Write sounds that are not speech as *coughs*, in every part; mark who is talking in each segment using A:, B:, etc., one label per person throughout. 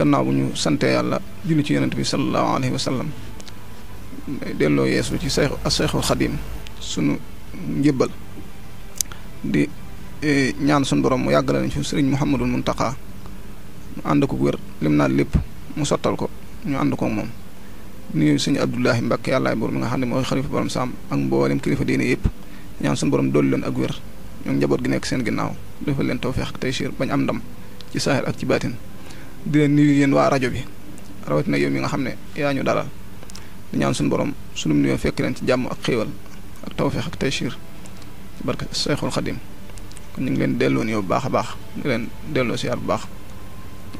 A: gannaaw bu ñu sante yàlla julli ci yonent bi sallallahu alayhi wa delloo yeesu ci seexu ak seexul xadim sunu njëbbal di e, ñaan sunu borom mu yàggale nañ ci sëriñ Muhammadul Muntaqa mu ànd ko wér lim naa lépp mu sottal ko ñu ànd ko moom nuyu sëñ Abdullahi Mbàkke yàllaay buur mi nga xam ne mooy xalifa borom saam ak mboolem kilifa diine yëpp ñaan sunu borom dolli leen ak wér ñoom njaboot gi nekk seen ginnaaw defal leen tawfeex ak taysiir ci saaxir di leen nuyu yéen waa rajo bi rawatina yow mi nga xam ne yaa ñu dalal di ñaan suñ borom sunu nuyoo fekk leen ci jàmm ak xéewal ak tawféex ak taysiir ci barke Seexul Xadim kon ñu ngi leen delloo nuyoo bu baax a baax di leen delloo siyaar bu baax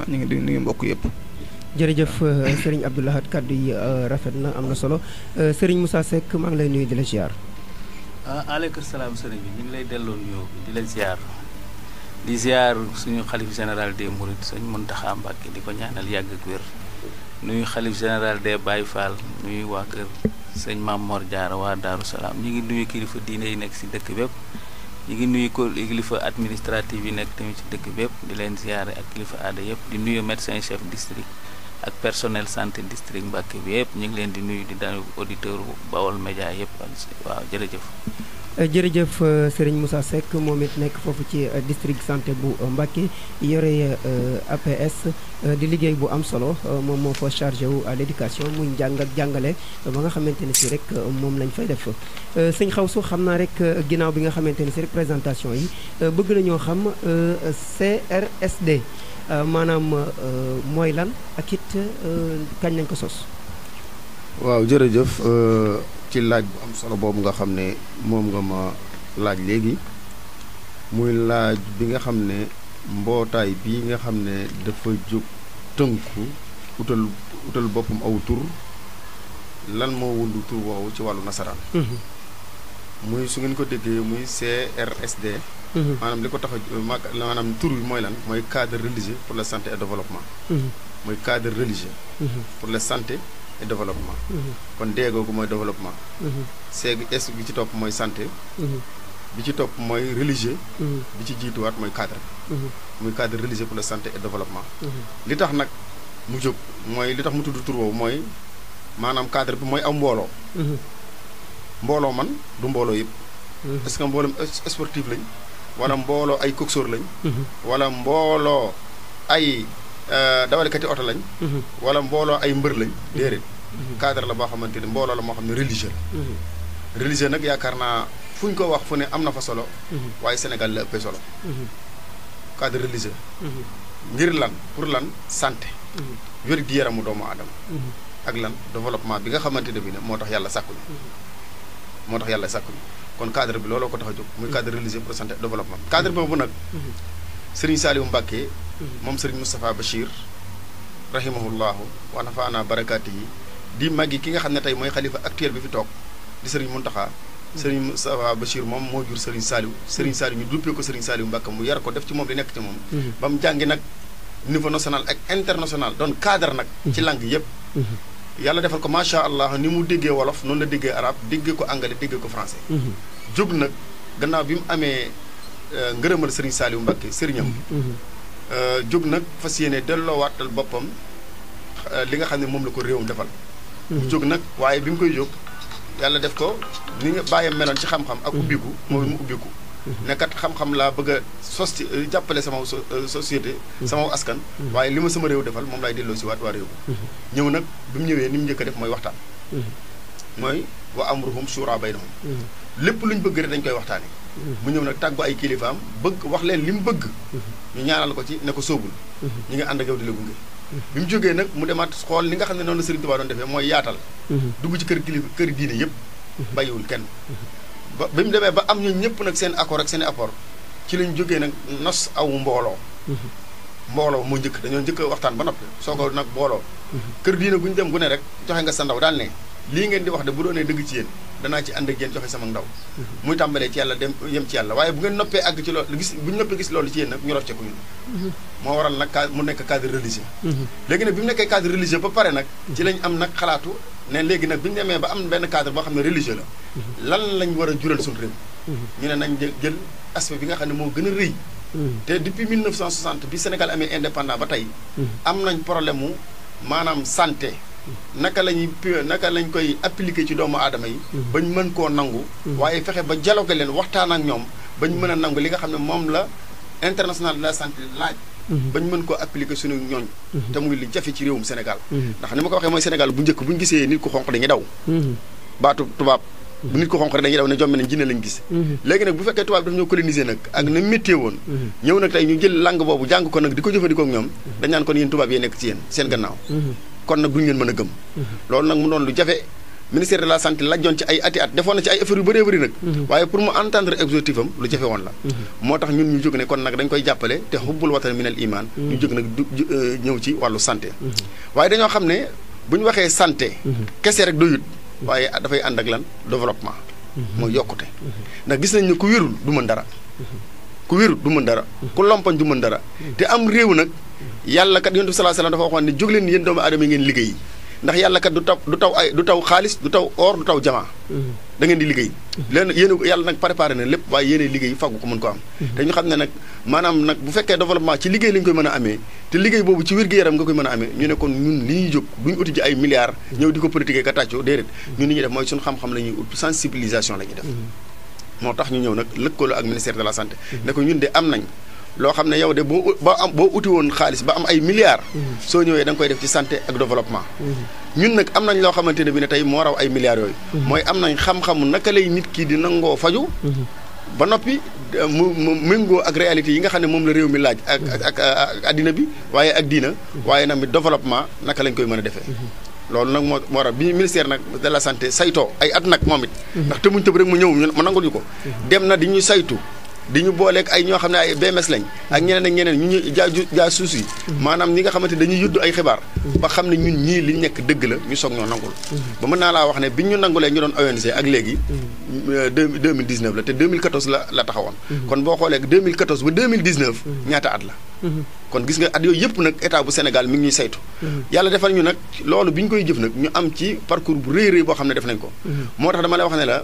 A: ñu ngi di nuyu mbokk yëpp.
B: jërëjëf euh, sëriñ Abdou Lahad kàddu yi euh, rafet na am na solo euh, sëriñ Moussa Seck maa ngi lay nuyu di la ziar.
A: ah aleykum salaam bi ñu
C: ngi lay delloo nuyoo di leen ziar. di ziar suñu xalif général des Mourides sëñ Muntaxa Mbàkke di ko ñaanal yàgg ak wér nuyu xalif général des Baye Fall nuyu waa kër sëñ Maam Mor Jaara waa Daaru Salaam ñu ngi nuyu kilifa diine yi nekk si dëkk bépp ñu ngi nuyu ko kilifa administrative yi nekk tamit ci dëkk bépp di leen ziare ak kilifa aada yëpp di nuyu médecin chef district ak personnel santé district Mbàkke bi yëpp ñu ngi leen di nuyu di daal auditeur Bawol Média yëpp waaw jërëjëf
B: Euh, jërëjëf euh, Serigne Moussa Seck moom it nekk foofu ci euh, district santé bu Mbacké yore APS di liggéey bu am solo moom moo fa chargé wu à l'éducation muy njàng ak jàngale ba nga xamante ne si rek moom lañ fay def sëñ su xam naa rek ginnaaw bi nga xamante ne si rek yi bëgg nañoo xam CRSD maanaam mooy lan ak it kañ lañ ko sos
D: waaw jërëjëf ci laaj bu am solo boobu nga xam ne moom nga ma laaj léegi muy laaj bi nga xam ne mbootaay bi nga xam ne dafa jóg tënku utal utal boppam aw tur lan moo wundu tur woowu ci wàllu nasaraan mhm. muy su ngeen ko déggee muy CRSD mhm. maanaam li ko tax a maanaam tur bi mooy lan mooy cadre religieux pour la santé et développement mhm. mooy cadre religieux pour la santé développement. Mm-hmm. kon D googu mooy développement. Mm-hmm. C S bi ci topp mooy santé. Mm-hmm. bi ci topp mooy religieux. bi ci jiituwaat mooy cadre. muy cadre religieux pour la santé et développement. li tax nag mu jóg mooy li tax mu tudd tur mooy maanaam cadre bi mooy am mbooloo. mbooloo man du mbooloo yëpp. est-ce mbooloom sportif lañ. wala mbooloo ay coxeur lañ. wala mbooloo ay. Euh, dawalkati oto lañ. Mhm. wala mbooloo ay mbër lañ. Mhm. déedéet cadre la boo xamante ni mbooloo la moo xam ne religieux la. Mhm. religieux nag yaakaar naa fu ñu ko wax fu ne am na fa solo. waaye Sénégal la ëppee solo. cadre religieux. ngir lan pour lan santé. wér gi yaramu doomu aadama. ak lan développement bi nga xamante ne bi ne moo tax yàlla sàkkuñu. moo tax yàlla sàkkuñu kon cadre bi looloo ko tax a jóg. muy cadre religieux pour santé développement cadre boobu nag. Serigne Saliou Mbacké. moom sëriñ Moustapha Bachir rahimahullahu wa nafaana barakaati yi di màggi ki nga xam ne tey mooy xalifa actuel bi fi toog di sëriñ Muntaxa sëriñ Moustapha Bachir moom moo jur sëriñ Saliou sëriñ Saliou ñu duppee ko sëriñ Saliou Mbàkke mu yar ko def ci moom li nekk ci moom mhm. ba mu jàngi nag niveau national ak international doon cadre nag ci mhm. langue yëpp mhm. yàlla defal ko macha allah ni mu déggee wolof noonu la déggee arabe déggee ko anglais déggee ko français jóg nag gannaaw bi mu amee euh, ngërëmal sëriñ Saliou Mbàkke sëriñam Euh, jóg nag fas yéene delloowaatal boppam euh, li nga xam ne moom la ko réewam defal. mu mhm. jóg nag waaye bi mu koy jóg yàlla def ko ni nga bàyyam meloon ci xam-xam. ak mhm. ubbiku moom mhm. mu ubbiku. nekkat xam-xam laa bëgg a sos ci euh, jàppale sama so société. sama askan. waaye li ma sama réew defal moom laay delloo si waat waa réew ñëw nag bi mu ñëwee ni mu njëkk a def mooy waxtaan. mooy wa amruhum shura baynahum lépp lu ñu bëgg rek dañ koy waxtaanee. mu ñëw nag tàggu ay kilifaam bëgg wax leen li mu bëgg. ñu ñaanal ko ci ne ko sóobul mhm. ñu ngi ànd ak yow di la gunge mhm. bi mu jógee nag mu demaat xool ni nga xam ne noonu la Serigne Touba doon defee mooy yaatal mhm. dugg ci kër kilifa kër diine yëpp bàyyiwul kenn ba bi mu demee ba am ñun ñëpp nag seen accord ak seen apport ci lañ jógee nag nos aw mbooloo mbooloo moo njëkk dañoo njëkk waxtaan ba noppi soo ko nag mbooloo kër diine gu ñu dem gu ne rek joxe nga sa ndaw daal ne lii ngeen di wax de bu doonee dëgg ci yéen danaa ci ànd ak yéen joxe sama ndaw muy tàmbalee ci yàlla dem yem ci yàlla waaye bu ngeen noppee àgg ci loolu gis bu noppee gis loolu ci yéen nag ñu rof ca ko ñun moo waral nag cadre mu nekk cadre religieux léegi nag bi mu nekkee cadre religieux ba pare nag ci lañ am nag xalaatu ne léegi nag bi ñu demee ba am benn cadre boo xam ne religieux la lan lañ war a jural suñu réew ñu ne nañ jël aspect bi nga xam ne moo gën a rëy te depuis 1960 bi Sénégal amee indépendant ba tey am nañ problème mu maanaam santé naka la ñuy naka lañ koy appliquer ci doomu aadama yi. ba mm-hmm. bañ mën koo nangu. Mm-hmm. waaye fexe ba dialogue leen waxtaan ak ñoom ñu mën a nangu li nga xam ne moom la international de la santé laaj. Mm-hmm. bañ mën ko appliquer suñu ñooñ te muy li jafe ci réewum Sénégal. ndax ni ma ko waxee mooy Sénégal bu njëkk bu ñu gisee nit ku xonq dañuy daw. baatu tubaab. bu nit ko xonq rek dañuy daw ne jommi nañ jinne lañ gis léegi nag bu fekkee tubaab daf ñoo coloniser nag ak na métier woon ñëw nag tey ñu jël langue boobu jàng ko nag di ko jëfandikoo ak ñoom dañ naan kon nekk ci seen gannaaw kon nag duñu leen mën a gëm. loolu nag mu doon lu jafe ministère de la santé laajoon ci ay ati at defoon na ci ay effort yu bëree bëri nag. Mhm. waaye pour mu entendre objectif lu jafe woon la. Mhm. moo tax ñun ñu jóg ne kon nag dañ koy jàppale te xubbul watan minal iman. Mhm. ñu jóg nag du euh, ñëw ci wàllu sante waaye dañoo xam ne bu ñu waxee sante kese rek doyut waaye dafay ànd ak lan développement. mooy yokkute. ndax gis nañ ne ku wérul du mën dara. ku wérul du mën dara. ku lompoñ du mën dara. te am réew nag. yàlla kat yonent bi sallallahu alayhi dafa waxoon ne jóg leen yéen doomu aadama yi ngeen liggéey ndax yàlla kat du taw du taw ay du taw xaalis du taw or du taw jamaa mm-hmm. da ngeen di liggéey leen yéen yàlla nag préparé na lépp waaye yéene liggéey fàggu ko mën ko am mm-hmm. te ñu xam ne nag maanaam nag bu fekkee développement ci liggéey lañ koy mën a amee te liggéey boobu ci wér-gu-yaram nga koy mën a amee ñu ne ko ñun li ñuy jóg duñu uti ji ay milliards ñëw di ko politiquer ka tàcco déedéet mm-hmm. ñun mooy suñu xam-xam la ñuy ut sensibilisation la ñuy def moo tax ñu ñëw nag lëkkaloo ak ministère de la santé ne ko ñun de am nañ loo xam ne yow de boo ba am boo uti woon xaalis ba am ay milliards. soo ñëwee da koy def ci santé ak développement. ñun nag am nañ loo xamante ne bi ne tey moo raw ay yooyu. mooy am nañ xam naka lay nit ki di nangoo faju ba noppi euh, mu méngoo ak yi nga xam ne moom la réew mi laaj. ak ak ak bi waaye ak diina. waaye nag mi développement naka lañ koy mën a defee. loolu nag moo moo tax bi ministère nag de la santé saytoo ay at nag moom it. ndax te muñ tëb rek mu ñëw ñu ma nangul ko. dem na di ñu saytu. di ñu booleeg ay ñoo xam ne ay BMS lañ ak ñeneen ak ñeneen ñu ñu jaa jaa suus yi maanaam ñi nga xamante dañuy yudd ay xibaar ba xam ne ñun ñi li nekk dëgg la ñu soog ñoo nangul ba mën naa laa wax ne bi ñu nangulee ñu doon ONG ak léegi 2019 euh, la te 2014 la la taxawoon kon boo xoolee 2014 ba 2019 ñaata at la kon gis nga at yooyu yëpp nag état bu Sénégal mi ngi ñuy saytu yàlla defal ñu nag loolu bi ñu koy jëf nag ñu am ci parcours bu rëy rëy boo xam ne def nañ ko moo tax dama lay wax ne la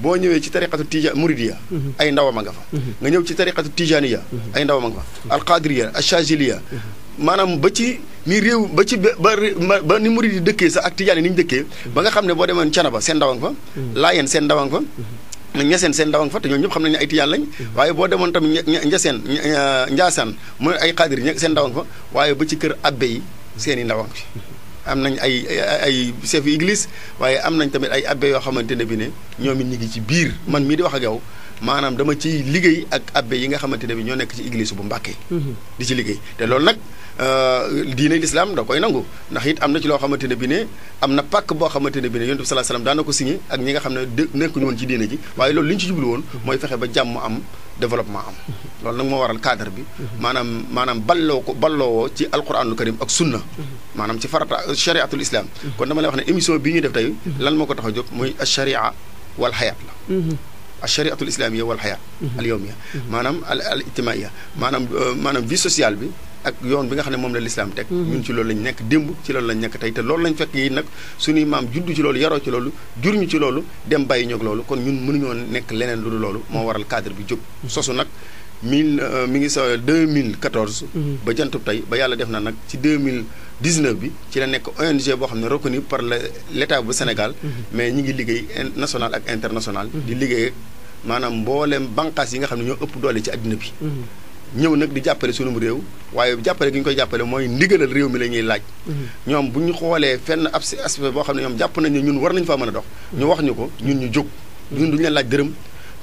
D: boo ñëwee ci tariqatu tija muridiya mhm. ay ndawam a nga fa mhm. nga ñëw ci tariqatu tijaniya mhm. ay ndawam a nga fa alqadiriya achagiliya maanaam ba ci ni réew ba ci ba ni murid yi dëkkee sax ak tijaan yi ni ñu dëkkee ba nga xam ne boo demoon canaba seen ndawang fa laayeen seen ndawang fa ñeseen seen ndawang fa te ñoom ñëpp xam nañ ne ay tijaan lañ waaye boo demoon tamit ñeseen njaasaan mu ay xaadir seen ndawang fa waaye ba ci kër abbe yi seen i ndawang bi am nañ ay ay chef église waaye am nañ tamit ay abbé yoo xamante ne bi ne ñoom it ñi ngi ci biir man mii di wax a yow maanaam dama ciy liggéey ak abbé yi nga xamante ne bi ñoo nekk ci église bu Mbàkke mhm. di ci liggéey te loolu nag euh, diine lislaam da koy nangu ndax it am na ci loo xamante ne bi ne am na pàkk boo xamante ne bi ne yonent bi sallallahu alayhi ko signé ak ñi nga xam ne nekkuñu woon ci diine ji waaye lool li ñu ci jublu woon mooy fexe ba jàmm am développement am loolu nag moo waral cadre bi maanaam maanaam balloo ko balloowoo ci alquranul karim ak sunna maanaam ci farata chariatul islam kon dama lay wax ne émission bi ñuy def tey lan moo ko tax a jóg muy acharia wal xayaat la achariatul islamia wal xayaat al yawmia maanaam al al ijtimaia maanaam maanaam vie sociale bi ak yoon bi nga xam ne moom la lislaam teg mhm. ñun ci loolu lañ nekk démb ci loolu lañ nekk tey te loolu lañ fekk yi nag suñuy maam juddu ci loolu yaroo ci loolu jur ñu ci loolu dem bàyyi ñoog loolu kon ñun mënuñoo nekk leneen lu dul loolu moo waral cadre bi jóg mhm. sosu nag mille euh, mi ngi sa 2014 mhm. ba jantub tey ba yàlla def na nag ci 2019 bi ci la nekk ONG boo xam ne reconnu par l' état bu Sénégal mais ñi ngi liggéey national ak international di liggéey maanaam mboolem banqaas yi nga xam ne ñoo ëpp doole ci àddina bi ñëw nag di jàppale sunum réew waaye jàppale gi ñu koy jàppale mooy ndigalal réew mi la ñuy laaj mhm. ñoom bu ñu xoolee fenn ab aspect boo xam ne ñoom jàpp nañu ñun war nañu faa mën a dox ñu wax ñu ko ñun ñu jóg ñun duñu leen laaj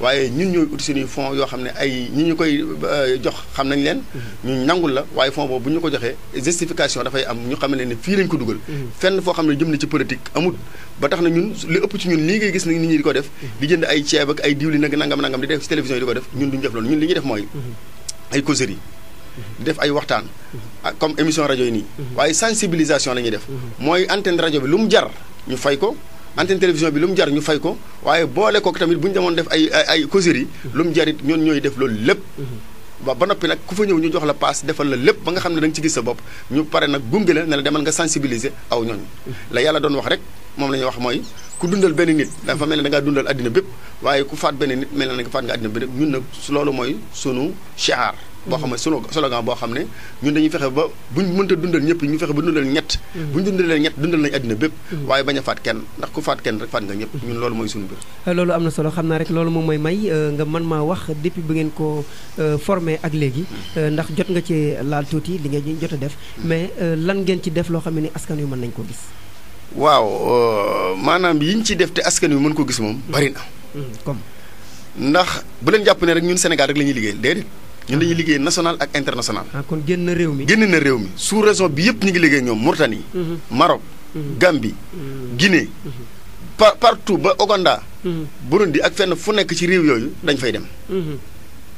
D: waaye ñun ñooy ut suñuy yoo xam ne ay ñi ñu koy euh, jox xam nañ leen mhm. ñu nangul la waaye fonds boobu ñu ko joxee justification dafay am ñu xam ne ne fii lañ ko dugal mhm. fenn foo xam ne jëm na ci politique amut ba tax na ñun li ëpp ci ñun lii ngay gis nit ñi di ko def di jënd ay ceeb ay diwlin ak nangam nangam di def ci télévision yi di ko def ñun duñu def loolu ñun li ñuy def mooy ay causeries def ay waxtaan comme émission rajo yi nii waaye sensibilisation la ñuy def mooy antenne rajo bi lu mu jar ñu fay ko antenne télévision bi lu mu jar ñu fay ko waaye boole ko tamit bu ñu demoon def ay ay causeries lu mu jarit ñoon ñooy def loolu lépp ba ba noppi nag ku fa ñëw ñu jox la paas defal la lépp ba nga xam ne da nga ci gis sa bopp ñu pare nag gunge la ne la demal nga sensibiliser aw ñooñu la yàlla doon wax rek moom la ñuy wax mooy ku dundal benn nit dafa mel ne da ngaa dundal addina bépp waaye ku faat beneen nit mel na nga faat nga àddina bi rek ñun nag loolu mooy sunu chiar boo xam ne solo solo slogan boo xam ne ñun dañuy fexe ba bu buñ mënta dundal ñëpp ñu fexe ba dundal ñett buñ dundalee ñett dundal nañ àddina bépp waaye bañ a faat kenn ndax ku faat kenn rek faat nga ñëpp ñun loolu mooy sunu biir
B: euh, loolu am na solo xam naa rek loolu moom mooy may euh, nga man maa wax depuis bi ngeen ko euh, formé ak léegi ndax jot nga ci laal tuuti li nga jot a def mais lan ngeen ci def loo xam ne ni askan wi mën nañ ko gis
D: waaw maanaam yiñ ci def te askan wi mën ko gis moom
B: bari na comme
D: ndax bu leen jàpp ne rek ñun Sénégal rek la ñuy liggéeyal déedéet ñun dañuy liggéey national ak international.
B: ah kon génn na réew mi. génn na réew mi
D: sous région bi yëpp ñu ngi liggéey ñoom Mauritanie. Mhm. Maroc. Mhm. Gambie. Mhm. gine par partout ba Ouganda. Burundi ak fenn fu nekk ci réew yooyu dañ fay dem.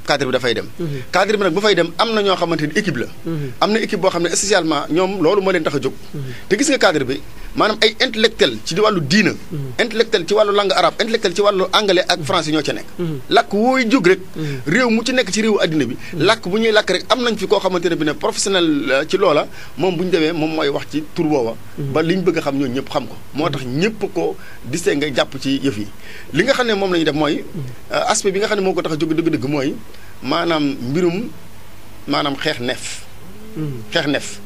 D: cadre bi dafay dem. cadre bi nag bu fay dem am na ñoo xamante ni équipe la. am na équipe boo xam ne spécialement ñoom loolu moo leen tax a jóg. te gis nga cadre bi. maanaam ay intellectuel ci wàllu diina. Mm-hmm. intellectuel ci wàllu langue arabe intellectuel ci wàllu anglais ak français ñoo ca nekk. Mm-hmm. làkk wooy jóg rek. Mm-hmm. réew mu ci nekk ci réewu addina bi. làkk bu ñuy làkk rek am nañ fi koo xamante ne bi ne professionnel euh, ci loola moom bu ñu demee moom mooy wax ci tur booba. ba li ñu bëgg a xam ñooñu ñëpp xam ko. moo tax ñëpp ko distingué jàpp ci yëf yi li nga xam ne moom la ñuy def mooy. Euh, aspect bi nga xam ne moo ko tax a jóg dëgg-dëgg mooy maanaam mbirum maanaam xeex neef. xeex neef.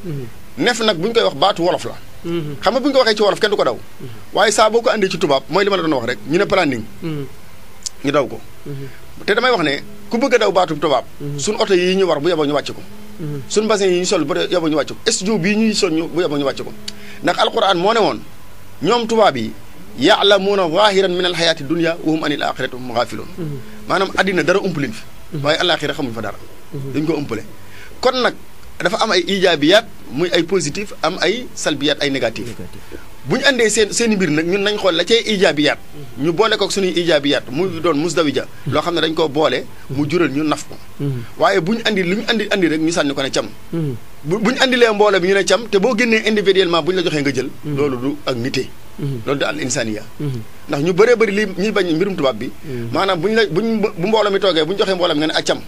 D: nag bu koy wax baatu wolof la xam nga bu ñu ko waxee ci wolof kenn du ko daw. waaye saa boo ko andee ci tubaab mooy li ma la wax rek ñu ne planning.
E: ñu
D: daw ko. te damay wax ne ku bëgg a daw baatu tubaab. suñ oto yi ñu war bu yeboo ñu wàcc ko. suñ basin yi ñu sol bu yeboo ñu wàcc ko studio bii ñuy sol ñu bu yeboo ñu wàcc ko ndax alquran moo ne woon ñoom tubaab yi. yaa yaalamuuna waahiran min alxayaati dunia wa hum anil axirati hum xaafiloon maanaam addina dara umpalin fi waaye alaxira xamuñ fa dara dañ ko umpale kon nag dafa am ay ijaabiyaat muy ay positif am ay salbiyaat ay négatif bu ñu andee seen seen mbir nag ñun nañ xool la cay ijaabiyaat mhm. ñu boole ko ak suñuy ijaabiyaat mu doon musdawija mhm. loo xam ne dañ ko boole mu jural ñu naf ko mhm. waaye bu ñu indi lu ñu andi indi rek ñu sànni ko ne cam bu bu ñu andilee mbooloo bi ñu ne cam te boo génnee individuellement bu ñu la joxee nga jël loolu du ak nite Mhm. loolu di al insaniya mhm. ndax ñu bëree bëri li ñuy bañ mbirum tubaab bi mhm. maanaam buñ la bu mbooloo mi toogee bu ñu joxee mbooloo mi nga ne accam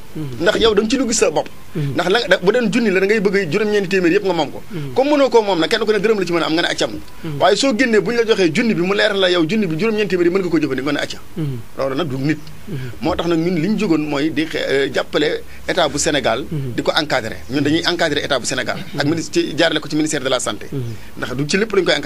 D: ndax yow da ci lu gis sa bopp ndax la bu doon junni la da ngay bëgg juróom-ñeenti téeméer yëpp nga moom moom ne dërëm la a am nga ne accam waaye soo génnee bu ñu la joxee junni bi mu leer la yow junni bi juróom-ñeenti téeméer mën nga ko jëfandikoo nga ne acca loolu nag du nit moo tax nag ñun li ñu jógoon mooy di euh, jàppale état bu Sénégal di ko encadré ñun dañuy encadré état bu Sénégal ak ministre ci jaarale ko ci ministère de la santé ndax du ci lépp lañu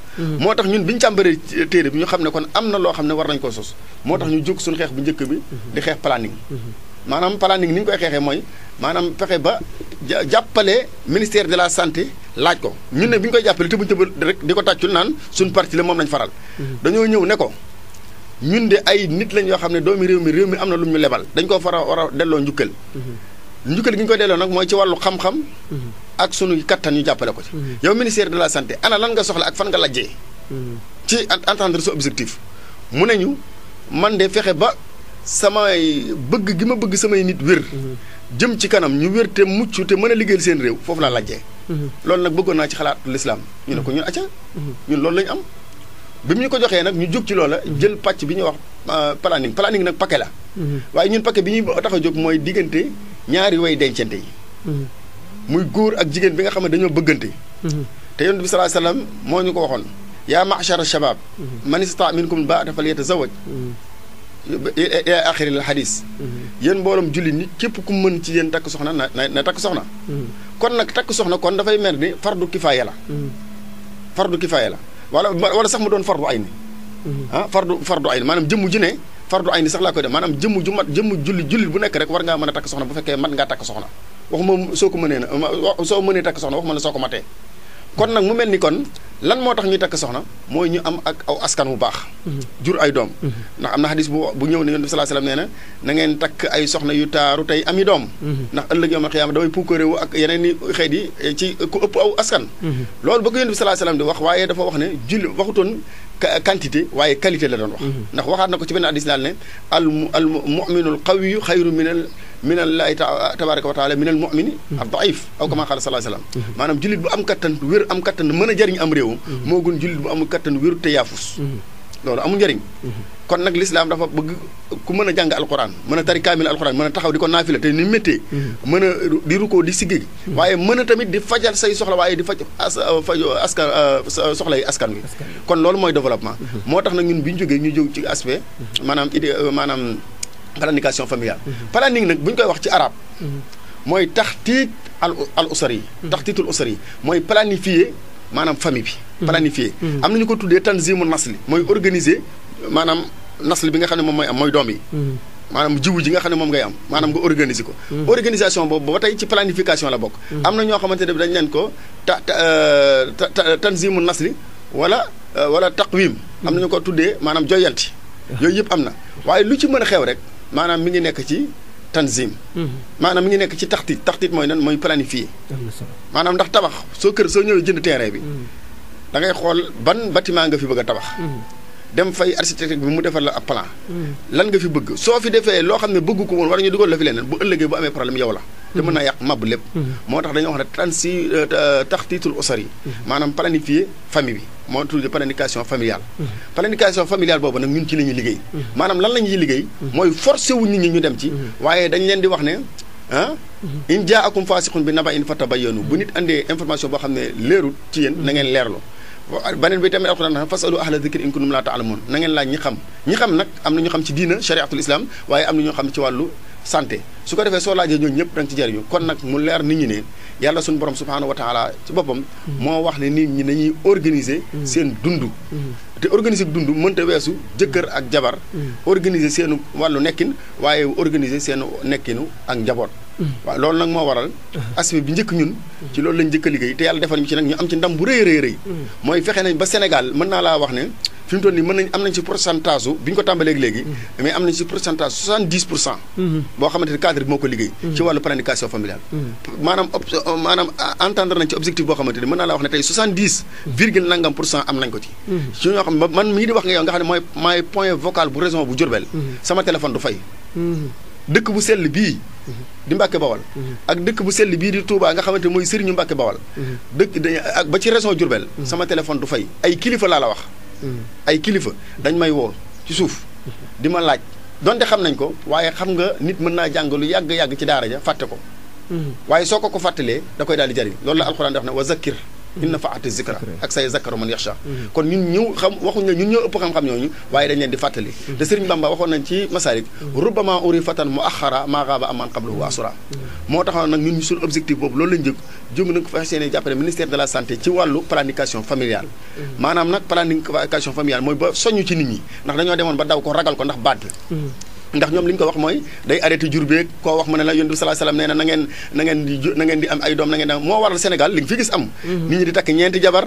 D: moo tax ñun bi ñu càmbaree téere bi ñu xam ne kon am na loo xam ne war nañ koo sos moo tax ñu jóg suñ xeex bu njëkk bi di xeex planning maanaam planning ni ñu koy xeexee mooy maanaam fexe ba jàppale ministère de la santé laaj ko ñun ne bi ñu koy jàppale te bu ñu rek di ko tàccul naan suñ parti la moom lañ faral dañoo ñëw ne ko ñun de ay nit lañ yoo xam ne doomi réew mi réew mi am na lu ñu lebal dañ koo fara war a delloo njukkal
E: mhm.
D: njukkal gi ñu ko delloo nag mooy ci wàllu xam ak sunuy kattan ñu jàppale ko ci. Mm-hmm. yow ministère de la santé ana lan nga soxla ak fan nga lajjee. Mm-hmm. ci entendre sa objectif. mu ne ñu man de fexe ba samay bëgg gi ma bëgg samay nit wér. Mm-hmm. jëm ci kanam ñu wér te mucc te mën a liggéeyal seen réew foofu laa lajjee. loolu nag bëggoon naa ci xalaat lislaam ñu ne ko ñun aca ñun loolu la am. bi mu ñu ko joxee nag ñu jóg ci loola. jël pàcc bi ñuy wax euh, planning planning nag paquet la. waaye ñun paquet bi ñuy tax a jóg mooy diggante ñaari way dencante yi. muy góor ak jigéen bi nga xam ne dañoo bëggante mhm. te yonent bi salaa moo ñu ko waxoon yaa machara shabab mhm. man istaa minkum baata fal yatazawaj ila mhm. axiri al xadis yéen mbooloom jullit ni képp ku mën ci yéen takk soxna na na takk soxna kon nag takk soxna kon dafay mel ni fardu kifaaya la fardu kifaaya la wala wala sax mu doon fardu ay ni ah fardu fardu ay ni maanaam jëmm ju ne fardu ay ni sax laa koy def maanaam jëmm ju mat jëmm julli jullit bu nekk rek war ngaa mën tak takk soxna bu fekkee mat ngaa takk soxna waxuma soo ko mënee na soo mënee takk soxna waxuma la soo ko kon nag mu mel kon lan moo tax ñuy takk soxna ñu am ak aw askan wu baax mm-hmm. jur ay doom mm-hmm. ndax am na bu bu ñëw ne yonent sallallahu alayhi wasallam nee na na ngeen takk ay soxna yu taaru tey ami doom mm-hmm. ndax ëllëg yawmal qiyaama damay puukare wu ak yeneen i xeet eh, ci ku ëpp aw askan loolu ba ko sallallahu alayhi wasallam di wax waaye dafa wax ne julli quantité waye qualité la don wax ndax waxat nako ci ben hadith dal ne al al muminul qawiyu xayru min al min allahi tabaarak wa taala min al mu'min al daif aw kama qala qaala salaa salaam manam julit bu am katan wér am katan mën jariñ am réewam moo gën jullit bu am kattan wéru te yaafus loolu amul njariñ kon nag lislaam dafa bëgg ku mën a jàng alxuraan mën a tari kaamil alxuraan mën a taxaw di ko naafila te ni méttee mm-hmm. mën a di rukkoo di siggi mm-hmm. waaye mën a tamit di fajal say soxla waaye di faj as euh, faj askan euh, soxla yi askan wi kon loolu mooy développement mm-hmm. moo tax na ñun bi ñu jógee ñu jóg ci aspect maanaam idée euh, maanaam planification familiale planning nag bu ñu koy wax ci arab mooy taxtiit al al usari yi taxtiitul usari yi mooy planifier maanaam famille bi planifier am nañu ko tuddee tanzimu nasli mooy organiser maanaam nasl bi nga xam ne moom mooy am mooy doom yi mm-hmm. maanaam jiwu ji nga xam ne moom ngay am maanaam nga organiser ko mm-hmm. organisation boobu ba tey ci planification la bokk mm-hmm. am na ñoo xamante ne bi dañ leen ko ta euh, tanzimu nasli wala euh, wala wiim am nañu ko tuddee maanaam joyanti yooyu yëpp am na waaye lu ci mën a xew rek maanaam mi ngi nekk ci tanzim maanaam mi ngi nekk ci taxtit taxtit mooy nan mooy planifier maanaam ndax tabax soo kër soo ñëwee jënd terrain bi da ngay xool ban bâtiment nga fi bëgg tabax dem fay architecte bi mu defar la ab plan. lan nga fi bëgg soo fi defee loo xam ne bëgg ko woon war ñu dugal la fi leneen bu ëllëgee bu amee problème yow la. te mën naa yàq màbb lépp. moo tax dañoo wax ne transi euh, euh, taxtiitul usari maanaam planifier famille bi moo tudd planification familiale. planification familiale boobu nag ñun ci la ñuy liggéey. maanaam lan la ñuy liggéey. mooy forcé wu nit ñi ñu dem ci. waaye dañ leen di wax ne ah. in jaa akum faasiqun bi naba in fatabayyanu bu nit andee information boo xam ne leerul ci na ngeen leerlu. baneen bi tamit alquran xam fasalu ahla dikri in kuntum laa taalamuun na ngeen laaj ñi xam ñi xam nag am na ñu xam ci diina chariatul islam waaye am na ñoo xam ci wàllu santé su ko defee soo laajee ñooñu ñëpp da nga ci jariñu kon nag mu leer ni ñu ne yàlla suñu borom subhaanahu wa taala ci boppam moo wax ne nit ñi nañuy organiser seen dund te organiser dund mënta weesu jëkkër ak jabar mm. organiser seenu wàllu nekkin waaye organiser seenu nekkinu ak njaboot waaw loolu nag moo waral aspect bi njëkk ñun ci loolu lañ njëkk a liggéey te yàlla defal ñu ci nag ñu am ci ndam bu rëy rëy rëy mooy fexe nañ ba Sénégal mën nañ ci pourcentage bi ñu ko tàmbalee léegi mais am nañ ci pourcentage 70 pour cent boo xamante ne bi moo ko liggéey ci wàllu planification familiale maanaam maanaam entendre nañ ci objectif boo xamante mën naa laa wax ne tey 70 virgule nangam pour cent am nañ ko dëkk bu sell bii mhm. di Mbàkke Bawal mhm. ak dëkk bu sell bii di tuubaa nga xamante mooy sëriñu Mbàkke Bawal mhm. dëkk dañ ak ba ci région Diourbel sama téléphone du fay ay kilifa laa la wax ay kilifa dañ may woon ci suuf di ma laaj donte xam nañ ko waaye xam nga nit mën naa jàng lu yàgg-yàgg ci daara ja fàtte ko waaye soo ko ko fàttalee da koy daal di jariñ loolu la alxuraan def na wa zakkir inna faati zikra ak say zakaru man yaxsha mhm. kon ñun ñëw xam waxuñu ñun ñoo ëpp xam-xam ñooñu waaye dañ leen di fàttali te mhm. Sëriñ Bamba waxoon nañ ci masalik mhm. rubama uri fatan mu axara maagaaba amaan qablahu wa moo taxoon nag ñun suñu objectif boobu loolu lañ jëg jëm nag fas yéene jàppale ministère de la santé ci wàllu planification familiale maanaam nag planification familiale mooy ba soñu ci nit ñi ndax dañoo demoon ba daw ko ragal ndax ñoom li ñu ko wax mooy day arrêté jur beeg koo wax ma ne la yonent bi salaa salaam nee na na ngeen na di na ngeen di am ay doom na ngeen di am moo waral Sénégal li fi gis am. Mhm. nit ñi di takk ñeenti jabar.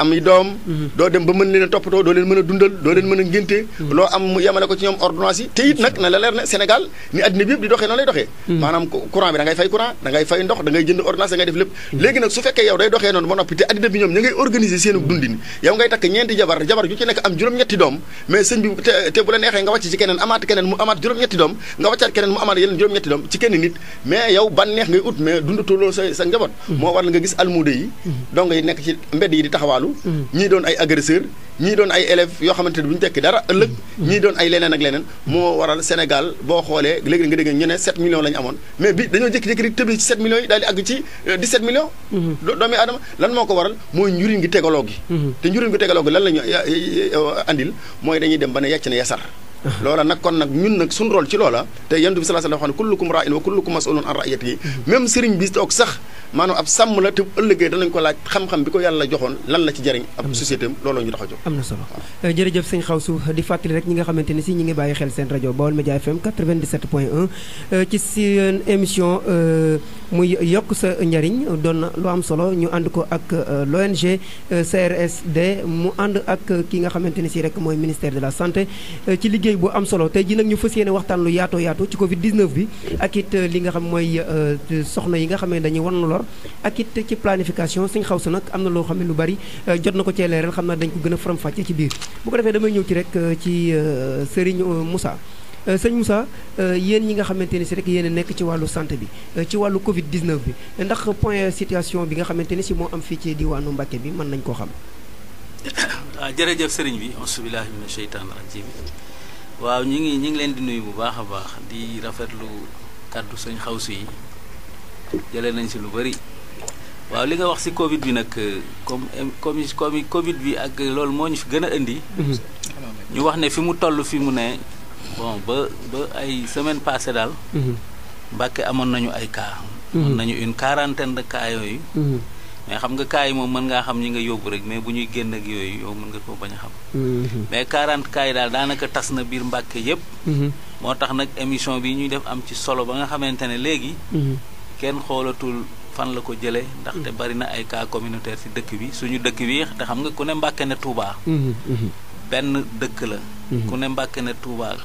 D: am i doom mhm. doo dem ba mën leen a toppatoo doo leen mën a dundal doo leen mën a ngénte mhm. loo am mu yemale ko ci ñoom ordonnance te it nag na la leer ne Sénégal ni addina bi yëpp di doxee noonu lay doxee mhm. maanaam courant bi da ngay nekk am juróom-ñetti doom mais sëñ bi te bu la neexee nga wàcc ci keneen amaat keneen mu amaat juróom-ñetti doom nga sa sa moo war la nga gis almude yi donc yi nekk ci mbedd yi di taxawaalu loolu. Mm. ñii doon ay agresseur ñii doon ay élèves yoo xamante ne bu ñu tekki dara ëllëg. Mm. ñii doon ay leneen ak leneen. moo waral Sénégal boo xoolee léegi nga dégg ñu ne 7 millions la ñu amoon mais bi dañoo jékki-jékki di tëbi ci 7 millions yi daal di àgg ci 17 euh, millions. Mm-hmm. doomi aadama lan moo ko waral mooy njuriñ gi tegaloo gi. Mm-hmm. te njuriñ gi tegaloo gi lan la ñu andil mooy dañuy dem ba ne yàcc na yasar. loola nag kon nag ñun nag suñ rôle ci loola te yonent bi sallallahu alayhi wa sallam kullukum raa'in wa kullukum mas'ulun an ra'iyatihi même sëriñ bi toog sax maanaam ab sàmm la te ëllëgee danañ ko laaj xam-xam bi ko yàlla joxoon lan la ci jariñ ab société am looloo ñu tax a jóg
B: am na solo euh, jërëjëf xaw Xawsu di fàttali rek ñi nga xamante ni si ñi ngi bàyyi xel seen rajo Baol Média FM 97.1 euh, ci seen émission euh, muy yokk sa njariñ doon lu am solo ñu ànd ko ak l'ONG CRSD mu ànd ak ki nga xamante ni si rek mooy ministère de la santé liggéey bu am solo tey ji nag ñu fas yéene waxtaan lu yaatoo yaatoo ci Covid 19 bi ak it euh, li nga xam mooy euh, soxna yi nga xam ne dañuy war na lor ak it ci planification suñ xaw sa nag am na loo xam ne lu bari euh, jot na ko cee leeral xam naa dañ ko gën a faram-fàcce ci biir bu ko defee damay ñëw ci rek ci Serigne musa sëñ Moussa yéen ñi nga xamante ni si rek yéen nekk ci wàllu sant bi ci wàllu Covid 19 bi ndax point situation bi nga xamante ni si moo am fii ci diwaanu Mbacké bi mën nañ koo xam.
C: sëriñ *coughs* ah, bi auzu billaahi mina waaw ñu ngi ñu ngi leen di nuyu bu baax a baax di rafetlu kàddu sëñ xawsu yi jële nañ si lu bëri waaw li nga wax si Covid bi nag comme comme comme Covid bi ak loolu moo ñu fi gën a indi. Mhm. ñu wax ne fi mu toll fi mu ne bon ba ba ay semaine passée daal. Mhm. Mbàkke amoon nañu ay cas. Mhm. amoon nañu une quarantaine de cas mais xam nga cas yi moom mën ngaa xam ñi nga yóbbu rek mais bu ñuy génn ak yooyu yow mën nga koo bañ a xam. Mm-hmm. mais 40 cas yi daal daanaka tas na biir Mbàkke yëpp. Mm-hmm. moo tax nag émission bi ñuy def am ci solo ba nga xamante ne léegi. Mm-hmm. kenn xoolatul fan la ko jëlee. ndaxte bari na ay cas communautaire ci dëkk bi suñu dëkk bi te xam nga ku ne Mbàkke ne Touba. benn dëkk la. ku ne Mbàkke ne Touba.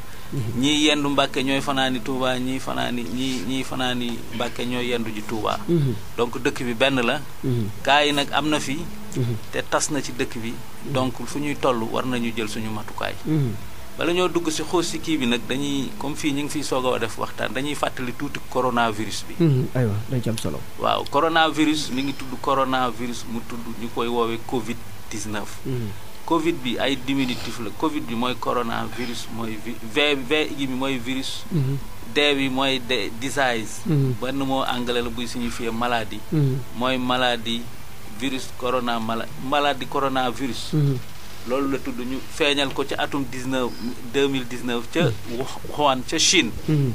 C: ñii yendu Mbàkke ñooy fanaani Touba ñii fanaani ñii ñii fanaani Mbàkke ñooy yendu ji Touba. Mhm. donc dëkk bi benn la. Mhm. gaa yi nag am na fi. Mhm. te tas na ci dëkk bi. donc fu ñuy toll war nañu jël suñu matukaay. bala ñoo dugg si xoos si kii bi nag dañuy comme fii ñu ngi fiy soog a def waxtaan dañuy fàttali tuuti coronavirus bi. aywa dañ ci solo. waaw coronavirus mi ngi tudd coronavirus mu tudd ñu koy woowee Covid 19. Covid bi ay diminutif la Covid bi mooy coronavirus mooy V V mooy virus. Mhm. D bi mooy de disease. Mhm. benn moo anglais la buy signifier maladie. Mhm. mooy maladie virus corona mala maladie coronavirus. loolu la tudd ñu feeñal ko ca atum 19 2019 ca Wuhan ca Chine mhm.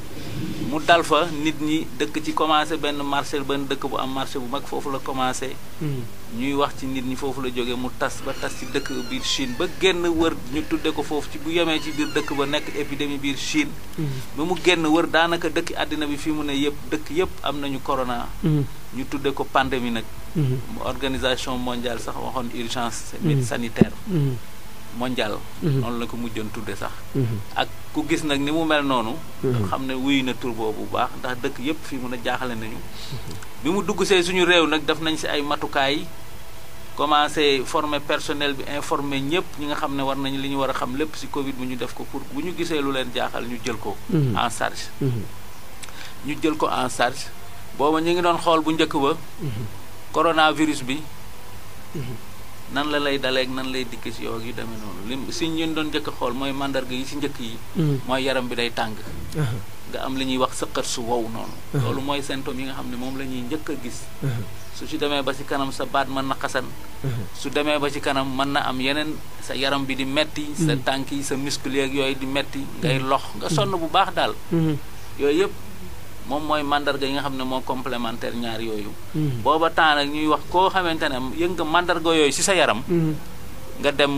C: mu dal fa nit ñi dëkk ci commencé benn marché benn dëkk bu am marché bu mag foofu la commencé mhm. ñuy wax ci nit ñi foofu la jóge mu tas ba tas ci dëkk biir Chine ba génn wër ñu tudde ko foofu ci bu yemee ci biir dëkk ba nekk épidémie biir Chine mhm. ba mu génn wër daanaka dëkk àddina bi fi mu ne yëpp dëkk yëpp am nañu corona ñu tudde ko pandémie nag Mm-hmm. organisation mondiale sax waxoon urgence mm-hmm. sanitaire mm-hmm. mondial noonu la ko mujjoon tudde sax ak ku gis nag ni mu mel noonu xam ne wuyu na tur boobu bu baax ndax dëkk yépp fii mun a jaaxale nañu bi mu dugg see suñu réew nag def nañ si ay matukaay commencé former personnel bi informer ñëpp ñi nga xam ne war nañu li ñu war a xam lépp si covid bu ñu def ko pour bu ñu gisee lu leen jaaxal ñu jël ko en charge ñu jël ko en charge booba ñu ngi doon xool bu njëkk coronavirus bi mhm. nan la lay dalee ak nan lay dikk si yow ak yu demee noonu lim si ñun doon njëkk xool mooy mandarga yi yi. Mhm. yaram bi day tàng. nga am li ñuy wax sëqat su wow noonu. loolu mooy symptôme yi nga xam ne moom la mana gis. su ci ba kanam sa baat su ba ci kanam na am yenen sa yaram bi di metti. sa mhm. tànk sa muscle yeeg yooyu di metti. ngay lox nga sonn bu baax yo yo yëpp. moom mooy mandarga yi nga xam ne moo complémentaire ñaar yooyu. Hmm. booba temps nag ñuy wax koo xamante ne yëg nga mandarga yooyu ci sa yaram. Hmm. nga dem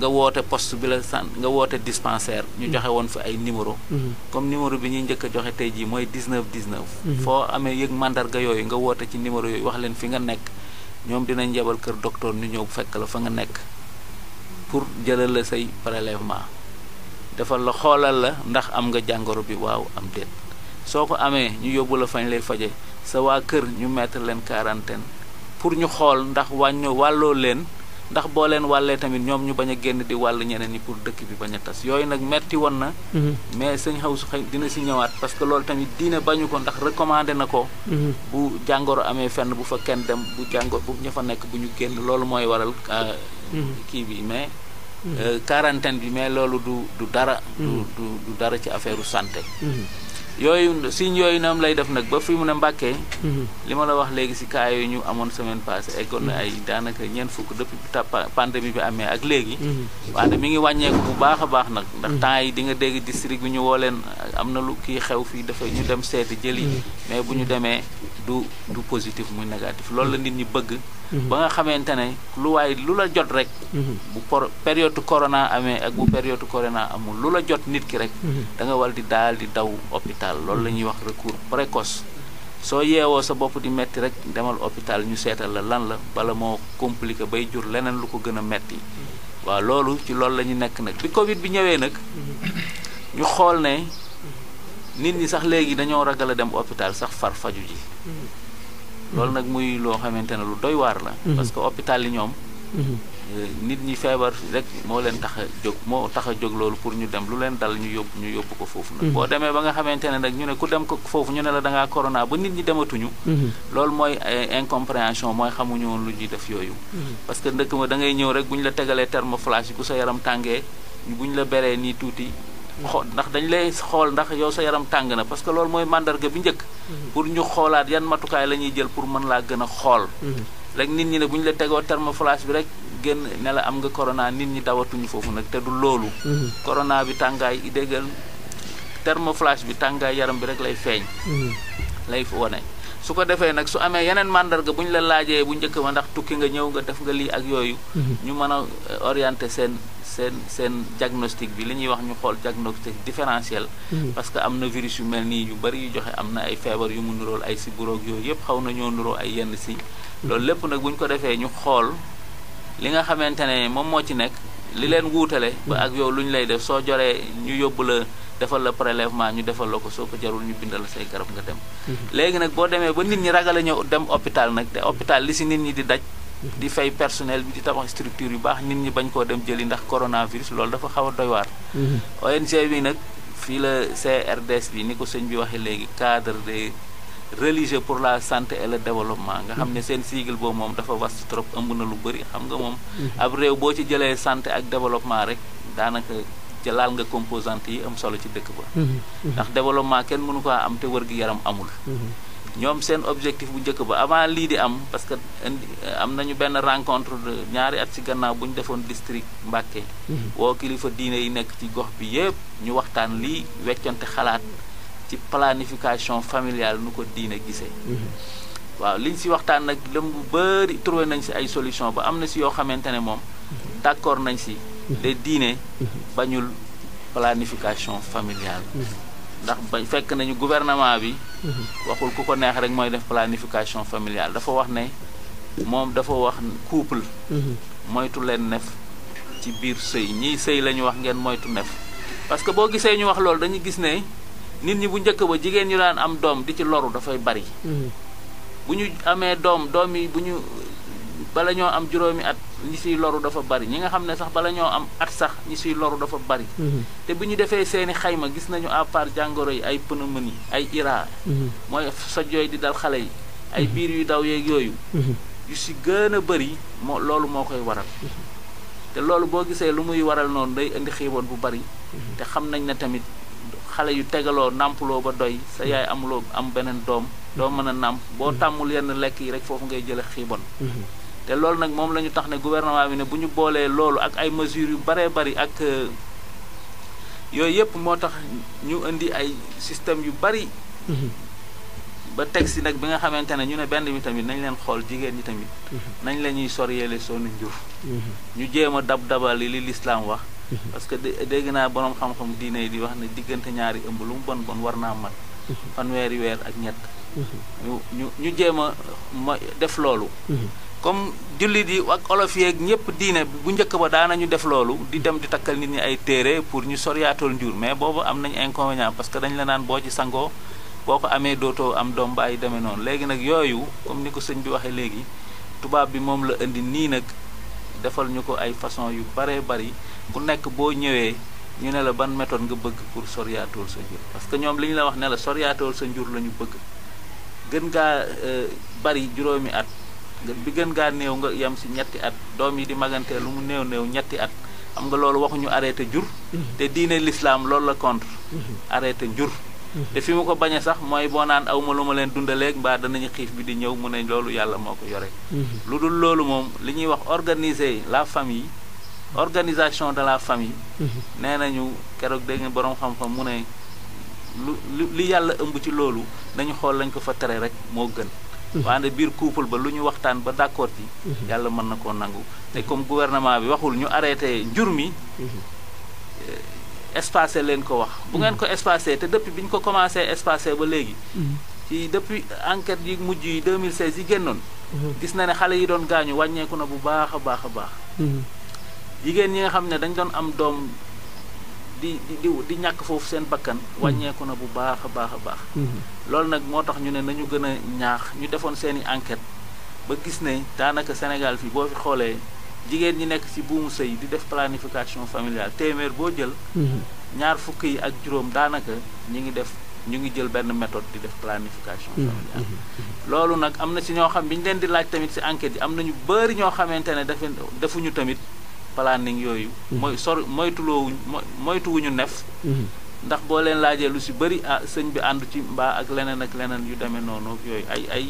C: nga woote post bi la sant nga woote dispensaire. ñu hmm. joxe woon fi ay numéro comme numéro bi ñuy njëkk a joxe tey jii mooy 19 19. foo amee yëg mandarga yooyu nga woote ci numéro yooyu wax leen fi nga nekk ñoom dina yebal kër docteur ñu ñëw fekk la fa nga nekk pour jëlal la say prélèvement defal la xoolal la ndax am nga jàngoro bi soko ko amee ñu yóbbu la fañ lay faje sa waa kër ñu mettre leen quarantaine pour ñu xool ndax wàñño wàlloo leen ndax boo leen wàllee tamit ñoom ñu bañ a di wàll ñeneen pur pour dëkk bi tas yoi nag metti won na mhm. mais sëñ xaw su dina si ñëwaat parce que loolu tamit diine bañu ko ndax recommandé na mhm. bu jàngoro amee fenn bu fa kenn dem bu jàngo bu ña fa nekk bu ñu génn loolu mooy waral ah, mhm. kii bi mais euh, quarantaine bi mais loolu du du dara du du dara ci affaire santé yooyu signe yooyu noonu lay def nag ba fi mu ne Mbàkke mhm. li ma la wax léegi si cas yooyu ñu amoon semaine passée eggoon na mhm. ay daanaka ñeent fukk depuis pandémie bi amee ak léegi mhm. wante mi ngi wàññeeku bu baax a baax nag ndax temps yi di nga dégg district bi ñu woo leen am na lu kii xew fii dafa ñu dem seeti jëli mais bu ñu demee du du positif muy négatif loolu la nit ñi bëgg ba nga xamante ne lu waay lu la jot rek bu por période corona amee ak bu période corona amul lu la jot nit ki rek da nga war di daal di daw hôpital loolu la ñuy wax recours précoce soo yeewoo sa bopp di metti rek demal hôpital ñu seetal la lan la bala moo compliqué bay jur leneen lu ko gën a metti waaw loolu ci loolu la ñu nekk nag bi Covid bi ñëwee nag ñu xool ne nit ñi sax léegi dañoo ragal a dem hôpital sax far faju ji
E: mm-hmm. loolu
C: nag muy loo xamante ne lu doy waar la mm-hmm. parce que ñoom nit ñi feebar rek moo leen tax a jóg moo tax a jóg loolu pour ñu dem lu leen dal ñu yóbbu ñu yóbbu ko foofu nag mhm. boo demee ba nga xamante ne ñu ne ku dem ko foofu ñu ne la da ngaa corona Bu nit ñi dematuñu mhm. loolu mooy eh, incompréhension mooy xamuñu woon lu ñuy def yooyu mhm. parce que ndëkk ma da ngay ñëw rek bu ñu la tegalee thermoflash bu sa yaram tàngee bu ñu la beree nii tuuti ndax dañ lay xool ndax yow sa yaram tàng na parce que mandarga bi pour ñu yan matukaay jël pour rek nit ñi ne bu ñu la tegoo thermoflash bi rek génn ne am nga corona nit ñi dawatuñu foofu nag te du loolu. Mhm. corona bi tàngaay i déggal thermoflash bi tàngaay yaram bi rek lay feeñ. Mhm. lay wane su ko defee nag su amee yeneen màndarga bu ñu la laajee bu njëkk ba ndax tukki nga ñëw nga def nga lii ak yooyu. Mhm. ñu mën a euh, orienté seen seen seen diagnostic bi li ñuy wax ñu xool diagnostic différentiel. parce que am na virus yu mel nii yu bari yu joxe am na ay feebar yu mu nuróol ay sibiroog yooyu yëpp xaw na ñoo nuróo ay yenn si. loolu lépp nag bu ñu ko defee ñu xool li nga xamante ne moom moo ci nekk li leen wuutale ba ak yow lu ñu lay def soo joree ñu yóbbu la defal la prélèvement ñu defal la ko soo ko jarul ñu bindal say garab nga dem mhm. léegi nag boo demee ba nit ñi ragale ñu dem hôpital nag te hôpital li si nit ñi di daj mhm. di fay personnel bi di tabax structure yu baax nit ñi bañ koo dem jëli ndax coronavirus loolu dafa xaw a doy waar mhm. ONG bi nag fii la CRDS bi ni ko sëñ bi waxee léegi cadre de religieux pour la santé et le développement nga xam ne mm-hmm. seen sigle boobu moom dafa vaste trop ëmb na lu bëri xam nga moom mm-hmm. ab réew boo ci jëlee santé ak développement rek daanaka ca laal nga composante yi am solo ci dëkk ba mm-hmm. ndax développement kenn mënu ko am te wër gi yaram amul ñoom seen objectif bu njëkk ba avant lii di am parce que am nañu benn rencontre de ñaari at ci gannaaw bu ñu defoon district Mbàkke woo kilifa diine yi nekk ci gox bi yépp ñu waxtaan lii weccante xalaat planification familiale nous ko diine gisee. Mhm. waaw liñ ci waxtaan nak lëm beuri trouvé nañ ci ay solution ba amna ci yo xamantene mom mhm. d'accord nañ si. Mhm. les diiné bañul planification familiale. ndax bañ fekk nañu gouvernement bi. waxul ku ko neex rek moy def planification familiale dafa wax ne mom dafa wax couple. moytu len nef ci bir sëy ñi sëy la wax ngeen moytu nef parce que bo gisee ñu wax lool dañu gis ne. nit ñi bu njëkk ba jigéen ñu daan am doom di ci loru dafay bari mm-hmm. bu ñu amee doom doom yi bu ñu bala ñoo am juróomi at ñi siy loru dafa bari ñi nga xam ne sax bala am at sax ñi siy loru dafa bari mm-hmm. te bu ñu defee seeni xayma gis nañu à part jàngoro yi ay pneumonie ay ira mm-hmm. mooy soj di dal xale yi ay biir yu daw yeeg yooyu yu si gëna bari moo loolu moo koy waral te loolu boo gisee lu muy waral noonu day indi xiiboon bu bari te xam nañ ne tamit xale yu tegaloo nàmpuloo ba doy sa yaay amuloo am beneen doom doo mën a nàmp boo mm-hmm. tàmmul yenn lekk yi rek foofu ngay jële xiibon mm-hmm. te loolu nag moom lañu tax ne gouvernement bi ne bu ñu boolee loolu ak ay mesures yu baree bari ak euh, yooyu yëpp moo tax ñu indi ay système yu bari mm-hmm. ba teg si nag bi nga xamante ne ñu ne benn bi tamit nañ leen xool jigéen ñi tamit nañ la ñuy soryeele sonu njur ñu jéem a dab dabal li lislaam wax Mhm. parce que dégg naa borom xam-xam diine yi di wax ne diggante ñaari ëmb lu mu bon bon war naa mat mhm. fanweeri weer ak ñett mhm. ñu ñu ñu jéem a ma def loolu comme jullit yi ak olof yeeg ñëpp diine bu njëkk ba daanañu def loolu di dem di takkal nit ñi ay téere pour ñu soriyaatool njur mais boobu am nañ inconvénient parce que dañ la naan boo ci sangoo boo ko amee dootoo am doom bàyyi demee noonu léegi nag yooyu comme ni ko sëñ bi waxee léegi tubaab bi moom la indi nii nag defal ko ay façon yu baree bari ku nekk boo ñëwee ñu ne la ban méthode nga bëgg pour soriatool sa njur parce ñoom li ñu la wax ne la soriatool sa njur la ñu bëgg gën gaa euh, bari juróomi at bi gën gaa néew nga yem ci ñetti at doom yi di magantee lu mu néew néew ñetti at xam nga loolu waxuñu arrêté jur mm-hmm. te diine l'islam loolu la contre mm-hmm. arrêté njur mm-hmm. te fi mu ko bañee sax mooy boo naan aw ma lu ma leen dundaleeg mbaa danañu xiif bi di ñëw mu ne loolu yàlla moo ko yore lu dul loolu moom li ñuy organisation de la famille. Mhm. nee nañu keroog dégg nga borom xam-xam mu ne lu li yàlla ëmb ci loolu nañu xool lañ ko fa tere rek moo gën. Mhm. waande biir couple ba lu ñu waxtaan ba d'accord ci. Mhm. yàlla mën na koo nangu te comme gouvernement bi waxul ñu arrêté njur mi. Eh, espacé leen ko wax. bu ngeen ko espacé te depuis bi ñu ko commencé espacé ba léegi. ci depuis enquête yi mujj yi 2016 yi génnoon. gis na ne xale yi doon gaañu wàññeeku na bu baax a baax a baax. jigéen ñi nga xam ne dañu doon am doom di di di ñàkk foofu seen bakkan hmm. wàññeeku na bu baax a baax a baax hmm. loolu nag moo tax ñu ne nañu gën a ñaax ñu defoon seeni enquête ba gis ne daanaka Sénégal fi boo fi xoolee jigéen ñi nekk ci buumu sëy di def planification familiale téeméer boo jël hmm. ñaar fukk yi ak juróom daanaka ñu ngi def ñu ngi jël benn méthode di def planification familiale loolu nag am na ci ñoo xam bi ñu leen di laaj tamit ci enquête yi am na ñu bëri ñoo xamante ne defe tamit planning yooyu. Mhm. mooy sor moytuloo moytuwuñu nef. Mhm. ndax boo leen laajee lu si bëri ah sëñ bi àndu ci mbaa ak leneen ak leneen yu demee noonu ak yooyu ay ay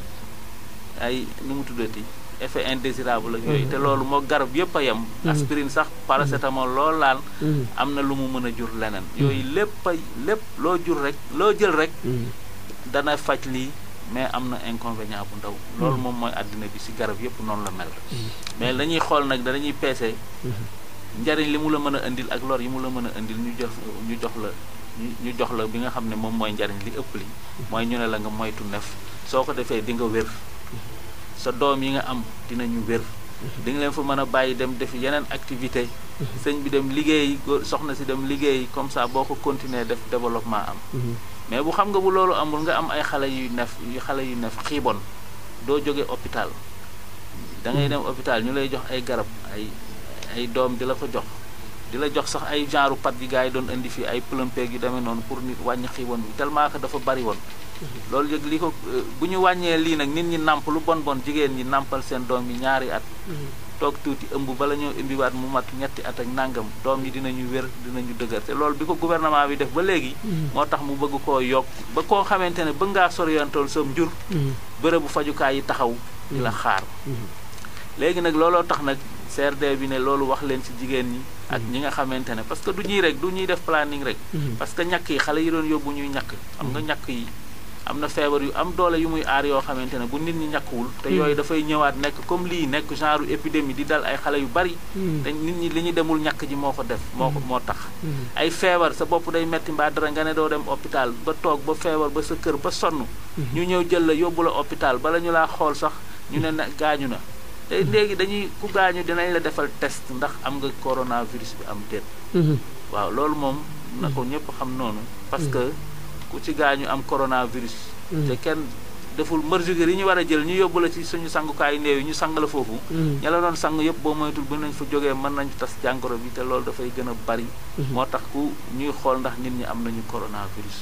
C: ay nu mu tuddati effet indésirable ak yooyu mhm. te loolu moo garab yëpp a yem. aspirine sax paracétamol lool laal. am na lu mu mën a jur leneen. yooyu lépp lépp loo jur rek loo jël rek. dana faj lii. mais am na inconvénient bu ndaw hmm. loolu moom mooy àddina bi ci garab yépp noonu la mel hmm. mais lañuy xool nag danañuy peese hmm. njariñ li mu la mën a indil ak lor yi mu la mën a indil ñu jox ñu jox la ñu jox la bi nga xam ne moom mooy njariñ li ëpp li mooy ñu ne la nga moytu nef soo ko defee di nga wér sa doom yi nga am dina ñu wér dinga leen fa mën a bàyyi dem def yeneen activité sëñ bi dem liggéey soxna si dem liggéey comme ça boo ko continuer def développement am mais bu xam nga bu loolu amul nga am ay xale yuy nef yu xale yu nef xiibon doo jóge hôpital da ngay dem hôpital ñu lay jox ay garab ay ay doom di la ko jox di la jox sax ay genre pat yi gars doon indi fii ay plompeeg yu demee noonu pour nit wàññi xiibon bi tellement que dafa bari woon loolu yëg li ko euh, bu ñu wàññee lii nag nit ñi nàmp lu bon bon jigéen ñi nàmpal seen doom yi ñaari at tok tuuti ëmb bala ñoo ëmbiwaat mu mat ñetti at ak nangam doom yi dinañu wér dinañu dëgër te loolu bi ko gouvernement bi def ba léegi mm. moo tax mu bëgg koo yokk ba koo xamante ne bëgg ngaa soriyantool sam jur mm. bërëbu fajukaay yi taxaw di la mm. xaar mm-hmm. léegi nag looloo tax nag CRD bi ne loolu wax leen ci jigéen ñi ak ñi nga xamante parce que du ñuy rek du ñuy def planning rek mm-hmm. parce que ñàkk yi xale yi doon yóbbu ñuy ñàkk xam nga ñàkk yi am na feebar yu am doole yu muy aar yoo xamante ne bu nit ñi ñàkkuwul te hmm. yooyu dafay ñëwaat nekk comme lii nekk genre épidémie di dal ay xale yu bari hmm. te nit ñi li ñu demul ñàkk ji moo ko def moo hmm. moo tax ay feebar sa bopp day metti mbaa dara nga ne doo dem hôpital ba toog ba feebar ba sa kër ba sonn ñu ñëw jël la yóbbu la hôpital bala ñu laa xool sax ñu ne na gaañu na te léegi dañuy ku gaañu dinañ la defal test ndax am nga coronavirus bi am déet waaw ku ci gaañu am coronavirus. Mm. te kenn deful mesures yi ñu war a jël ñu yóbbu la ci suñu sangukaayu néew yi ñu sang la foofu. Mm. ña la doon sang yëpp boo moytul bu nañ fa jógee mën nañ tas jàngoro bi te loolu dafay gën a bari. Mm-hmm. moo tax ku ñuy xool ndax nit ñi am nañu coronavirus.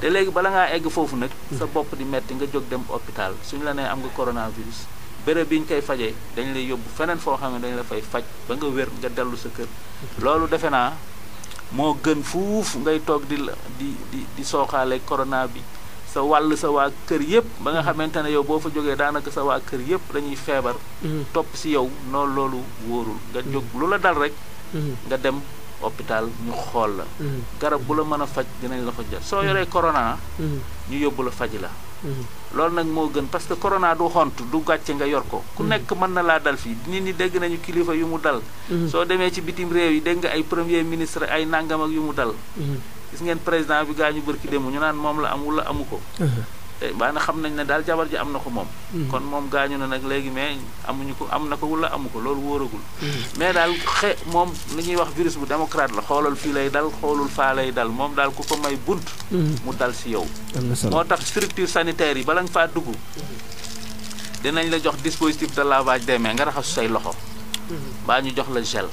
C: te léegi bala ngaa egg foofu nag. Mm. sa bopp di metti nga jóg dem hôpital suñu la nee am nga coronavirus. béréb bi ñu koy fajee dañ lay yóbbu feneen foo xam ne dañ la fay faj ba nga wér nga sa kër. moo gën fuuf ngay toog di di di di sooxaale corona bi sa wàll sa waa kër yëpp ba nga mm-hmm. xamante ne yow boo fa jógee daanaka sa waa kër yëpp dañuy feebar mm-hmm. topp si yow noonu loolu wóorul nga jóg mm-hmm. lu la dal rek nga dem hôpital ñu xool la garab bu la mën a faj dinañ la ko jot soo yoree corona ñu yóbbu la faj la loolu nag moo gën parce que corona du xont du gàcce nga yor ko ku mm-hmm. nekk mën na laa dal fii nit ñi dégg nañu kilifa yu mu dal mm-hmm. soo demee ci bitim réew yi dégg nga ay premier ministre ay nangam yu mu dal mm-hmm. gis ngeen président bi bër bërki démb ñu naan moom la am wala amu ko uh-huh. te eh, baax xam nañ ne daal jabar ji am na ko moom. Mm-hmm. kon moom gaañu na nag léegi mais amuñu ko am na ko wala amu ko loolu wóoragul. Mm-hmm. mais daal xe moom li ñuy wax virus bu démocrate la xoolal fii lay dal xoolul faa lay dal moom daal ku ko may bunt. Mm-hmm. mu dal si yow. moo tax structure sanitaire yi bala nga faa dugg. dinañ la jox dispositif de lavage des mains nga raxasu say loxo. ba ñu jox la gel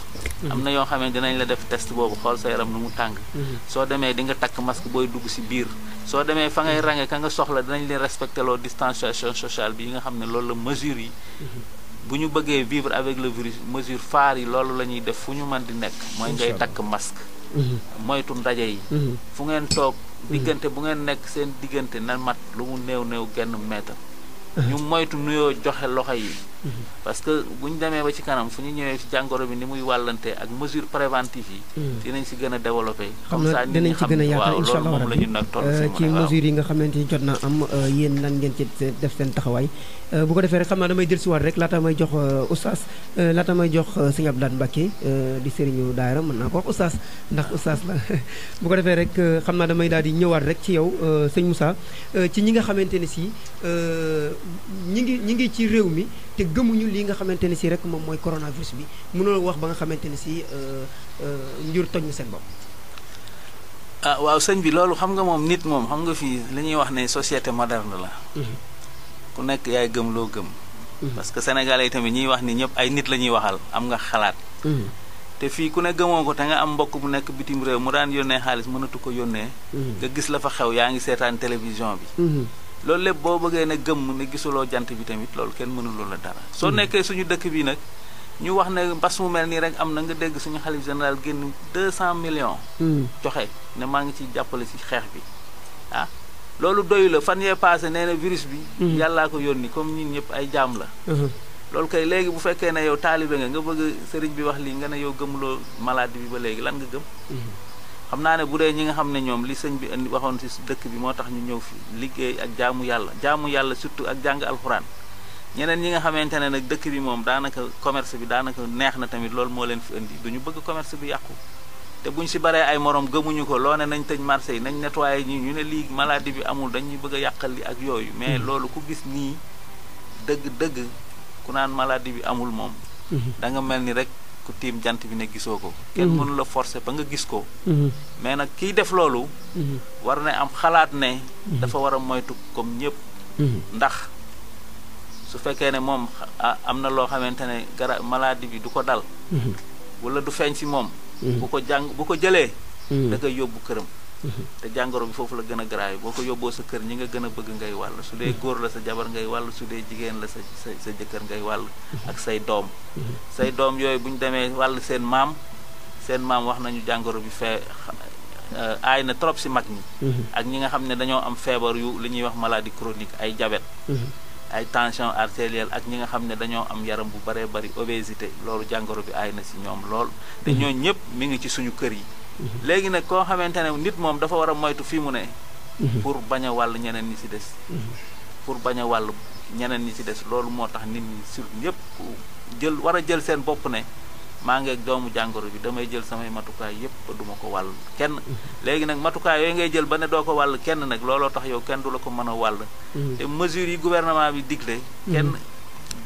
C: am na yoo xam ne dinañ la def test boobu xool sa yaram nu mu tàng mhm. soo demee di nga takk masque booy dugg si biir soo demee fa ngay range ka nga soxla dinañ leen respecté loo distanciation sociale bi nga xam ne loolu la mesure yi mhm. bu ñu bëggee vivre avec le virus mesure phare yi loolu la ñuy def fu ñu mën di nekk mooy ngay takk masque mhm. moytu ndaje yi fu ngeen toog diggante bu ngeen nekk seen diggante na mat lu mu néew néew genn ñu moytu nuyoo joxe loxo yi. parce que bu ñu demee ba ci kanam fu ñu ñëwee ci jàngoro bi ni muy wàllante ak mesure préventive yi. dinañ hmm. si gën a développé.
B: comme ça dinañ ci gën a yaatal incha allah moom euh, jot na am euh, yéen lan ngeen ci def seen taxawaay. Euh, bu ko defee rek xam naa damay dellusiwaat rek laata may jox oustaz laata may jox sëñ Abdoulaye Mbacke di sëriñu daayira mën naa ko wax oustaz ndax oustaz la *laughs* bu ko defee rek xam naa damay daal di ñëwaat rek ci yow sëñ musa ci ñi nga xamante ni si ñi ngi ñi ngi ci réew mi te gëmuñu lii nga xamante ne si rek moom mooy coronavirus bi munoo wax ba nga xamante ne si euh, euh, njur toj na seen bopp.
C: ah waaw sëñ bi loolu xam nga moom nit moom xam nga fii lañuy wax ne société moderne la. Mhm. ku nekk yaay gëm loo gëm. Mhm. parce que sénégalais yi tamit ñuy wax ni ñëpp ay nit la ñuy waxal am nga xalaat. Mhm. te fii ku ne gëmoo ko te nga am mbokk bu nekk bitim réew mu daan yónnee xaalis mënatu ko yónnee. nga gis la fa xew yaa ngi seetaan télévision bi. loolu lépp boo bëggee ne gëmm ne gisuloo jant bi tamit loolu kenn mënuloo la dara soo hmm. nekkee suñu dëkk bi nag ñu wax ne mbas mu mel nii rek am na nga dégg suñu xalif général génn deux cent million hmm. joxe ne maa ngi ci jàppale ci xeex bi ah loolu doyu la fan yee passé nee na virus bi hmm. yàllaa ko yónni comme ñun ñëpp ay jaam la uh-huh. loolu kay léegi bu fekkee ne yow taalibe nga nga bëgg sëriñ bi wax lii nga ne yow gëmuloo malade bi ba léegi lan nga gëm xam naa ne bu dee ñi nga xam ne ñoom li sëñ bi indi waxoon ci dëkk bi moo tax ñu ñëw fi liggéey ak jaamu yàlla jaamu yàlla surtout ak jàng alxuraan ñeneen ñi nga xamante ne nag dëkk bi moom daanaka commerce bi daanaka neex na tamit loolu moo leen fi indi duñu bëgg commerce bi yàqu te buñ ci baree ay moroom gëmuñu ko loo ne nañ tëj marché yi nañ nettoyé ñi ñu ne lii maladie bi amul dañuy bëgg a yàqal li ak yooyu hmm. mais loolu ku gis nii dëgg dëgg ku naan maladie bi amul moom hmm. ku tiim jant bi ne gisoo ko. kenn mhm. mënu la forcer ba nga gis ko. Mhm. mais nag kiy def loolu. Mhm. war na am xalaat ne. dafa war a moytu comme ñëpp. ndax su fekkee ne moom am na loo xamante ne gara maladie bi du ko dal. wala du feeñ ci moom. bu ko jàng bu ko jëlee. da koy yóbbu këram. te jàngoro bi foofu la gën a garaaw boo ko yóbboo sa kër ñi nga gën a bëgg ngay wàll su dee góor la sa jabar ngay wàll su dee jigéen la sa sa sa jëkkër ngay wàll ak say doom say doom yooyu bu ñu demee wàll seen maam seen maam wax nañu jàngoro bi fee euh, aay na trop si mag ñi ak ñi nga xam ne dañoo am feebar yu li ñuy wax maladie chronique ay diabète ay tension artérielle ak ñi nga xam ne dañoo am yaram bu baree bari obésité loolu jàngoro bi aay na si ñoom lool te ñooñu ñëpp mi ngi ci suñu kër yi léegi nag koo xamante ne nit moom dafa war a moytu fii mu ne. Mhm. pour bañ a wàll ñeneen ñi ci des. Mhm. pour bañ a wàll ñeneen ñi ci des loolu moo tax nit ñi sur ñëpp jël war a jël seen bopp ne maa ngi doomu jàngoro bi damay jël samay matukaay yépp duma ko wàll kenn. Mhm. léegi nag matukaay yooyu ngay jël ba ne doo ko wàll kenn nag looloo tax yow kenn du la ko mën a wàll. te mesures yi gouvernement bi digle. kenn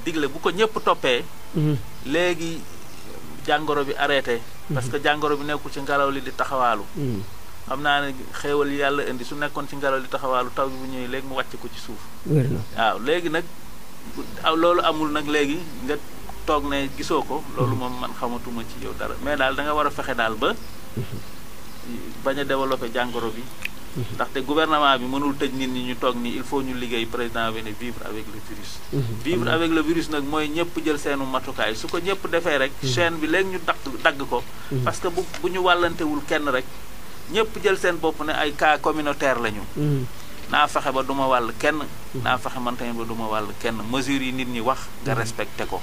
C: digle bu ko ñëpp toppee. léegi. jàngoro bi arrêté. parce que jàngoro bi nekkul ci ngelaw li di taxawaalu. Mm. xam naa ne xéewal yàlla indi su nekkoon ci ngelaw li taxawaalu taw bi bu ñëwee léegi mu wàcc ko ci suuf. waaw léegi nag loolu amul nag léegi nga toog ne gisoo ko. loolu mm. moom man xamatuma ci yow dara mais daal da nga war a fexe daal ba. Mm-hmm. bañ a développé jàngoro bi. ndaxte gouvernement bi mënul tëj nit ñi ñu toog ni il faut ñu liggéey président bi ne vivre avec le virus. Mhm. vivre mhm. avec le virus nag mooy ñëpp jël seenu matukaay su ko ñëpp defee rek. Mhm. chaîne bi léegi ñu dagg dagg ko. parce que bu bu ñu wàllantewul kenn rek ñëpp jël seen bopp ne ay cas communautaire lañu. naa faxe ba du ma wàll kenn mhm. naa fexe man tamit ba du ma wàll kenn mesures yi nit ñi wax nga mhm. respecté ko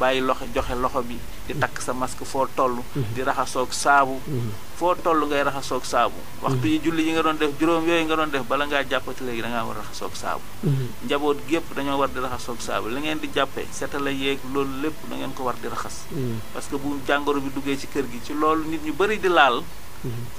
C: bàyyi loxo joxe loxo bi di mhm. takk sa masque foo toll di raxasoog saabu foo toll ngay raxasoog saabu waxtu yi julli yi nga doon def juróom yooyu nga doon def bala ngaa jàppati léegi da ngaa war a raxasoog saabu njaboot gépp dañoo war di raxasoog saabu li ngeen di jàppee setala yeeg loolu lépp dangeen ko war di raxas parce que bu jàngoro bi duggee ci kër gi ci loolu nit ñu bëri di laal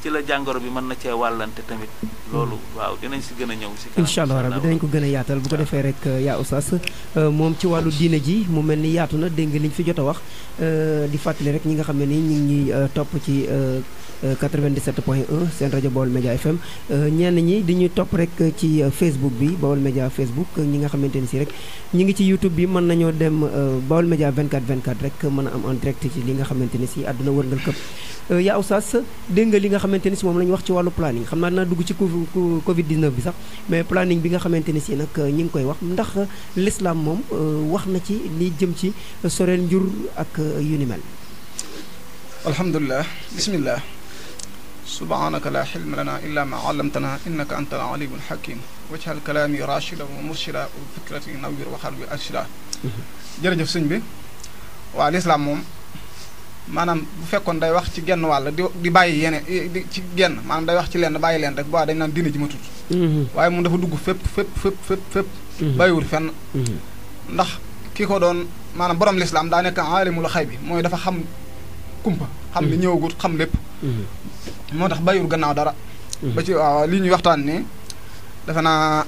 C: ci la jàngoro bi mën na cee wàllante tamit loolu hmm. waaw dinañ si gën a ñëw si
B: kanam incha allah rabbi dinañ ko gën a yaatal bu ko defee rek euh, yaa oustaz euh, moom ci wàllu diine ji mu mel ni yaatu na dégg nga liñ fi jot a wax Euh, di fàttali rek ñi nga xam ne nii ñu ngi euh, topp ci 97 euh, point 1 seen rajo Baol Média FM ñenn ñi di ñu topp rek ci Facebook bi Baol Média Facebook ñi nga xamante ni si rek ñu ngi ci YouTube bi mën nañoo dem Baol Média 24 24 rek mën a am en direct li nga xamante ni si àdduna wërngal këpp. yaa Oustaz dégg nga li nga xamante ni si moom la ñu wax ci wàllu planning xam naa dinaa dugg ci Covid 19 bi sax mais planning bi nga xamante ni si nag ñi ngi koy wax ndax l'islam moom wax na ci li jëm ci soreel njur ak. yu ni mel.
A: alhamdulilah bismillah. subhaanaka laa xilma lanaa illaa maa allamtanaa innaka anta al-aliimu al-xakiim wajhal kalaami raashidan wa murshidan wa fikrati nawwir wa qalbi arshida jërëjëf sëñ bi waa lislaam moom maanaam bu fekkoon day wax ci genn wàll di di bàyyi yene di ci genn maanaam day wax ci lenn bàyyi leen rek boo dañ naan diine ji ma tut waaye moom dafa dugg fépp fépp fépp fépp fépp bàyyiwul fenn ndax ki ko doon maanaam borom lislaam daa nekk aalimul xay bi mooy dafa xam kumpa xam li mm-hmm. ñëwagut xam lépp
E: mm-hmm.
A: moo tax bayul gannaaw dara
E: mm-hmm. ba
A: ci waaw lii ñuy waxtaan ne defe naa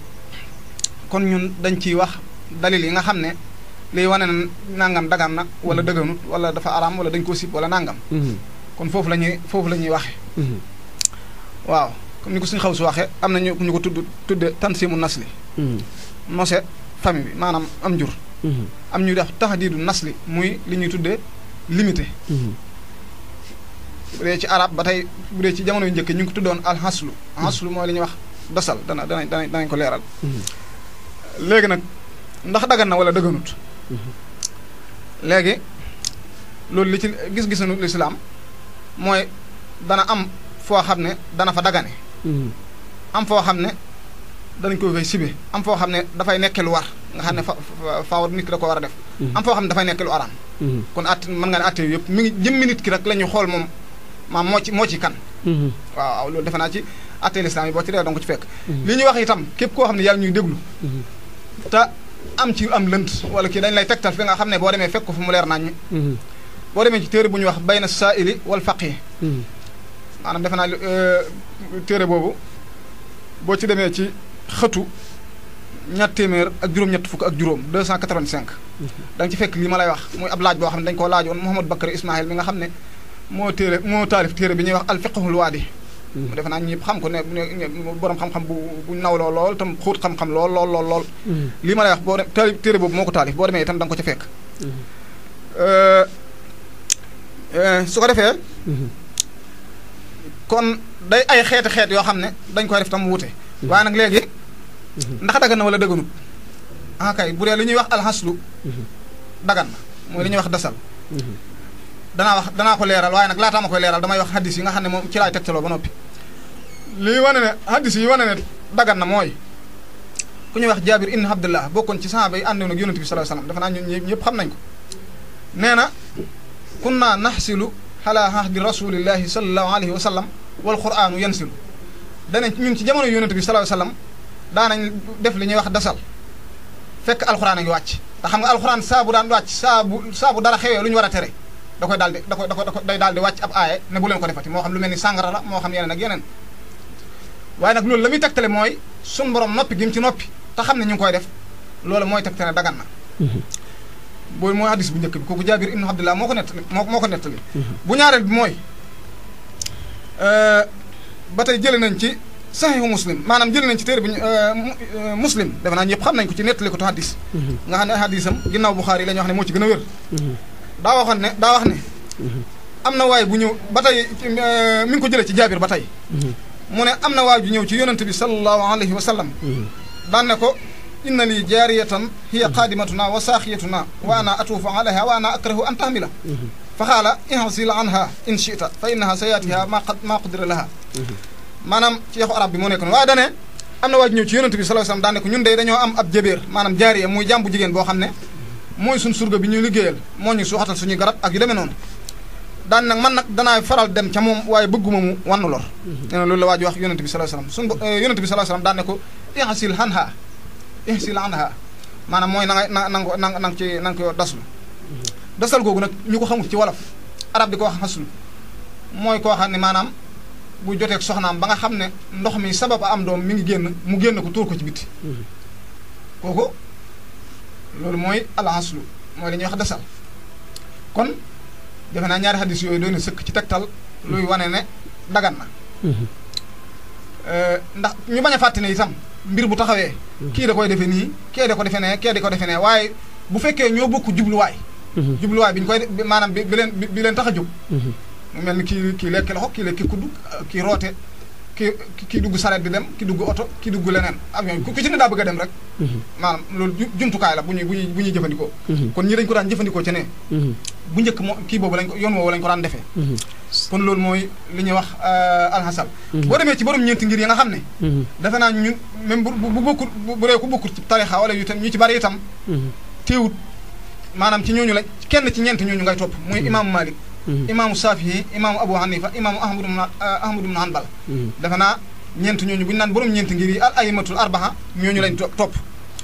A: kon ñun dañ ciy wax dalil yi nga xam ne liy wane ne nangam dagan na wala dëgganut wala dafa araam wala dañ ko sib wala nangam kon foofu la ñuy foofu la ñuy waxe waaw kon ni ko suñu xaw si waxee am na ñu ko tudd tudde tansimu nasli nose famille bi maanaam am jur Mm-hmm. am ñu def taxadiidu nasli muy li ñuy tuddee limité. Mm-hmm. bu dee ci arab ba tey bu dee ci jamono yu njëkk ñu ngi ko tuddoon alxaslu. alxaslu mm-hmm. mooy li ñu wax dasal dana dana danañ ko leeral. léegi nag ndax dagan na wala dëgganut. léegi loolu li ci gis-gisanu lislaam mooy dana am foo xam ne dana fa dagane. am foo xam ne danañ ko sibe am foo xam ne dafay nekk lu war. nga xam ne fa faaw nit ki da ko war a def. Mm-hmm. am foo xam ne dafay nekk lu araam. Mm-hmm. kon at mën nga ne at yëpp mi ngi jëmmi nit ki rek la ñuy xool moom maam moo ci moo ci kan. Mm-hmm. waaw loolu defe naa ci atte lislaam yi boo ci dee dong ko ci fekk. li ñuy wax itam képp koo xam ne yàlla ñuy déglu. te am ci am lënt wala kii dañ lay tegtal fi nga xam ne boo demee fekk ko fu mu leer naññ. boo demee ci téere bu ñuy wax bay na saa'ili wal faqih. maanaam defe naa euh, téere boobu boo ci demee ci xëtu. ñett téeméer ak juróom-ñett fukk ak juróom 285. Mhm. da nga ci fekk li ma lay wax muy ab laaj boo xam ne dañ koo laajoon Mouhamadou Bakary Ismaïl mi nga xam ne moo téere moo taalif téere bi ñuy wax al fiqhul waadi mu mhm. defe naa ñëpp xam ko ne borom xam-xam bu bu nawloo lool tam xóot xam-xam lool lool lool lool. Mhm. lii ma lay wax boo dem taalif téere boobu moo ko taalif boo demee itam da ko ca fekk. Euh, euh, su ko defee. kon day ay xeeti xeet yoo xam ne dañ koy def tam wute waaye nag léegi. ndax dagan na wala daganut ah kay bu dee li ñuy wax alxaslu dagan na mooy li ñuy wax dasal danaa wax danaa ko leeral waaye nag laataa ma koy leeral damay wax hadis yi nga xam ne moom ci laay tegtaloo ba noppi lii wane ne hadis yi wane ne dagan na mooy ku ñuy wax jaabir ibn abdullah bokkoon ci sahaaba yi àndoon ak yonent bi sallallahu alayhi wasallam dafa naa ñun ñëpp xam nañ ko nee na kunna naxsilu ala ahdi rasulillahi sallallahu alayhi wa sallam wal quranu yansilu dane ñun ci jamono yonent bi sallallahu daanañ def li ñuy wax dasal fekk alxuraan a ngi wàcc te xam nga alxuraan saa bu daan wàcc saa bu saa bu dara xewee lu ñu war a tere da koy daal di da koy da koy day daal di wàcc ab aaye ne bu leen ko defati moo xam lu mel ni sàngara la moo xam yeneen ak yeneen waaye nag loolu la muy tegtale mooy suñ borom noppi gi ci noppi te xam ne ñu ngi koy def loolu mooy tegtale dagan na mhm. boobu mooy hadis bu njëkk bi kooku jaabir ibnu abdullah moo ko nettali moo ko nettali bu ñaareel bi mooy euh, ba jële nañ ci saxiixu muslim maanaam jël nañ ci téere bi muslim defe naa ñëpp xam nañ ko ci nettali ko tu hadis nga xam ne hadisam ginnaaw buxaari la ñu wax ne moo ci gën a wér daa waxoon ne daa wax ne am na waay bu ñëw ba tey mi ngi ko jëlee ci jaabir ba tey mu ne am na waay bu ñëw ci yonent bi sallallahu alayhi wa sallam daan ne ko inna lii jaariyatan hiya qaadimatuna wa saaxiyatuna wa ana atuufu alayha wa ana akrahu an tahmila fa xaala ihsil anha in chita fa innaha sayaatiha ma qadira laha manam ci arab bi moo nekkoon waaye dane am na waaj ñëw ci yonent bi sallallahu alayhi wasallam daane ñun day dañoo am ab jabéer maanaam jaariya muy jàmbu jigéen boo xam ne mooy suñ surga bi ñuy liggéeyal moo ñu suuxatal suñuy garab ak yu demee noonu daan nag man nag danaa faral dem ca moom waaye bëgguma mu wannu lor mhm. nee na loolu la waaj wax yonent bi sallallahu alayhi wasallam suñ eh, yonent bi sallallahu alayhi wasallam daan ne ko ihsil anha ihsil anha maanaam mooy na nga na nang na nang ci na nga ko daslu mhm. dasal googu nag ñu ko xamul ci wolof arab di ko wax xaslu mooy koo xam ne maanaam bu joteeg soxnaam ba nga xam ne ndox mi sabab a am doom mi ngi génn mu génn ko tuur ko ci bitti. Mm-hmm. kooku loolu mooy alxaslu mooy li ñuy wax desal. kon defe naa ñaari xadis yooyu doon na sëkk ci tegtal luy mm-hmm. wane ne dagan na. Mm-hmm. Eh, ndax ñu bañ a fàtte ne itam mbir bu taxawee. kii da koy defee nii kee da ko defee nee kee da ko defee nee waaye bu fekkee ñoo bokk jubluwaay. jubluwaay bi ñu koy maanaam bi leen bi leen tax a jóg. mu mel ni kii kii lekki loxo kii lekki kuddu kii roote kii kii dugg sareet bi dem ki dugg oto ki dugg leneen ak ku ci ne daa bëgg a dem rek mhm. maanaam loolu jumtukaay la bu ñuy bu ñuy bu ñuy jëfandikoo mhm. kon ñi dañ ko daan jëfandikoo ci ne mhm. bu njëkk moo kii boobu lañ ko yoon woowu lañ ko daan defee kon loolu mooy li ñuy wax euh, alxasal boo demee ci borom ñeenti ngir yi nga xam ne defe naa ñun même bu bu bokkul bu dee ku bokkul ci tarixa wala yu tam ñu ci bari itam téewut maanaam ci ñooñu la kenn ci ñeent ñooñu ngay topp muy imaamu maalik Mm-hmm. imaamu Saafi imaamu Abu Hanifa imaamu Ahmadu uh, Ahmadu ibn Hanbal mm-hmm. naa ñeent ñooñu bu ñu naan borom ñeent ngir yi al aymatul arbaha ñooñu lañ topp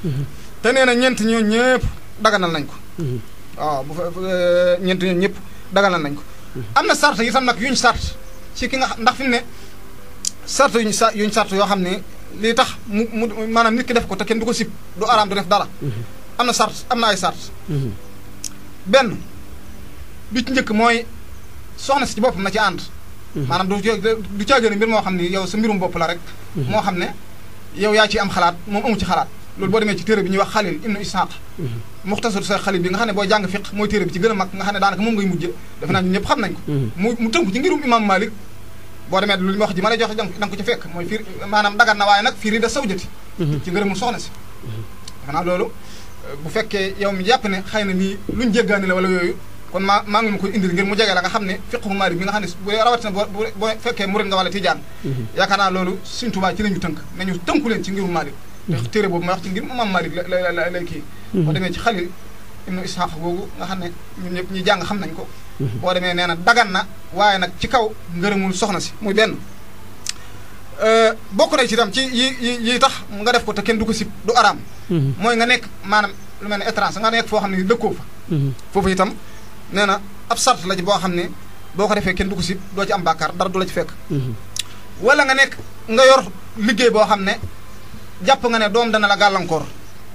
A: mm-hmm. te nee na ñeent ñooñu ñëpp daganal nañ ko waaw bu fa eh, ñeent ñooñu ñëpp daganal nañ ko am na sart itam nag yuñ sart ci ki nga xam ndax fi ne sart yuñ sa yuñ sart yoo xam ne lii tax mu mu maanaam nit ki def ko te kenn du ko sib du araam du def dara am na sart am na ay sart benn bi ci njëkk mooy soxna si ci boppam na ci ànd. Mhm. maanaam du du caagéenu mbir moo xam ne yow sa mbirum bopp la rek. Mhm. moo xam ne yow yaa ci am xalaat moom amu ci xalaat. loolu boo demee ci téere bi ñuy wax xalil ibnu ishaq mhm. muxtasar sa xalil bi nga xam ne boo jàng fiq mooy téere bi ci gën a mag nga xam ne daanaka moom ngay mujje defe naa ñun ñëpp xam tënku ci ngirum imam malik boo demee lu ñu wax ji ma lay joxe da nga ko ci fekk mooy fiir maanaam dagat na waaye nag fiiri da sawjati ci ngërëmul soxna si defe naa loolu bu fekkee yow mi jàpp ne xëy na nii lu jéggaani la wala yooyu kon maa maa ngi ko indi indil ngir mu jege la nga xam ne fiqhu maari bi nga xam ne bu rawatina bu fekkee murid nga wala tijaan mhm. yaakaar naa loolu Sëriñ Tuubaa ci lañu tënk nañu tënku leen ci ngiru Maalik te mhm. téere boobu may wax ci ngir Imaam Maalik la la lay kii mhm. boo demee ci Xalil ibnu Isxaaq boobu nga xam ne ñun ñëpp ñi jàng xam nañ ko boo demee nee na dagan na waaye nag ci kaw ngërëmul soxna si muy benn euh, bokk na ci itam ci yi yi tax nga def ko te kenn du ko sib du araam mooy nga nekk maanaam lu mel ne étrange nga nekk foo xam ne dëkkoo fa foofu itam nee na ab sart la ci boo xam ne boo ko defee kenn du ko sib doo ci am bàkkaar dara du la ci fekk mhm. wala nga nekk nga yor liggéey boo xam ne nga ne doom dana la gàllankoor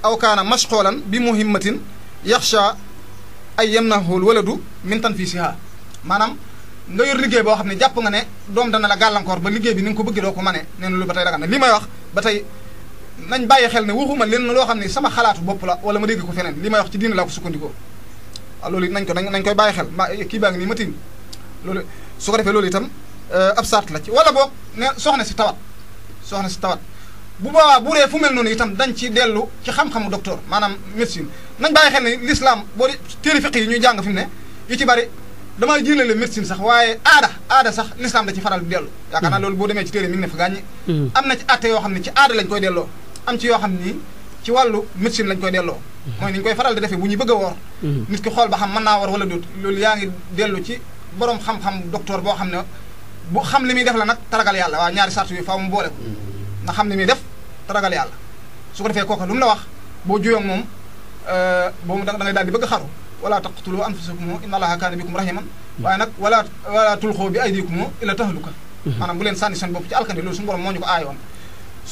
A: aw kaana mashxoolan bi muhimmatin yaxsha ay yamnahul waladu min tanfisiha maanaam nga yor liggéey boo xam ne jàpp nga ne doom dana la gàllankoor ba liggéey bi ni ko bëggee doo ko mane nee lu ba tey dagan na wax nañ xel ne waxuma sama xalaatu bopp la wala ma dégg ko wax ci ko ah loolu it nañ ko nañ koy bàyyi xel ma kii baa ngi nii matin loolu su ko defee loolu itam euh, ab sart la ci wala boog ne soxna si tawat soxna si tawat bu boobaa bu dee fu mel noonu itam dañ ci dellu ci xam-xamu docteur maanaam médecine nañ bàyyi xel ne l'islam boo téere fiq yi ñuy jàng fi mu ne yu ci bari damay jiilale médecine sax waaye aada aada sax l'islam da ci faral di dellu yaakaar naa mm. loolu boo demee ci téere mi ngi ne fa gàññi mm. am na ci atte yoo xam ne ci aada lañ koy delloo am ci yoo xam ni ci wàllu médecine lañ koy delloo mooy ni ñu koy faral di defee bu ñu bëgg a woor nit ki xool ba xam mën naa woor wala dut loolu yaa ngi dellu ci borom xam-xam docteur boo xam ne bu xam li muy def la nag taragal yàlla waaw ñaari sart yu faaw mu boole ko na xam li muy def taragal yàlla su ko defee kooka lu mu la wax boo juyoo moom boobu da ngay daal di bëgg xaru wala taqtulu anfusakum inna allaha kaana bikum rahiman waaye nag wala wala tulxoo bi aydikum ila tahluka maanaam bu leen sànni seen bopp ci alkande loolu suñu borom moo ñu ko aayoon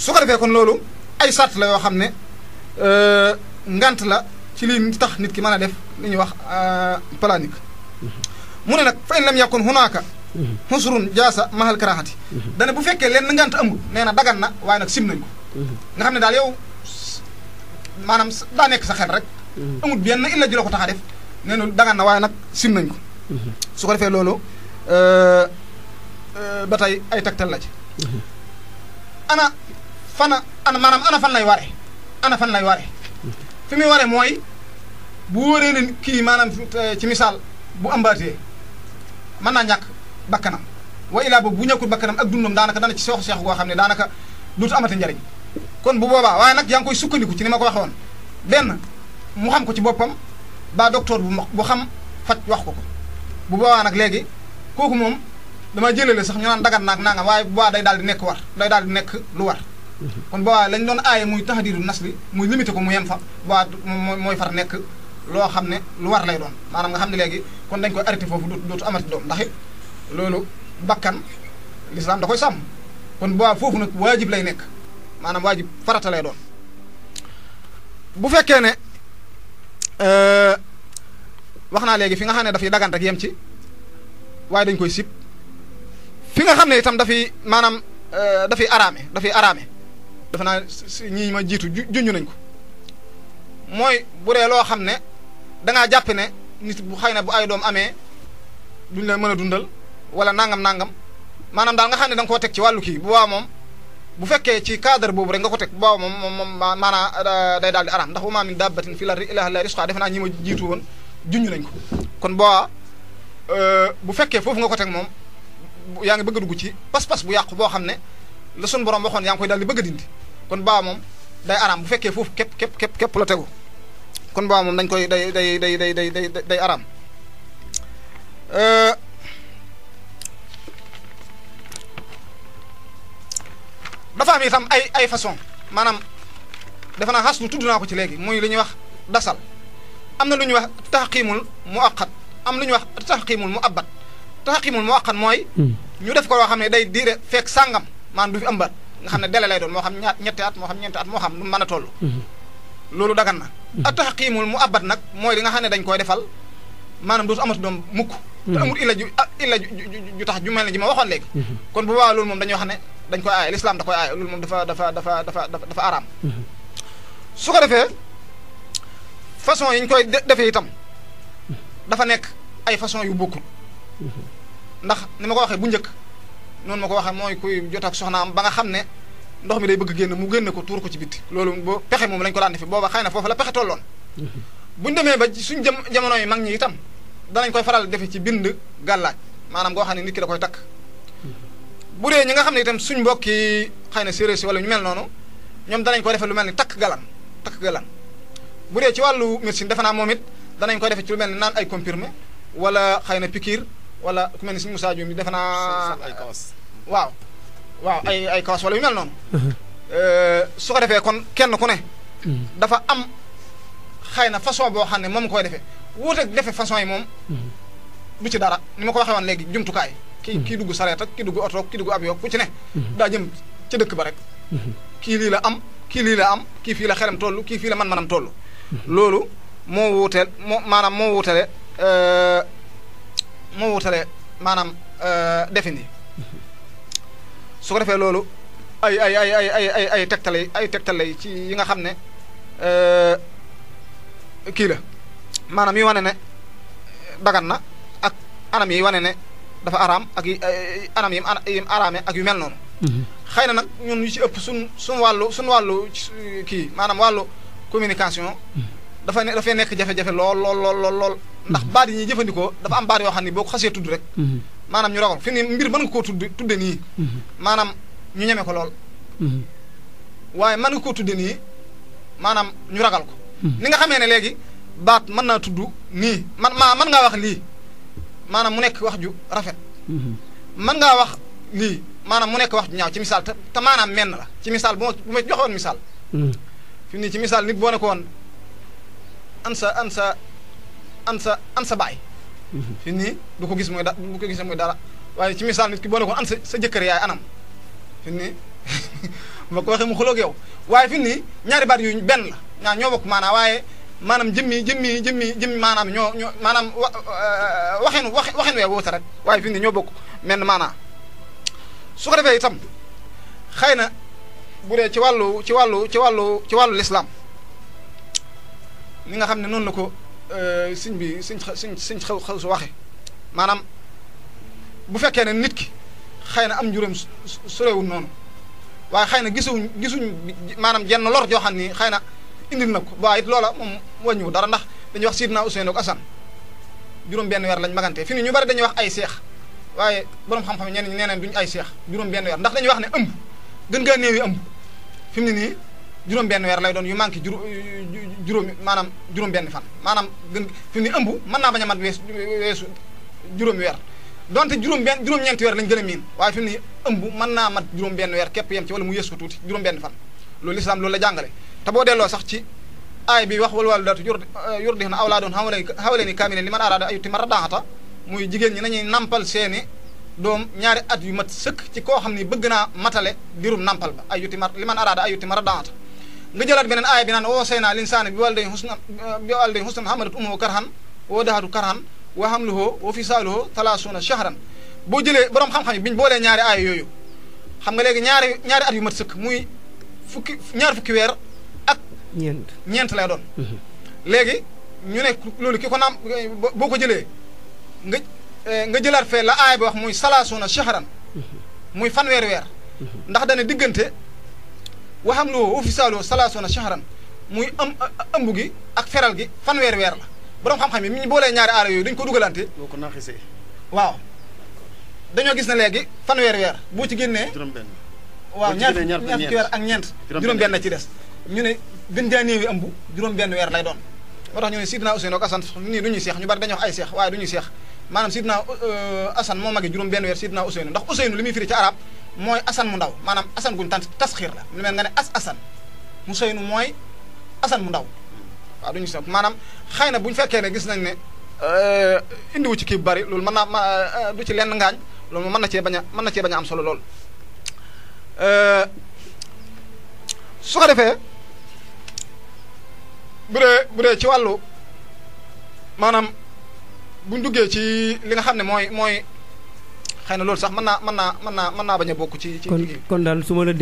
A: su ko defee kon loolu ay sart la yoo xam ne Euh, ngant la ci li tax nit ki mën a def li ñuy wax euh, planique mhm. mu ne nag fa in lam yakun hunaaka xusrun mhm. jaasa mahal karaxati mhm. dane bu fekkee leen ngant amul nee na dagan na waaye nag sim nañ ko nga xam ne daal yow maanaam daa nekk sa xel rek amut benn illa ju la ko tax a def nee na dagan na waaye nag sim nañ ko su ko defee loolu euh, ba tey ay tegtal la ci ana fana ana maanaam ana fan lay ware ana fan lay ware fi muy ware mooy bu wóoree ne kii maanaam eh, ci misaal bu ambaatee mën naa ñàkk bakkanam wa ilaa boobu bu ñàkkul bakkanam ak dundam daanaka dana ci seexu seexu goo xam ne daanaka dootu amati njariñ kon bu booba waaye nag yaa sukkandiku ci ni ma ko waxoon benn mu xam ko ci boppam baa docteur bu bu xam fa wax ko ko bu boobaa nag léegi kooku moom dama jëlale sax ñu naan dagat naag nangam waaye bu boobaa day daal di nekk war day daal di nekk lu war kon boobaa lañ doon aaye muy taxadiidu nas bi muy limité ko mu yem fa boobaa mooy far nekk loo xam ne lu war lay doon maanaam nga xam ne léegi kon dañ koy arrêté foofu dootu amati doom ndax loolu bakkan lislaam da koy sàmm kon boobaa foofu nag waajib lay nekk maanaam waajib farata lay doon bu fekkee ne euh, wax naa léegi fi nga xam ne dafay dagant ak yem ci waaye dañ koy sib fi nga xam ne itam dafay maanaam euh, dafay araame dafay araame dafa naa ñii ma jiitu junj nañ ko mooy bu dee loo xam ne dangaa jàppe ne nit bu xëy na bu ay doom amee duñ la mën a dundal wala nangam nangam maanaam daal nga xam ne da nga koo teg ci wàllu kii bu baax moom bu fekkee ci cadre boobu rek nga ko teg bu moom moom moom maanaa day daal di araam ndax wa maa min dabbatin fil ardi illaa alaa rizquhaa defe naa ñi ma jiitu woon junj nañ ko kon boo euh, bu fekkee foofu nga ko teg moom yaa ngi bëgg a dugg ci pas-pas bu yàqu boo xam ne la sun borom waxoon yaa ngi koy daal di bëgg dindi kon baa moom day araam bu fekkee foofu képp képp képp képp la tegu kon baa moom dañ koy day day day day day day day araam euh, dafa am itam ay ay façon maanaam defe naa xas lu tudd ko ci léegi muy li ñuy wax dasal am na lu ñuy wax taxqiimul mu aqat am lu ñuy wax taxqiimul mu abbat taxqiimul mu aqat mooy. Hmm. ñu def ko loo xam ne day diire fekk sàngam maanaam du fi ëmbat. nga xam ne délai lay doon moo xam ñetti at moo xam ñeenti at moo xam nu mën a toll
E: mhm.
A: dagan na a taxqiimul mu abbat nag mooy li nga xam ne dañ koy defal maanaam dootu amatu doom mukk mhm. te amul illa ju ah, illa ju tax ju mel ne ji ma mhm. kon bu boobaa loolu moom dañuy wax ne dañ koy aaye lislaam da koy aaye loolu moom dafa dafa dafa dafa dafa araam su ko defee façon yi ñu koy defee itam dafa nekk ay façon yu bokkul ndax ni ko waxee bu njëkk noonu ma ko waxee mooy kuy jot ak soxnaam ba nga xam ne ndox mi day bëgg génn mu génn ko tuur ko ci bit loolu bo pexe moom lañ ko daan defee booba xëy na foofu la pexe tolloon *laughs* buñu demee ba suñ jëm jamono yi mag ñi itam danañ koy faral defe ci bind gàllaaj maanaam goo xam ne nit ki da koy takk mm-hmm. bu dee ñi nga xam ne itam suñ mbokk yi xëy na séeréer wala ñu mel noonu ñoom danañ ko defee lu mel ni takk galan takk galan bu dee ci wàllu médecine defe naa moom it danañ ko defee ci lu mel ni naan ay comprimé wala xëy na pikiir wala ku mel ni suñu Moussa Dioum defe naa. ay waaw. waaw ay ay kawas wala yu mel noonu. Uh-huh. Euh, su ko defee kon kenn ku ne. Mm. dafa am xëy na façon boo xam ne moom ko defee wuuteeg defe façon yi moom. Mm. du ci dara ni ma ko waxee woon léegi jumtukaay. kii mm. kii dugg sareet ak kii dugg oto ak kii dugg avion ku ci ne. Mm-hmm. daa jëm ci dëkk ba rek. Mm-hmm. kii lii la am kii lii la am kii fii la xelam toll kii fii la man-manam toll. Mm-hmm. loolu moo wuuteel moo maanaam moo wuutale. Euh, moo wutale maanaam euh, defin yi su defee loolu ay ay ay ay ay ay ay tegtale ay ci yi nga xam ne euh, kii la maanaam yi wane ne dagan na ak anam yi wane ne dafa araam ak yi anam yim yim araame ak yu mel noonu mhm. xëy na nag ñun ci ëpp suñ suñ wàllu suñ wàllu kii maanaam wàllu communication mhm. dafa ne dafay nekk jafe-jafe lool lool lool lool lool ndax mm-hmm. baat yi ñuy jëfandikoo dafa am baat yoo xam ne boo ko xasee tudd rek mm-hmm. maanaam ñu ragal fi ne mbir mën nga koo tudd tudde nii mm-hmm. maanaam ñu ñeme ko lool waaye mën nga koo tudde nii maanaam ñu ragal ko ni nga xamee ne léegi baat mën naa tudd nii man maa mën ngaa wax lii maanaam mu nekk wax ju rafet mën ngaa wax lii maanaam mu nekk wax ju ñaaw ci misaal te maanaam menn ci misaal bu ma bu ma joxoon misaal fi nii ci misaal nit boo ne an sa an sa an sa an sa baay mhm. fi nii du ko gis mooy da bu ko dara waaye ci misaal nit ki boo ne ko an sa sa jëkkër yaay anam fi nii *laughs* ba ko waxee mu xuloog waaye fi nii ñaari baat yu benn la ñaar ñoo bokk maanaa waaye maanaam jëmmi jëmmi jëmmi jëmmi maanaam ñoo maanaam wa euh, waxeenu waxe waxeenu wee rek waaye fi nii ñoo bokk menn maanaa su ko defee itam xëy na bu dee ci wàllu ci wàllu ci wàllu ci wàllu lislaam ni nga xam ne noonu la ko euh, sëñ bi sëñ sëñ sëñ xaw xaw su waxe maanaam bu fekkee ne nit ki xëy na am njuróom sorewul noonu waaye xëy na gisuñ gisuñ maanaam jenn lor joo xam ni xëy na indil na ko waaye it loola moom wàññiwu dara ndax dañuy wax Sidna Useynu ak Asan juróom benn weer lañ magante fi ni ñu bari dañuy wax ay seex waaye borom xam-xam ñenn ñi nee nañ ay seex juróom benn weer ndax dañuy wax ne ëmb gën gaa néewi ëmb fi mu nii juróom benn weer lay doon yu manqué juró juróomi maanaam juróom benn fan maanaam gën fi mu ne ëmb naa bañ a mat weesu weesu juróomi weer donte juróom benn juróom-ñeenti weer lañ gën a miin waaye fi mu ne ëmb mën naa mat juróom benn weer képp yem ci wala mu yées tuuti juróom benn fan loolu lislaam loolu la jàngale te boo delloo sax ci aay bi wax wal waalidaatu yurdi'na eh, awlaadahunna hawlayni kaamilayni liman araada an yutimma ridaa'ata muy jigéen ñi nañuy nampal seeni doom ñaari at yu mat sëkk ci koo xam ne bëgg naa matale dirum nampal ba ay yutimma liman araada an yutimma ridaa'ata nga jëlaat beneen aaya bi naan woo say naa linsaana bi walday husnan bi walday husnan hamalat ummuhu karhan woo daxatu karhan wa hamluhu wa fisaaluhu talaasuuna shahran boo jëlee borom xam-xam bi ñu boolee ñaari aaya yooyu xam nga léegi ñaari ñaari at yu mat sëkk muy fukki ñaar fukki weer ak. ñeent ñeent lay mhm. ñu ne loolu ko naam boo ko jëlee nga eh, nga jëlaat fee la aaya bi wax muy salaasuuna shahran mhm. muy fanweeri weer. Mhm. ndax dana diggante. waham lo wa fisaaluhu salaasuna shahran muy ëm ëmb gi ak feral gi fanweer weer la borom xam-xam yi mi ñu boolee ñaari aara yooyu dañ ko dugalante. boo ko naaxisee. waaw dañoo gis ne léegi fanweer weer boo ci génnee. juróom-benn waaw ñaar ñaar fukki weer ak ñeent. juróom-benn ci des ñu ne gën jaa néewi ëmb juróom-benn weer lay doon. moo tax ñu ne Sidna Useynu ak Asan nii du ñuy seex ñu bari dañuy wax ay seex waaye du ñuy seex maanaam Sidna Asan moo mage juróom-benn weer Sidna ndax Useynu li firi ci arab mooy asan mu ndaw maanaam asan guñ tant tasxiir la lu mel nga ne as asan mu seynu mooy asan mu ndaw waaw duñu sa maanaam xëy na bu ñu fekkee ne gis nañ ne euh, indiwu ci kii bu bari loolu mën naa ma euh, du ci lenn ngaañ loolu mën na cee bañ a mën na cee bañ a am solo lool euh, su ko defee bu dee bu dee ci wàllu maanaam buñ duggee ci li nga xam ne mooy mooy xëy na loolu sax mën naa mën naa mën naa mën
B: naa bañ a bokk ci ci. kon daal su ma la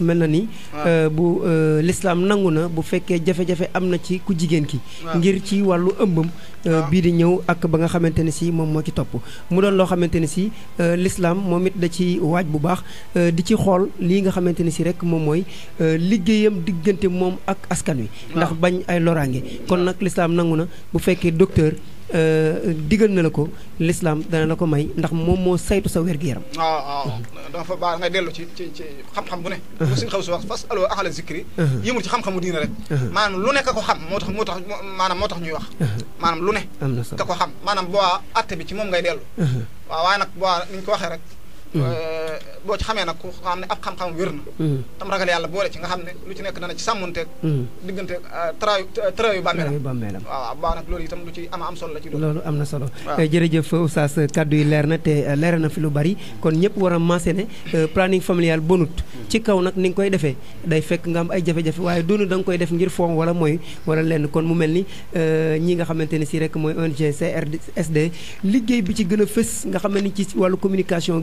B: mel na ni. Euh, bu euh, lislaam nangu na bu fekkee jafe-jafe am na ci ku jigéen ki. ngir ci wàllu ëmbam. Euh, bii di ñëw ak ba nga xamante ne si moom moo ci topp. mu doon loo xamante ne si lislaam moom it da ci waaj bu baax di ci xool lii nga xamante ne si rek moom mooy liggéeyam diggante moom ak askan wi. ndax bañ ay loraange kon nag lislaam nangu na bu fekkee docteur. Euh, digal na la ko lislaam dana la ko may ndax moom moo saytu sa wér-gu-yaram.
F: waaw waaw
A: dafa baax ngay dellu ci ci xam-xam bu ne. bu suñu xaw si wax fas aloo axala zikri. yëmul ci xam-xamu diina rek. maanaam lu ne ka ko xam moo moo tax maanaam moo tax ñuy wax. maanaam lu ne. am na ko xam maanaam boo àtte bi ci moom ngay dellu. waaw waaye nag boo ni ñu ko waxee rek.
E: Euh,
A: boo ci xamee nag ku xam ne ab xam-xam wér na hmm. tam ragal yàlla boole ci nga xam ne lu ci nekk dana ci sàmmonteeg hmm. diggante travail euh, travail euh, bàmmeelam waaw baax nag loolu tam lu ci ama am solo la ci
E: loolu
B: am na solo jërëjëf oustaz kaddu yi leer na te leer na fi lu bari kon ñëpp war a maase ne planning familial bonut ci kaw nag ni nga koy defee day fekk nga am ay jafe-jafe waaye doonu da nga koy def ngir foom wala mooy wala lenn kon mu mel ni ñi nga xamante ne si rek mooy ONG CRSD bi ci gën a fës nga xam ne ci wàllu communication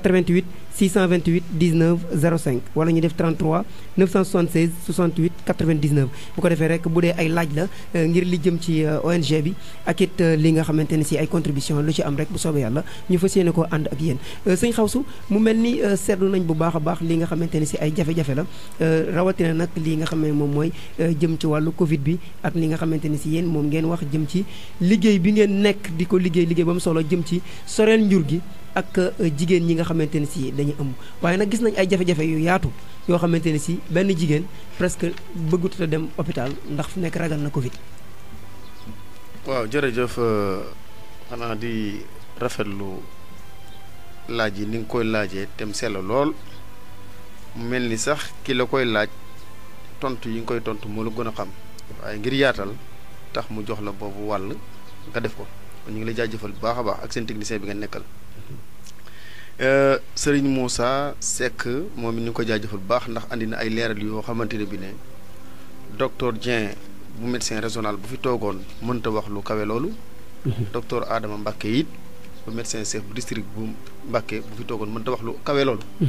B: 88 628 19 05 wala ñu def 33 976 68 99 bu ko defee rek bu dee ay laaj la euh, ngir li jëm ci euh, ONG bi ak it euh, li nga xamante ne si ay contribution lu ci am rek bu soobee yàlla ñu fas yéene koo ànd ak yéen sëñ Xawsu mu mel ni seetlu nañ bu baax a baax li nga xamante ne si ay jafe-jafe la rawatina nag li nga xam moom mooy jëm ci wàllu Covid bi ak li nga xamante ne si yéen moom ngeen wax jëm ci liggéey bi ngeen nekk di ko liggéey liggéey ba mu solo jëm ci soreel njur gi ak euh, jigéen ñi nga xamante ne si dañuy ëmb waaye nag gis nañ ay jafe-jafe yu yaatu yoo xamante ne si benn jigéen presque bëggut a dem hôpital ndax fu nekk ragal na Covid.
D: waaw jërëjëf euh, xanaa di rafetlu laaj yi ni nga koy laajee tem sell lool mu mel ni sax ki la koy laaj tontu yi nga koy tontu moo la gën a xam waaye ngir yaatal tax mu jox la boobu wàll nga def ko ñu ngi la jaajëfal bu baax a baax ak seen technicien bi nga nekkal. Euh, Serigne Moussa Seck moom it ñu ko jaajëfal bu baax ndax indi na ay leeral yoo xamante ne bi ne docteur Dieng bu médecin régional bu fi toogoon mënta wax lu kawe loolu. Mhm. docteur Adama Mbacke it bu bu district bu Mbacke bu fi toogoon mënta wax lu kawe loolu. Mhm.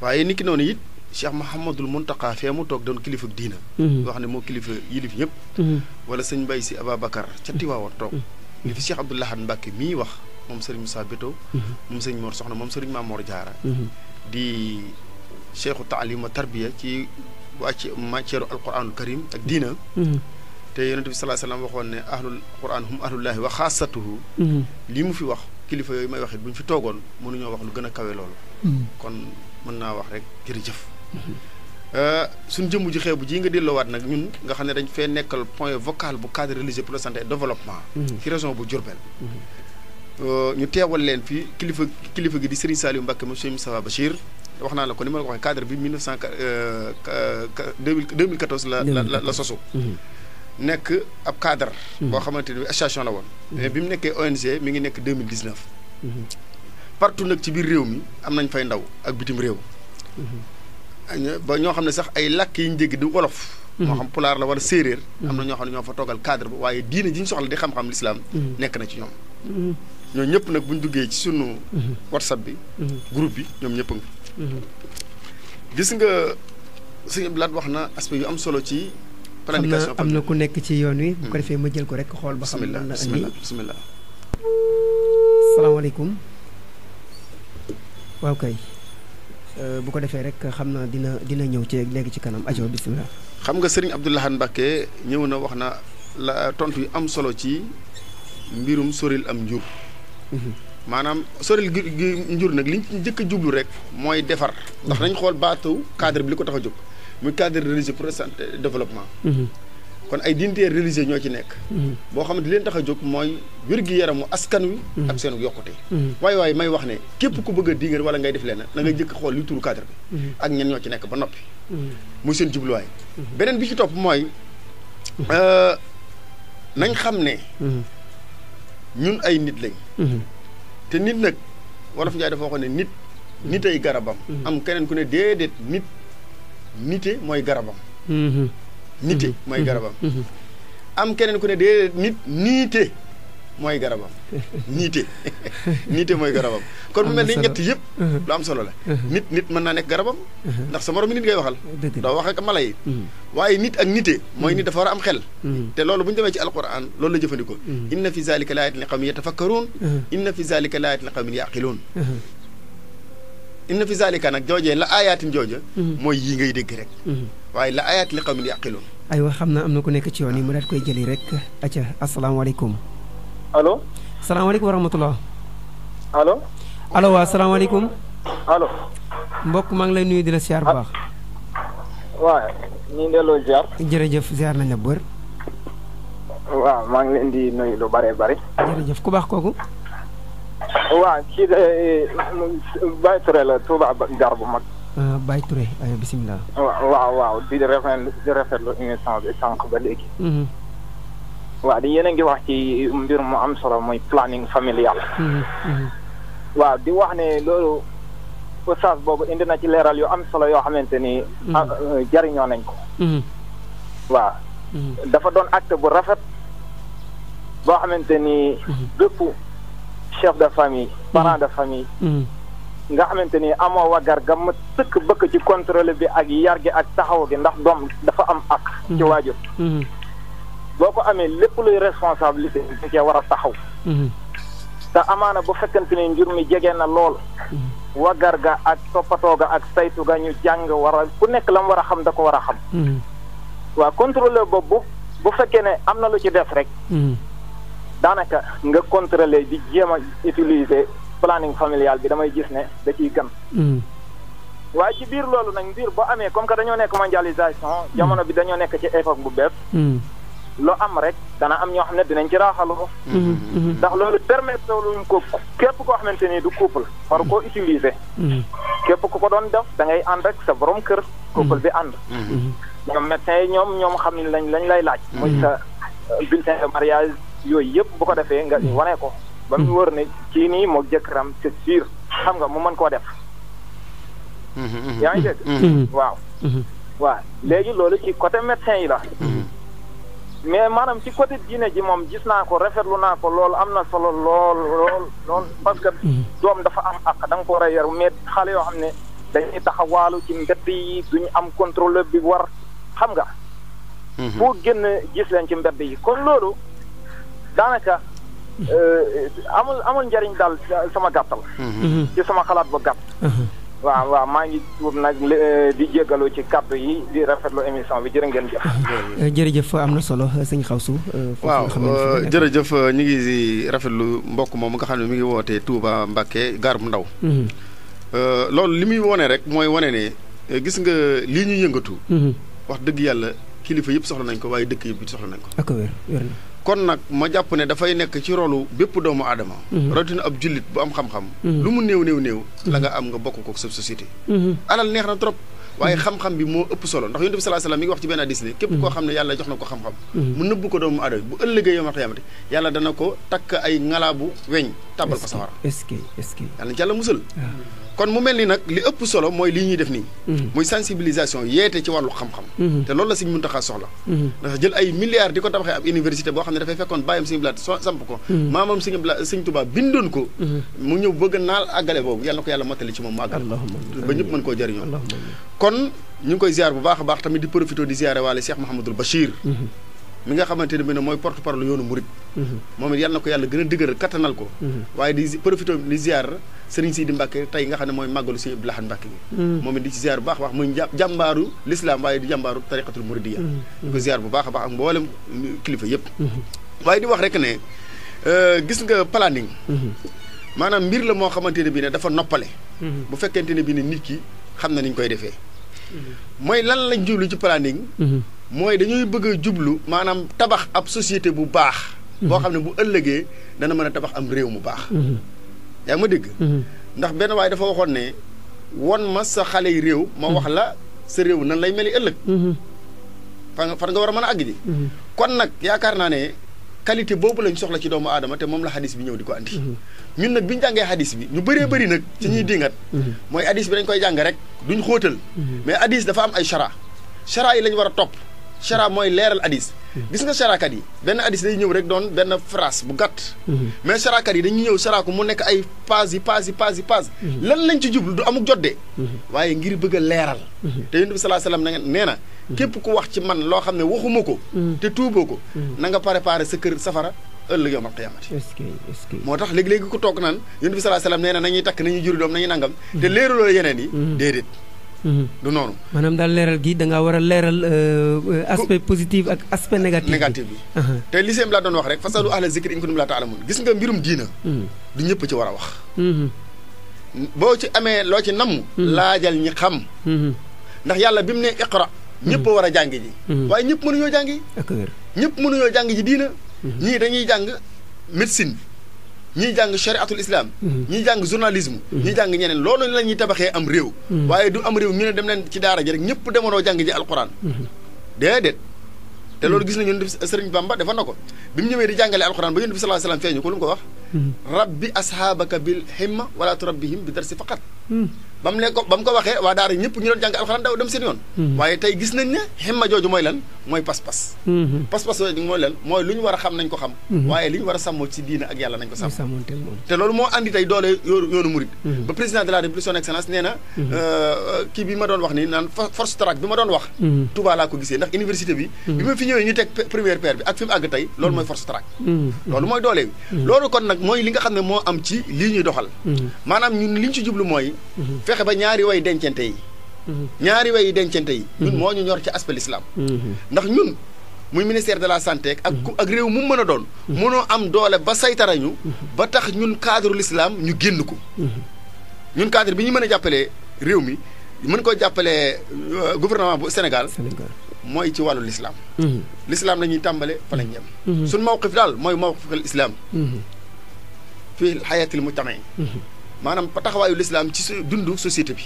D: waaye niki noonu it Cheikh Mouhamadul Mountakha fee mu toog doon kilifa diina. Mhm. wax ne moo kilifa yilif
E: ñëpp.
D: wala sëñ Mbaye si Ababacar ca Tiwaawoon toog. li fi Cheikh Abdoul Ahad Mbacke mii wax. moom Serigne Moussa Béto. Mm-hmm. moom Serigne Mor Soxna moom Serigne Mamor Diarra. Mm-hmm. di cheikhu taalim wa tarbiya ci wàcc matière alquranu karim ak diina. Mm-hmm. te yonent bi salaa salaam waxoon ne ahlul quran hum ahlullahi wa xaasatuhu. lii mu fi wax kilifa yooyu may wax it bu fi toogoon mënuñoo wax lu gën a kawe loolu. kon mën naa wax rek jërëjëf. Euh, suñ jëmm ji xew bu ji nga delloowaat nag ñun nga xam ne dañ fee nekkal point vocal bu cadre religieux pour la santé et ci Euh, ñu teewal leen fii kilifa kilifa gi di Serigne Saliou Mbacke mo Cheikh Moustapha Bachir wax naa la ko ni ma la ko waxee cadre bi 2014 euh, la la la sosu mhm. nekk ab cadre mhm. boo xamante ni association la woon mhm. mais bi mu nekkee ONG mi ngi nekk 2019 partout nag ci biir réew mi am nañ fay ndaw ak bitim réew ba ñoo xam ne sax ay làkk yi ñu dégg di wolof moo xam pulaar la wala séeréer am na ñoo xam ne ñoo fa toogal cadre ba waaye diine ji ñu soxla di xam-xam lislaam nekk na ci ñoom ñoo ñëpp nag buñ duggee ci sunu mhm. whatsapp bi mhm. groupe bi ñoom ñëpp nga mhm. gis nga sëñ Abdoulaye wax na aspect yu am solo ci
B: planification am na ku nekk ci yoon wi hmm. bu ko defee ma jël ko rek xool ba xam lan bismillah salaamaaleykum waaw kay euh, bu ko defee rek xam naa dina dina ñëw ci léegi ci kanam ajo bismillah
D: xam nga sëriñ Abdoulaye Mbacke ñëw na wax na la tontu yu am solo ci mbirum soril am maanaam soril gi njur nag liñ njëkk a jublu rek mooy defar ndax nañ mhm. xool baatu cadre bi li ko tax a jóg muy cadre religieux pour développement mhm. kon ay dignité religieux ñoo ci nekk mhm. boo xamante leen tax a jóg mooy wér gu yaramu askan wi ak seen yokkute waaye waaye may wax ne képp ku bëgg a digal wala ngay def leen na nga jëkk xool lu turu cadre bi ak ñen ñoo ci nekk ba noppi muy seen jubluwaay beneen bi ci topp mooy euh, nañ xam ne ñun ay nit lañ. Mhm. te nit nag wolof Njaay dafa waxoon ne nit. Mhm. nit ay garabam. Mhm. am keneen ku ne déedéet nit nite mooy garabam. nite mooy garabam. am keneen ku ne déedéet nit niite mooy garabam niite *laughs* niite *laughs* mooy garabam kon mu mel ni ñett yëpp. lu am solo la. nit nit mën naa nekk garabam. ndax sa moromu nit ngay waxal. doo wax ak mala yi. waaye nit ak nite. mooy nit dafa war a am xel. te loolu bu ñu demee ci alquran loolu la jëfandikoo. inna fi zalika la ayatin li qawmin yatafakkaruun. inna fi zalika la ayatin li qawmin yaqiluun. inna fi zalika nag joojee la ayatin jooja. mooy yii ngay dégg rek. waaye la ayatin li qawmin yaqiluun.
B: aywa xam naa am na ku nekk ci yoon yi mu daal koy jëli rek. acca asalaamaaleykum. allo. salaamaaleykum wa rahmatulah. allo. allo waa salaamaaleykum. allo. mbokk maa ngi lay nuyu dina la siyaar bu ah. baax.
F: waaw ñu ngi delloo ziar.
B: jërëjëf ziar nañ la bër.
F: waaw maa ngi leen di nuyu lu bare bare. jërëjëf ku baax kooku. waaw kii de Baye Touré la Touba Gare bu mag.
B: Euh, Baye Touré aywa bisimilah.
F: waaw waaw di rafetlu di rafetlu émission bi sànq ba léegi. Mm-hmm. waaw di yéen a ngi wax ci mbir mu am solo muy planning familial.
E: Mm-hmm, mm-hmm.
F: waaw di wax ne loolu ustaas boobu indi na ci leeral yoo am solo yoo xamante ni. Mm-hmm. Ah, euh, jariñoo nañ ko. Mm-hmm. waaw. Mm-hmm. dafa doon acte bu rafet boo xamante ni. bépp chef de famille. parent de famille. nga xamante ni amoo wagar ga ma sëkk bëkk ci contrôle bi ak yar gi ak taxaw gi ndax doom dafa am ak ci waajur. boo ko amee lépp luy responsabilité da cee war a taxaw. te amaana bu fekkante ne njur mi jege na lool waggar ga ak toppatoo ga ak saytu ga ñu jàng war a ku nekk la mu war a xam da ko war a xam mm-hmm. waaw contrôleur boobu bu fekkee ne am na lu ci def rek mm-hmm. daanaka nga contrôler di jéem a utiliser planning familial bi damay gis ne da ciy gën mm-hmm. waaye ci biir loolu nag mbir boo amee comme que dañoo nekk mondialisation jamono bi dañoo nekk ci époque bu bees loo am rek dana am ñoo xam ne dinañ ci raaxaloo
E: mm-hmm. ndax
F: loolu permettre luñ ko képp koo xamante ni du couple war koo utiliser mm-hmm. képp ku ko doon def da ngay ànd ak sa borom kër mm-hmm. couple bi ànd ñoom médecins yi ñoom ñoom xam ne lañ lañ lay laaj muy sa bulletin de mariage yooyu yëpp bu ko defee nga wane ko ba mu wër ne kii nii moo jëkkëram c'est sûr xam nga mu mën koo def yaa ngi dégg waaw waaw léegi loolu ci côté médecin yi la mais maanaam ci côté diine ji moom gis naa ko rafetlu naa ko lool am na solo lool lool lool parce mm-hmm. doom dafa am ak da nga ko war a yor mais xale yoo xam ne dañuy taxawaalu ci mbedd yi duñu am contrôle bi war xam nga. boo mm-hmm. génn gis leen ci mbedd yi kon loolu daanaka. Mm-hmm. Euh, amul amul njariñ daal sama gàttal. ci sama xalaat ba gàtt. waaw waaw maa ngi tuub nag eh, di jégalu ci kàddu yi di rafetlu émission bi jërë ngeen jëf. *laughs*
B: Eh, jërëjëf am na solo eh, sëñ Xawsu. waaw
D: jërëjëf ñu ngi si rafetlu mbokk moom nga xam ne mi ngi wootee Touba Mbacké gaar bu ndaw. Mhm. loolu li muy wone rek mooy wone ne gis nga lii ñuy yëngatu. Mhm. wax dëgg yàlla kilifa yëpp soxla nañ ko waaye dëkk yëpp soxla nañ ko. kon nag ma jàpp ne dafay nekk ci rolu bépp doomu aadama. Mhm. rawatina ab jullit bu am xam-xam. Mhm. lu mu néew néew néew. Mhm. la nga am nga bokk ko sa société. alal neex na trop. waaye xam-xam bi moo ëpp solo ndax yonent bi sallallahu alayhi mi wax ci benn hadiis képp koo xam ne yàlla jox na ko xam-xam mu nëbb ko doomu aadama bu ëllëgee yawmal qiyaamati yàlla dana ko takk ay ngalaabu weñ tàbbal ko sawara
B: est-ce ski est-ce que
D: yàlla na ci yàlla musal ah. kon mu mel ni nag li ëpp solo mooy li ñuy def nii. Mhm. muy sensibilisation yeete ci wàllu xam-xam. Mhm. te loolu la Sëñ Muntaxa soxla. Mhm. dafa jël ay milliards di ko tabaxee ab université boo xam ne dafay fekkoon bàyyam Sëñ Blaat ko. maamam Sëñ Blaat Sëñ Tuubaa bindoon ko. mu ñëw ko yàlla mottali ci moom mu àggale. ba ñëpp mën koo jëriñoo. kon ñu koy ziar bu baax a baax tamit di profité di ziare waale Cheikh Mouhamadul Bachir. mi nga xamante ne bi mooy porte parole yoonu murit. moom it yàlla na ko yàlla gën a dëgëral kattanal ko. waaye di profité di sering Sidi Mbacke tey nga xam ne mooy màggalu si Abdou Lahad Mbacke di ci hmm. ziar bu baax a baax muy jàmbaaru l'islam waaye di jàmbaaru tariqatul muridiya hmm, hmm. ko ziar bu baax a baax ak mboolem mm, kilifa yëpp waaye di wax rek ne eh, gis nga planning maanaam mbir la moo xamante bi ne dafa noppale bu fekkente bi ne nit ki xam na koy lan lañ jublu ci planning mooy dañuy bëgg a jublu tabax ab société bu bah, boo xam bu ëllëgee dana mën a tabax am réew mu yaa ma dégg. Mhm. ndax benn waaye dafa waxoon ne won ma sa xale yi réew. ma wax mhm. la sa réew nan lay mel meli ëllëg. Mhm. fan fan nga war a mën a àgg ji. kon nag yaakaar naa ne qualité boobu lañ soxla ci doomu aadama te moom la xadis bi ñëw di ko andi. ñun nag bi ñu jàngee xadis bi ñu bëree bëri nag. ci ñuy dingat. mooy xadis bi dañ koy jàng rek duñ xóotal. mais xadis dafa am ay chara chara yi lañu war a topp. chara mooy leeral hadis gis nga charakat yi benn hadis day ñëw rek doon benn phrase bu gàtt mhm. mais charakat yi dañuy ñëw chara mu nekk ay page yi page yi page yi page mhm. lan lañ ci jublu du jot de mhm. waaye ngir bëgg a leeral te yonent bi salaa salaam na nee na képp ku wax ci man loo xam ne waxuma ko te tuuboo ko na nga préparé sa kër safara ëllëg yawmal qiyaamati moo tax léegi-léegi ku toog naan yonent bi salaa salaam nee na nañuy takk nañuy juri doom nañuy nangam te léeruloo yeneen
B: yi déedéet Mhm. du noonu. maanaam daal leeral gi da ngaa war a leeral euh, euh, aspect positif ak aspect négatif. négatif bi
D: te li sëñ laa doon wax rek fasalu ahla zikri in kuntum laa ta'lamuun gis nga mbirum diina. du mhm. ñëpp ci war a wax. Mhm. boo ci amee loo ci namm. laajal ñi xam. ndax yàlla bi mu nee iqra. ñëpp war a jàng ji. waaye ñëpp mënuñoo jàng ji. ñëpp mënuñoo jàng ji diina. ñii dañuy jàng médecine. ñiy jàng chariatul islam. Mm-hmm. ñiy jàng journalisme. Mm-hmm. ñiy jàng ñeneen loolu la ñuy tabaxee am réew. Mm-hmm. waaye du am réew ñu ne dem leen ci daara ji rek ñëpp demonoo jàng ji alquran. déedéet. te loolu gis nañu sëriñ Bamba defoon na ko bi mu ñëwee di jàngale alquran ba yonent bi sallallahu alayhi wasallam feeñu ko lu mu ko wax. rabbi ashaabaka bil himma wala turabbihim bi darsi faqat. ba mu ne ko ba mu ko waxee waa daara ñëpp ñu doon jàng alxuraan daw dem seen yoon. Mhm. waaye tey gis nañ ne ximma jooju mooy lan mooy pas-pas. Mhm. pas-pas yooyu mooy lan mooy lu ñu war a xam mhm. a sàmmoo ak yàlla nañ ko sàmm. moo andi tey doole yoonu murit. ba président de la euh, bi ma doon wax nii naan force track bi ma doon wax. Touba laa ko gisee ndax université bi. bi ma fi ñëwee ñu teg première pierre bi ak mooy force track. kon nag mooy li nga xam ne moo am ci lii ñuy doxal. maanaam ñun liñ ci jublu mooy fexe ba ñaari way dencante yi. Mhm. ñaari way dencante yi. ñun mhm. moo ñu ñor ci aspect l'islam mhm. ndax ñun muy ministère de la santé ak ak réew mu mën a doon. mënoo am doole ba saytarañu. ba tax ñun cadre lislaam ñu génn ko. ñun cadre bi ñu mën a jàppalee réew mi mën ko jàppalee euh, gouvernement bu Sénégal. mooy ci wàllu lislaam l'islam lañuy ñuy tàmbale fa la suñu mawqif daal mooy mawqif al islam. fii xayatil mujtamain maanaam taxawaayu lislaam ci su dund société bi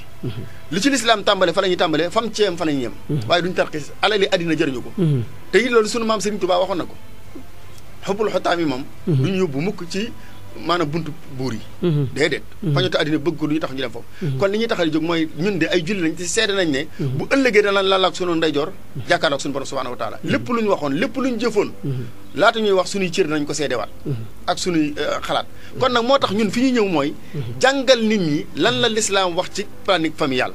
D: li ci lislaam tàmbale fa la ñuy tàmbale fam ceem fa la ñuy yem waaye duñu tarxis alali àddina jëriñu ko mhm. te it loolu sunu maam Serigne Touba waxoon na ko xobul xotaam yi moom mhm. duñu yóbbu mukk ci maanaam bunt buur yi mhm. déedéet pañotu mhm. àddina bëgg ko du ñu tax ñu dem foofu mhm. kon li ñuy taxal jóg mooy ñun de ay julli lañ ci seede nañ ne bu ëllëgee dana lal ak sunu ndeyjoor jàkkaarloog sunu borom subhanahu wa taala lépp lu ñu waxoon lépp lu ñu jëfoon laata ñuy wax suñuy cër nañ ko seedewaat ak suñuy euh, xalaat kon nag moo tax ñun fi ñu ñëw mooy jàngal nit ñi lan la lislaam wax ci planning familial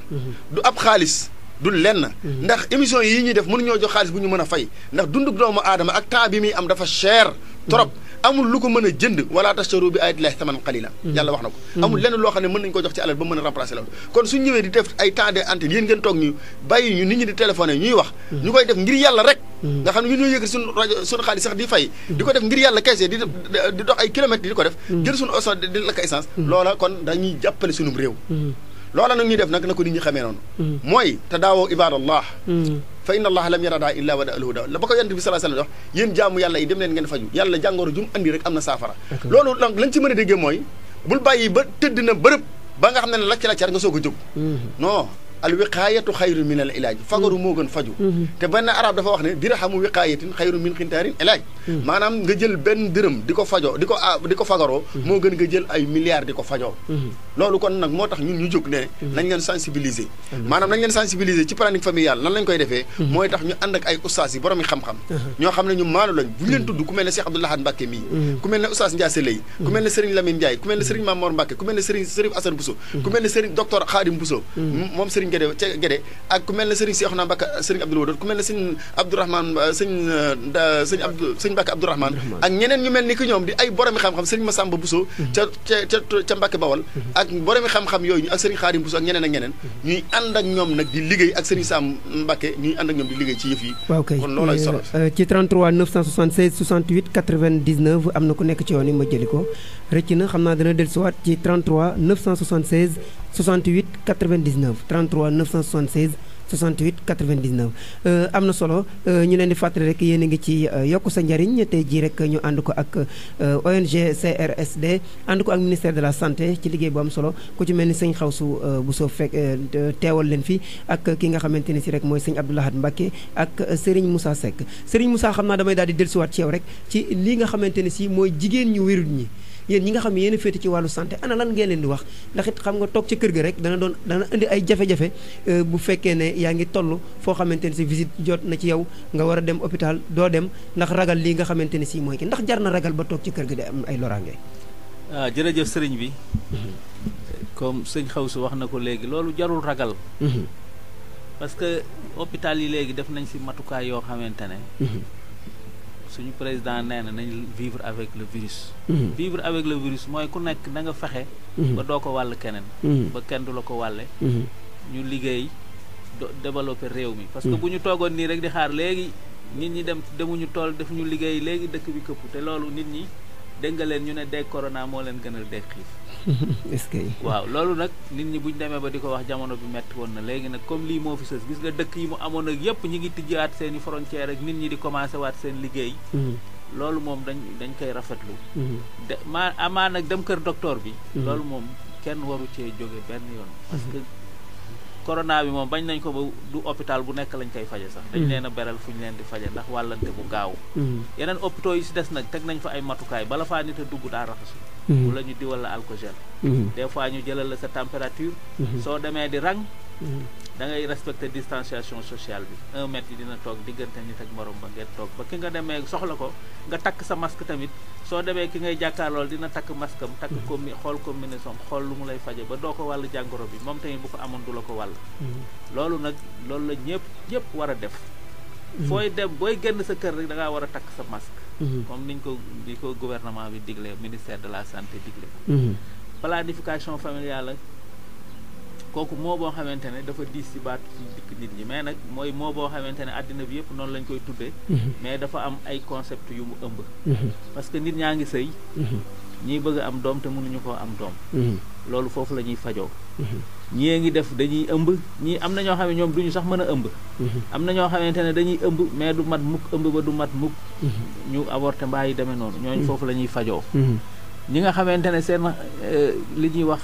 D: du ab xaalis du lenn ndax émission yi ñuy def mënu ñoo jox xaalis bu ñu mën a fay ndax dunduk doomu aadama ak temps bi muy am dafa cher trop amul lu ko mën a jënd wala tastaru bi ayatillahi thaman qalila mm-hmm. yàlla wax na ko mm-hmm. amul lenn loo xam ne mën nañu ko jox ci alal ba mën a remplacer loolu kon suñ ñëwee di def ay temps de antenne yéen ngeen ñu bàyyi ñu nit ñi di mm-hmm. ñu koy def ngir yàlla rek nga xam ne ñun ñoo suñu rajo di fay di ko def ngir yàlla kese di di dox ay kilomètres di ko def jël suñu oso di lakk essence loola kon dañuy jàppale sunum réew loola na ñuy def nag na ko nit ñi xamee noonu mm. mooy te daawoo ibadallah mm. fa inna allah lam daa illa wa alhu daw la ba ko yonent bi sallallahu alayhi wasallam wax yéen jaamu yàlla yi dem leen ngeen faju yàlla jàngoro jum andi rek am na saafara loolu donc lañ ci mën a déggee mooy bul bàyyi ba tëdd na bërëb ba nga xam ne ne lacc-lacc nga soog a jóg mm-hmm. non al wiqaayatu xayru min al ilaaj fagaru moo gën faju mhm. te benn arab dafa wax ne dirhamu wiqaayatin xayru min xintaarin ilaaj mhm. maanaam nga jël benn dërëm di ko fajoo di ko ah, ko fagaroo mhm. moo gën nga jël ay milliards di ko fajoo loolu kon nag moo tax ñu jóg ne nañ leen sensibiliser maanaam nañ leen sensibiliser ci planning familial nan lañ koy defee mooy tax ñu ànd ak ay ustaas yi borom yi xam-xam uh-huh. ñoo xam ne ñu maanu lañ bu ñu leen tudd ku mel ne Cheikh Abdoul Ahad Mbacké mii ku mel ne ustaas Ndiaye ku mel ne Serigne Lamine Ndiaye ku mel ne Serigne Mamor ku mel ne Serigne Serigne Assane ku mel ne Serigne docteur Khadim moom Serigne Serigne Guédé Guédé ak ku mel ne Serigne Cheikhouna Mbacké Serigne Abdoul Wadoud ku mel ne Serigne Abdourahmane euh, Serigne euh, Serigne Abdou Serigne Mbacké ak ñeneen ñu mel ni ki ñoom di ay boromi xam-xam Serigne Massamba Bousso mhm. ca ca ca ca Mbacké Bawal mhm. ak boromi xam-xam yooyu ak Serigne Khadim Bousso ak ñeneen ak ñeneen mhm. ñuy ànd ak ñoom nag di liggéey ak Serigne Sam Mbacké ñuy ànd ak ñoom di liggéey ci yëf yi waaw kay
B: euh, ci 33 976 68 99 am na ku nekk ci yoon yi ma jëli 68 99 33 976 68 99 am na solo euh, ñu leen di fàttali rek yéen a ngi ci euh, yokk sa njariñ tey jii rek ñu ànd ko ak euh, ONG CRSD ànd ko ak ministère de la santé ci liggéey bu am solo ku ci mel ni sëñ Xawsu bu soo fekk teewal leen fii ak ki nga xamante ni si rek mooy sëñ Abdoulahad Mbacke ak Serigne Moussa sekk Serigne Moussa xam naa damay daal di dellusiwaat ci yow rek ci li nga xamante ni si mooy jigéen ñu wérut ñi. yéen ñi nga xam ne yéen a féete ci wàllu sante ana lan ngeen leen di wax ndax xam nga toog ci kër gi rek dana doon dana indi ay jafe-jafe euh, bu fekkee ne yaa ngi toll foo xamante ne si visit jot na ci yow nga war a dem hôpital doo dem ndax ragal lii nga xamante ne si mooy ki ndax jar na ragal ba toog ci kër gi di am ay loraange.
C: ah jërëjëf sëriñ bi mhm. comme sëñ si wax na ko léegi loolu jarul ragal. Mhm. parce que hôpital yi léegi def nañ si matukaay yoo xamante ne. Mhm. Le président vivre avec le virus. Mhm. vivre avec le virus nous ku nekk na nga fexe. Mhm. ba mhm. ba ko faire, ñu liggéey développer le parce que si nous avons fait rek di xaar léegi nit ñi dem ñu liggéey nous dëkk te loolu nit ñi ñu corona
B: *laughs* est-ce waaw
C: loolu nag nit ñi buñ demee ba di ko wax jamono bi metti woon na léegi nag comme lii moo fi sës gis nga dëkk yi mu amoon ak yépp ñi ngi tijjiwaat seen i frontières ak nit ñi di commencé waat seen liggéey mm-hmm. loolu moom dañ dañ koy rafetlu mm-hmm. de maa amaan nag dem kër docteur bi mm-hmm. loolu moom kenn waru cee jóge benn yoon parce que corona bi moom bañ nañ ko ba du hôpital bu nekk lañ koy faje sax dañ mm-hmm. leen a beral fu ñu leen di faje ndax wàllante bu gaaw mm-hmm. yeneen hôpitaux yi si des nag teg nañ fa ay matukaay bala faa nit a dugg daa raxasu mm-hmm. wala ñu diwal la alcogel des ñu jëlal la sa température soo demee di rang da ngay respecter distanciation sociale bi un mètre yi dina toog diggante nit ak morom ba ngeen toog ba ki nga demee soxla ko nga takk sa masque tamit soo demee ki ngay jàkkaarlool dina takk masque am takk commi xool combinaison xool lu mu lay faje ba doo ko wàll jàngoro bi moom tamit bu ko amoon du la ko wàll mm-hmm. loolu nag loolu la ñëpp ñëpp war a def mm-hmm. fooy dem booy génn sa kër rek da ngaa war a takk sa masque mm-hmm. comme niñ ko ni ko gouvernement bi digle ministère de la santé digle planification kooku moo boo xamante ne dafa diis ci baat ci dikk nit ñi mais nag mooy moo boo xamante ne àddina bi yëpp noonu lañ koy tuddee mhm. mais dafa am ay concept yu mu ëmb mhm. parce nit ñaa ngi sëy mhm. ñii bëgg am doom te mënuñu koo am doom loolu foofu la ñuy fajoo ñii ngi def dañuy ëmb ñii am na ñoo xam ne ñoom duñu sax mën a na ñoo xamante ne dañuy ëmb mais du mat mukk ëmb ba du mat ñu avorté mbaa yi demee noonu ñooñu foofu la ñuy fajoo ñi nga xamante ne seen euh, li ñuy wax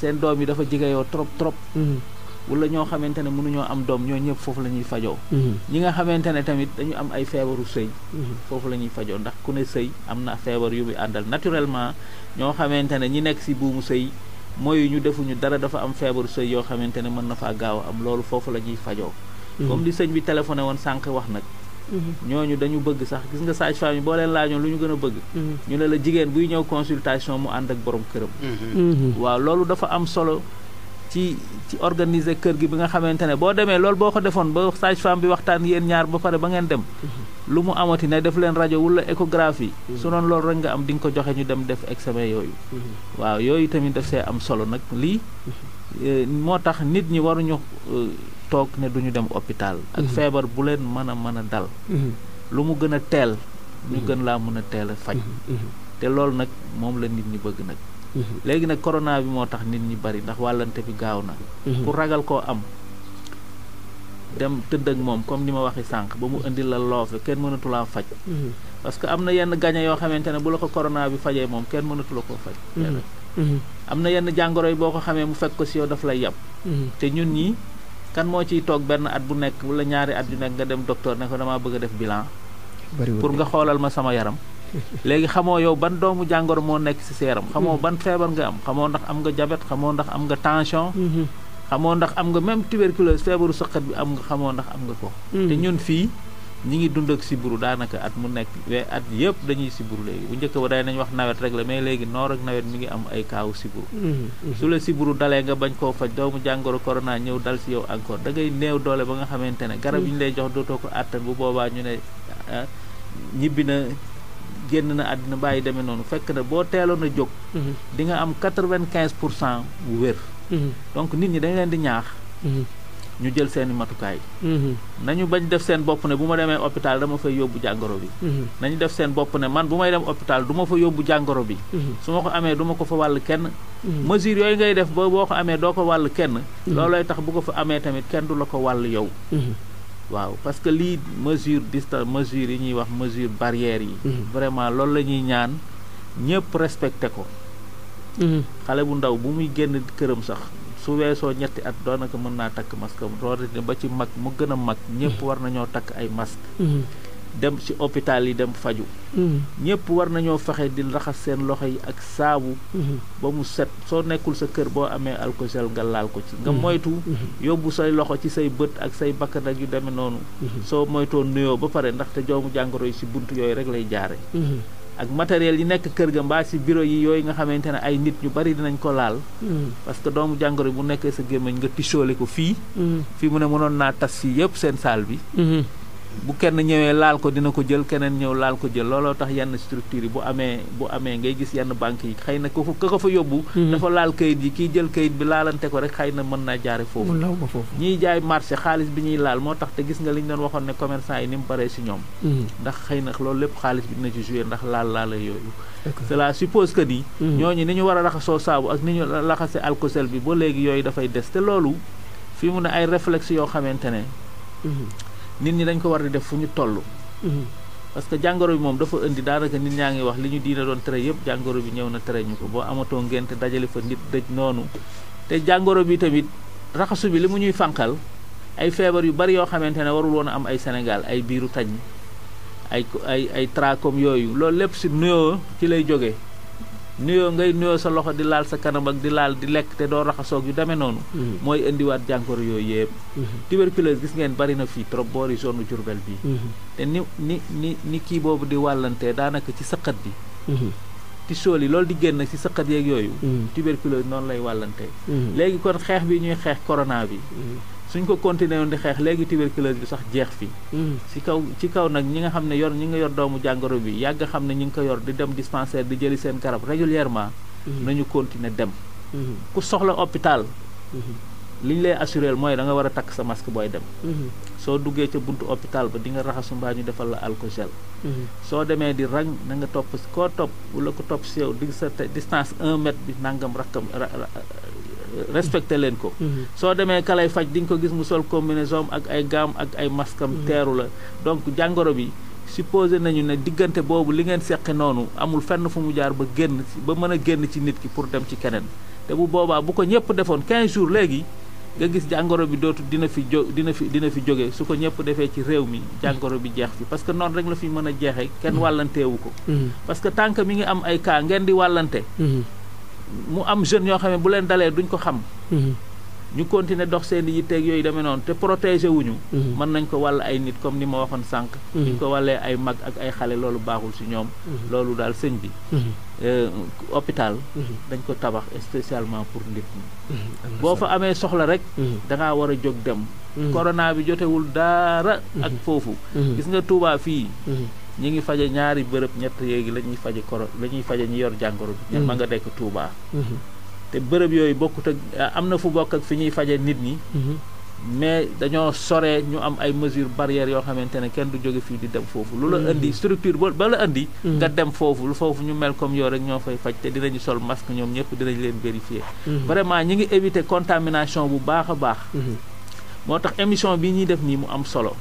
C: seen doom yi dafa jigeyoo trop trop mm-hmm. wala ñoo xamante ne mënuñoo am doom ñoo ñëpp foofu la ñuy fajoo mm-hmm. ñi nga xamante ne tamit dañu am ay feebaru sëy mm-hmm. foofu la ñuy fajoo ndax ku ne sëy am na feebar yu muy àndal naturellement ñoo xamante ne ñi nekk ci buumu sëy mooy ñu defuñu dara dafa am feebaru sëy yoo xamante ne mën na faa gaaw a am loolu foofu la ñuy fajoo comme li sëñ bi téléphoné woon sànq wax nag ñooñu dañu bëgg sax gis nga sage-femme yi boo leen laajoon lu ñu gën a bëgg ñu ne la jigéen buy ñëw consultation mu ànd ak borom këram mm-hmm. waaw loolu dafa am solo ci ci organiser kër gi bi nga xamante ne boo demee loolu boo ko defoon ba sage-femme bi waxtaan yéen ñaar ba pare ba ngeen dem mm-hmm. lu mu amati ne def leen rajo wala échographie mm-hmm. su noonu loolu rek nga am di nga ko joxe ñu dem def examen yooyu waaw yooyu tamit daf see am solo nag lii eh, moo tax nit ñi waruñu eh, toog ne du ñu dem hôpital. ak mhm. feebar bu leen mën a mën a dal. Mhm. lu mu gën a teel. ñu mhm. gën laa mën a teel a faj. te loolu nag moom la nit ñi bëgg nag. léegi nag corona bi moo tax nit ñi bari ndax wàllante bi gaaw na. ku ragal koo am dem tëdd ak moom comme ni ma waxee sànq ba mu indi la loofe kenn mënatulaa faj. parce que am na yenn gañe yoo xamante ne bu la ko corona bi fajee moom kenn mënatula koo faj. am na yenn jàngoro yi boo ko xamee mu fekk ko si yow daf lay yàpp. kan moo ciy toog benn at bu nekk wala ñaari at yu nekk nga dem docteur ne ko damaa bëgg a def bilan. pour nga xoolal ma sama yaram. *laughs* léegi xamoo yow ban doomu jàngoro moo nekk ci sa yaram. xamoo hmm. ban feebar nga am xamoo ndax am nga diabète xamoo ndax am nga tension. Hmm. xamoo ndax am nga même tuberculose feebaru sëqat bi am nga xamoo ndax am nga ko. Hmm. te ñun fii. ñi ngi dund ak siburu daanaka at mu nekk we at yëpp dañuy siburu léegi bu njëkk ba day nañ wax nawet rek la mais léegi noor ak nawet mu ngi am ay kaawu siburu mm-hmm. su la siburu dalee nga bañ koo faj doomu jàngoro corona ñëw dal si yow encore da ngay néew doole ba nga xamante ne garab yi ñu lay jox dootoo ko àttan bu boobaa ñu ne ah, ñibbi na génn na àddina bàyyi demee noonu fekk na boo teeloon a jóg mm-hmm. di nga am quatre-vingt-quinze pour cent bu wér mm-hmm. donc nit ñi dañ leen di ñaax ñu jël seeni matukaay. Mm-hmm. nañu bañ def seen bopp ne bu ma demee hôpital dama fay yóbbu jàngoro bi. Mm-hmm. nañu def seen bopp ne man bu may dem hôpital duma ma fa yóbbu jàngoro bi. Mm-hmm. su ma ko amee du ko fa wàll kenn. mesure yooyu ngay def ba boo ko amee doo ko wàll kenn. loolooy tax bu ko fa amee tamit kenn du la ko wàll yow. waaw parce que lii mesure distance mesure yi ñuy wax mesure barrière yi. vraiment loolu la ñuy ñaan ñëpp respecté ko. xale bu ndaw bu muy génn këram sax. su weesoo ñetti at doonaka mën naa takk masque am rawatina ba ci mag mu gën a mag ñëpp mm-hmm. war nañoo takk ay masque mm-hmm. dem ci hôpital yi dem faju mm-hmm. ñëpp war nañoo fexe di raxas seen loxo yi ak saabu ba mu set soo nekkul sa kër boo amee alcogel nga laal ko ci nga moytu yóbbu say loxo ci say bët ak say bakkan ak yu deme noonu soo moytoo nuyoo ba pare ndax te joomu jàngoro yi ci bunt yooyu rek lay jaare ak matériel yi nekk kër ga mbaa ci bureau yi yooyu nga xamante ne ay nit ñu bari dinañ ko laal. Hmm. parce que doomu jàngoro bu nekk sa gémmiñ nga tisoole ko fii. Hmm. fii mu ne mënoon naa tas fii yëpp seen saal bi. Hmm. bu kenn ñëwee laal ko dina ko jël keneen ñëw laal ko jël looloo tax yenn structure yi bu amee bu amee ngay gis yenn banque yi xëy na ko fa ko fa yóbbu mhm. dafa laal kayit yi kiy jël kayit bi laalante ko rek xëy na mën naa jaare foofu ñiy jaay marché xaalis bi ñuy laal moo tax te gis nga li ñu doon waxoon ne commerçant yi ni mu baree si ñoom mhm. ndax xëy na loolu lépp xaalis bi dina ci jouer ndax laal laala yooyu cela suppose que ñoo mhm. ñooñu ni ñu war a raxasoo saabu ak ni ñu laxase alcosel bi ba léegi yooyu dafay des te loolu fi mu ne ay réflexe yoo xamante ne nit ñi dañ ko war di def fu ñu toll. Mhm. parce que jàngoro bi moom dafa indi daanaka nit ñaa ngi wax li ñu diine doon tere yëpp jàngoro bi ñëw na tere ñu ko boo amatoo ngénte dajale fa nit dëj noonu. te jàngoro bi tamit raxasu bi li mu ñuy fànqal ay feebar yu bari yoo xamante ne warul woon am ay Sénégal ay biiru tañ ay ay ay yooyu loolu lépp si nuyoo ci lay jóge nuyoo ngay nuyoo sa loxo di laal sa kanam ak di laal di lekk te doo raxasoog yu demee noonu mm-hmm. mooy indiwaat jàngoro yooyu yëpp mm-hmm. tuberculose gis ngeen bari na fi trop boori zone Diourbel bii mm-hmm. te ni ni ni kii boobu di wàllantee daanaka ci sëqat bi ci sool yi loolu di génn ci sëqat yeeg yooyu tuberculose noonu lay wàllantee léegi kon xeex bi ñuy xeex corona bi suñ ko continué di xeex léegi tuberculose bi sax jeex fi ci mm. kaw ci kaw nag ñi nga xam ne yor ñi nga yor doomu jàngoro bi yàgg xam ne ñi ngi ko yor di dem dispensaire di jëli seen garab régulièrement mm. nañu continué dem mm-hmm. ku soxla hôpital
E: mm-hmm.
C: li ñu lay assuré mooy da nga war a takk sa masque booy dem mm-hmm. soo duggee ca buntu hôpital ba di nga raxasu mbaa ñu defal la alcool soo demee di rang na nga topp koo topp wala ko topp si yow sa distance un mètre bi nangam rakkam respecté leen ko. Mhm. soo demee ka lay faj di nga ko gis mu sol combinaison ak ay gaam ak ay maskam mhm. teeru la donc jàngoro bi. supposé nañu ne diggante boobu li ngeen seqe noonu amul fenn fu mu jaar ba génn ba mën a génn ci nit ki pour dem ci keneen te bu boobaa bu ko ñëpp defoon 15 jours léegi nga gis jàngoro bi dootu dina fi jo dina fi dina fi jóge su ko ñëpp defee ci réew mi jàngoro bi jeex fi parce que noonu rek la fi mën a jeexee kenn mhm. wàllantewu ko parce que mi ngi am di wàllante mu am jeunes yoo xam ne bu leen dalee duñ ko xam mhm. ñu continuer dox seen i yitteeg yooyu demee noonu te protéger wuñu mhm. mën nañ ko wàll ay nit comme ni ma waxoon sànq ñu mhm. ko wàllee ay mag ak ay xale loolu baaxul si ñoom loolu daal sëñ bi euh, hôpital dañ ko tabax spécialement pour nit boo fa amee soxla rek dangaa war a jóg dem corona bi jotewul daara ak foofu gis nga tuubaa fii ñi ngi faje ñaari bërëb ñett yéegi la ñuy faje koro la ñuy faje ñi yor jàngoro bi ña mm-hmm. ma nga dekk Touba mm-hmm. te bërëb yooyu bokkut ak am na fu bokk ak fi ñuy faje nit ñi mm-hmm. mais dañoo sore ñu am ay mesures barrières yoo xamante ne kenn du jóge fii di dem foofu lu la indi structure ba la indi nga dem foofu lu foofu ñu mel comme yooyu rek ñoo fay faj te dinañu sol masque ñoom ñëpp dinañ leen vérifier vraiment ñi ngi éviter contamination bu baax a baax moo tax émission bi ñuy def nii mu am solo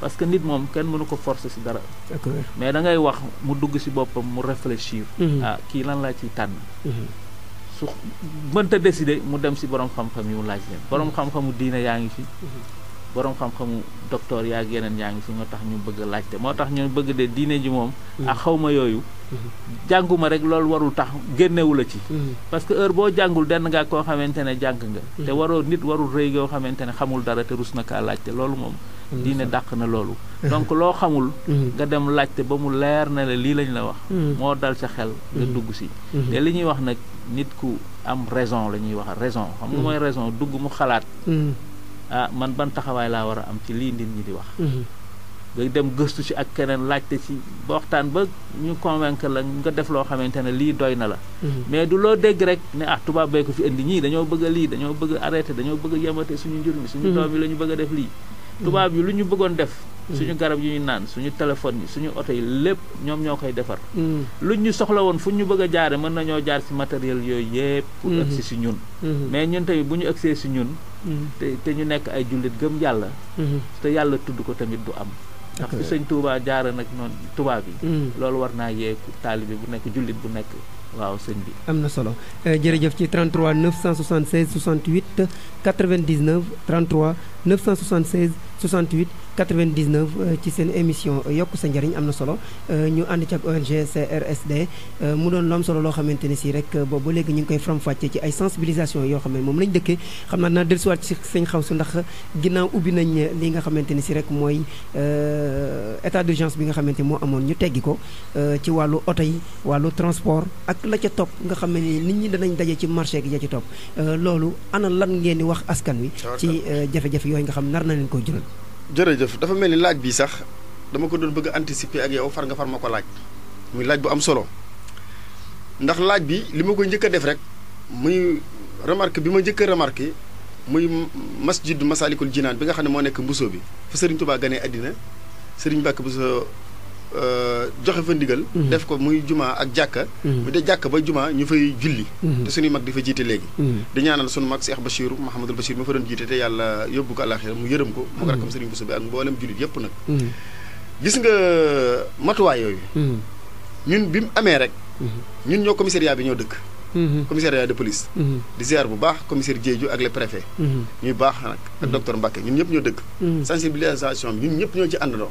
C: parce que nit moom kenn mënu ko forcer si dara. mais dangay wax mu dugg ci boppam mu réfléchir. Mhm. ah kii lan laa ciy tànn.
E: Mhm. su
C: mënta décider mu dem ci borom xam-xam yi mu laaj leen borom mhm. xam-xamu diine yaa ngi ci borom xam-xamu docteur yaa ak yeneen yaa ngi tax ñu bëgg a laajte moo tax ñu bëgg de diine ji moom. ak ah, xawma yooyu. jànguma rek loolu warul tax génnewu la ci. parce que heure boo jàngul denn ngaa koo xamante ne jàng nga. te waroo nit warul rëy goo xamante ne xamul dara te rus na kaa laajte loolu moom. diine dàq na loolu mm-hmm. donc loo xamul mm-hmm. nga dem laajte ba mu leer na la lii lañ la wax mm-hmm. moo dal sa xel nga dugg si te li ñuy wax nag nit ku am raison la ñuy wax raison xam nga mooy raison dugg mu xalaat ah man ban taxawaay laa war a am ci lii nit ñi di wax dem gëstu ci ak keneen laajte ci ba waxtaan ba ñu convaincre la nga def loo xamante ne lii doy na la mais du loo dégg rek ne ah tubaab bee ko fi indi ñii dañoo bëgg lii dañoo bëgg a dañoo bëgg a yemate suñu njur mi suñu doom yi la ñu bëgg a def lii tubaab yi lu ñu bëggoon def mm. suñu garab yi ñu naan suñu téléphone yi suñu oto yi lépp ñoom ñoo koy defar mm. lu ñu soxla woon fu ñu bëgg a jaare mën nañoo jaar ci matériel yooyu yépp pour mm-hmm. agsi ci ñun mm-hmm. mais ñun tamit bu ñu agsee ci ñun mm-hmm. te ñu nekk ay jullit gëm yàlla te yàlla tudd ko tamit du am ndax fi sëñ tuubaa jaara nag noonu tubaab yi mm. loolu war naa yee taalibe bu nekk jullit bu nekk waaw sëñ
B: bi am na solo euh, jërëjëf ci 33 976 68 99 33 976 68 99 ci seen émission euh, yokk sa njëriñ am na solo euh, ñu ànd ci ak ONG CRSD mu doon lu am solo loo xamante ne si rek boobu ba léegi ñu ngi koy faram-fàccee ci ay sensibilisation yoo xam ne moom lañ dëkkee xam naa naa dellusiwaat ci sëñ xaw su ndax ginnaaw ubbi nañ li nga xamante si rek mooy état d'urgence bi nga xamante moo amoon ñu teggi ko ci wàllu oto yi wàllu transport ak lépp la ca topp nga xam ne ni nit ñi danañ daje ci marché gi ja ci topp euh, loolu ana lan ngeen di wax askan wi ci euh, jafe-jafe yooyu nga xam nar na leen koo jural
D: jërëjëf dafa mel ni laaj bi sax dama ko doon bëgg anticiper ak yow far nga far ma laaj muy laaj bu am solo ndax laaj bi lima ma koy njëkk a def rek muy remarque bi ma njëkk muy masjid masalikul jinaan bi nga xam ne moo nekk mbusoo bi fa sëriñ tubaa ganee àddina sëriñ bàkk Euh, joxe fa ndigal. Mm-hmm. def ko muy juma ak jàkka. mu mm-hmm. dee jàkk ba juma ñu fay julli. Mm-hmm. te suñuy mag di fa jiite léegi. di ñaanal sunu mag Cheikh Bachir Mouhamadul Bachir ma fa doon jiite te yàlla yóbbu ko àllaaxira mu yërëm ko. mu ko rakkam Serigne Bousso bi ak gis nga matuwaay yooyu. ñun bi mu amee rek. ñun ñoo commissariat bi ñoo dëkk. commissariat de police. di ziar bu baax commissaire Diédiou ak les préfets. ñuy baax nag ak docteur Mbacke ñun ñëpp ñoo dëkk. sensibilisation bi ñun ñëpp ñoo ci àndandoo.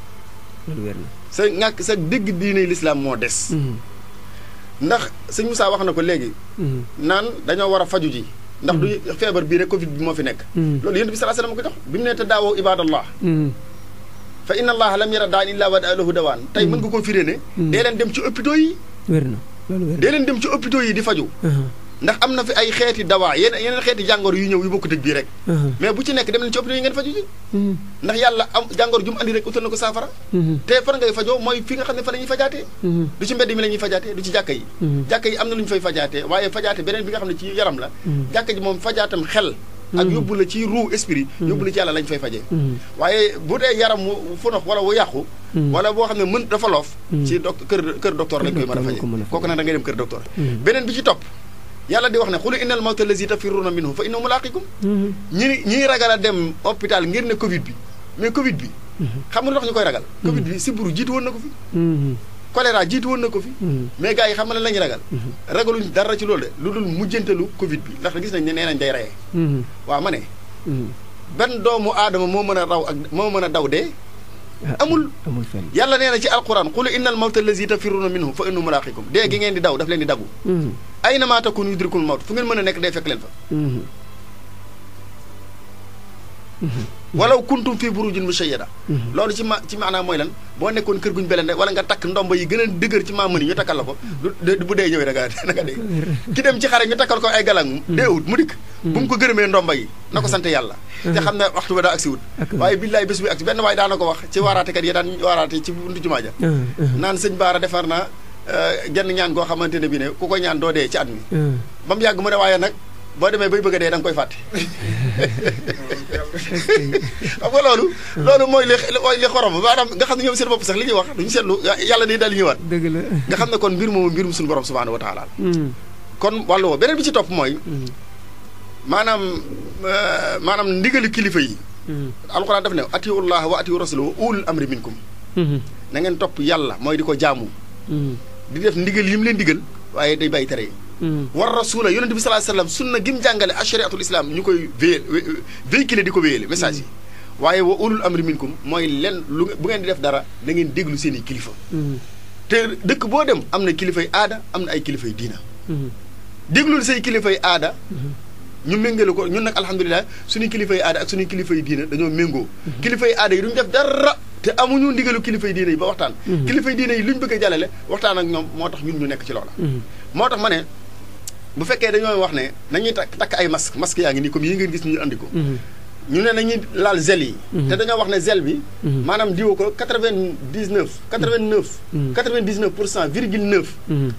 D: sa wér na sa ñàkk sa dégg lislaam moo des. Mhm. ndax sëñ Moussa wax na ko léegi. Mhm. naan dañoo war a faju ji. ndax du mhm. feebar bii rek bi moo fi nekk. loolu yéen bi sallallahu alayhi wasallam ko jox bi mu ne te daawoo ibadallah fa inna allaha lam yara daan illa wa lahu dawaan tey mën nga koo firé ne. dee leen dem ci hôpitaux yi. dee leen dem ci hôpitaux yi di faju ndax am na fi ay xeeti dawaa yeneen yeneen xeeti jàngoro yu ñëw yu bokkut ak bii rek. Uh-huh. mais bu ci nekk dem leen ci hôpital yi ngeen faju uh-huh. ndax yàlla am jàngoro ju mu andi rek utal na ko saafara. Uh-huh. te fan ngay fajoo mooy fi nga xam ne fa la ñuy fajaatee. du ci mbedd mi la ñuy fajaatee du ci jàkka yi. jàkka yi am na lu ñu fay fajaate waaye fajaate beneen bi nga xam ne ci yaram la. jàkka ji moom fajaatam xel. ak yóbbu la ci ruu esprit. yóbbu la ci yàlla lañ fay fajee. waaye bu dee yaram wu funox wala wu yàqu. wala boo xam ne mën dafa loof. ci doc kër kër docteur lañ koy mën a fajee kooku beneen bi ci topp yàlla di wax ne xulu innal mawta lazi tafirruuna minhu fa innahu mulaaqikum ñi ñiy ragal dem hôpital ngir ne Covid bi mais Covid bi. xam nga lu tax ñu ragal. Covid bi sibbiru jiitu woon na fi. choléra jiitu woon na fi. mais gars xam nga lan ragal. ragaluñ dara ci loolu de lu dul mujjantelu Covid bi ndax gis nañ ne nee day reye. waaw ma ne. doomu aadama moo mën raw ak moo mën daw dee. amul amul fenn yàlla nee na ci alquran qul innal mawta lazi tafirruuna minhu fa innahu mulaaqikum dee gi ngeen di daw daf leen di daggu. ay na maa takkuun yudrikul mawt fu ngeen mën a nekk day fekk leen fa.
E: Mhm. Mhm.
D: walaw kuntum fii burujin mushayyada mhm. loolu ci ma ci maanaam mooy lan boo nekkoon kër guñ beleen rek wala nga takk ndomba yi gën a dëgër ci maam yi ñu takkal la ko bu dee ñëwee da nga dee *laughs* ki dem ci xare ñu takkal ko ay galang dee wut mu dikk bu mu ko gërëmee ndomba yi na ko sant yàlla te xam ne waxtu ba daa agsi wut waaye billaay bés bi agsi benn waaye daana ko wax ci waaraatekat yi daan waaraate ci buntu jumaa ja naan sëñ defar naa Euh, genn ñaan goo xamante ne bi ne ku ko ñaan doo dee ci at mi hmm. ba mu yàgg mu ne waaye nag boo demee bay bëgg dee da nga koy fàtte *laughs* xam nga loolu loolu mooy li mooy li xorom maanaam nga xam ne ñoom seen li ñuy wax duñu seetlu yàlla nii daal ñëwaat dëgg la nga xam ne kon mbir moomu mbirum suñu borom subhaanahu wa taala hmm. kon wàllu hmm. maanaam euh, maanaam ndigali yi alxuraan daf ne atiullah wa atiu rasulahu ulul amri minkum na topp yàlla mooy di ko jaamu di def ndigal yi mu leen digal waaye day bàyyi tere yi. Hmm. war rasula yonente bi salaa sallam sunna gi mu jàngale ashariatul islam ñu koy véyé véhiculer di ko véyéle message yi. Hmm. waaye wa ulul amri minkum mooy lenn lu bu ngeen di def dara na ngeen déglu seen i kilifa. Hmm. te dëkk boo dem am na kilifay aada am na ay kilifay diina. déglul say kilifay aada. ñu méngale ko ñun nag alhamdulilah suñu kilifay aada ak suñu kilifay diina dañoo méngoo. kilifay aada yi duñ def dara. te amuñu ndigalu kilifay diine yi ba waxtaan. Mhm. kilifay diine yi luñ bëgg a jàllale waxtaan ak ñoom moo tax ñun ñu nekk ci loola. Mhm. moo tax ma ne bu fekkee dañoo wax ne nañuy takk takk ay masque masque yaa ngi nii comme yi ngeen gis ñu andi ko. Mhm. ñu nee nañu laal zel yi. Mhm. te dañoo wax ne zel bi. Mhm. maanaam diwa ko quatre vingt dix neuf. quatre vingt mhm. pour cent virgule neuf.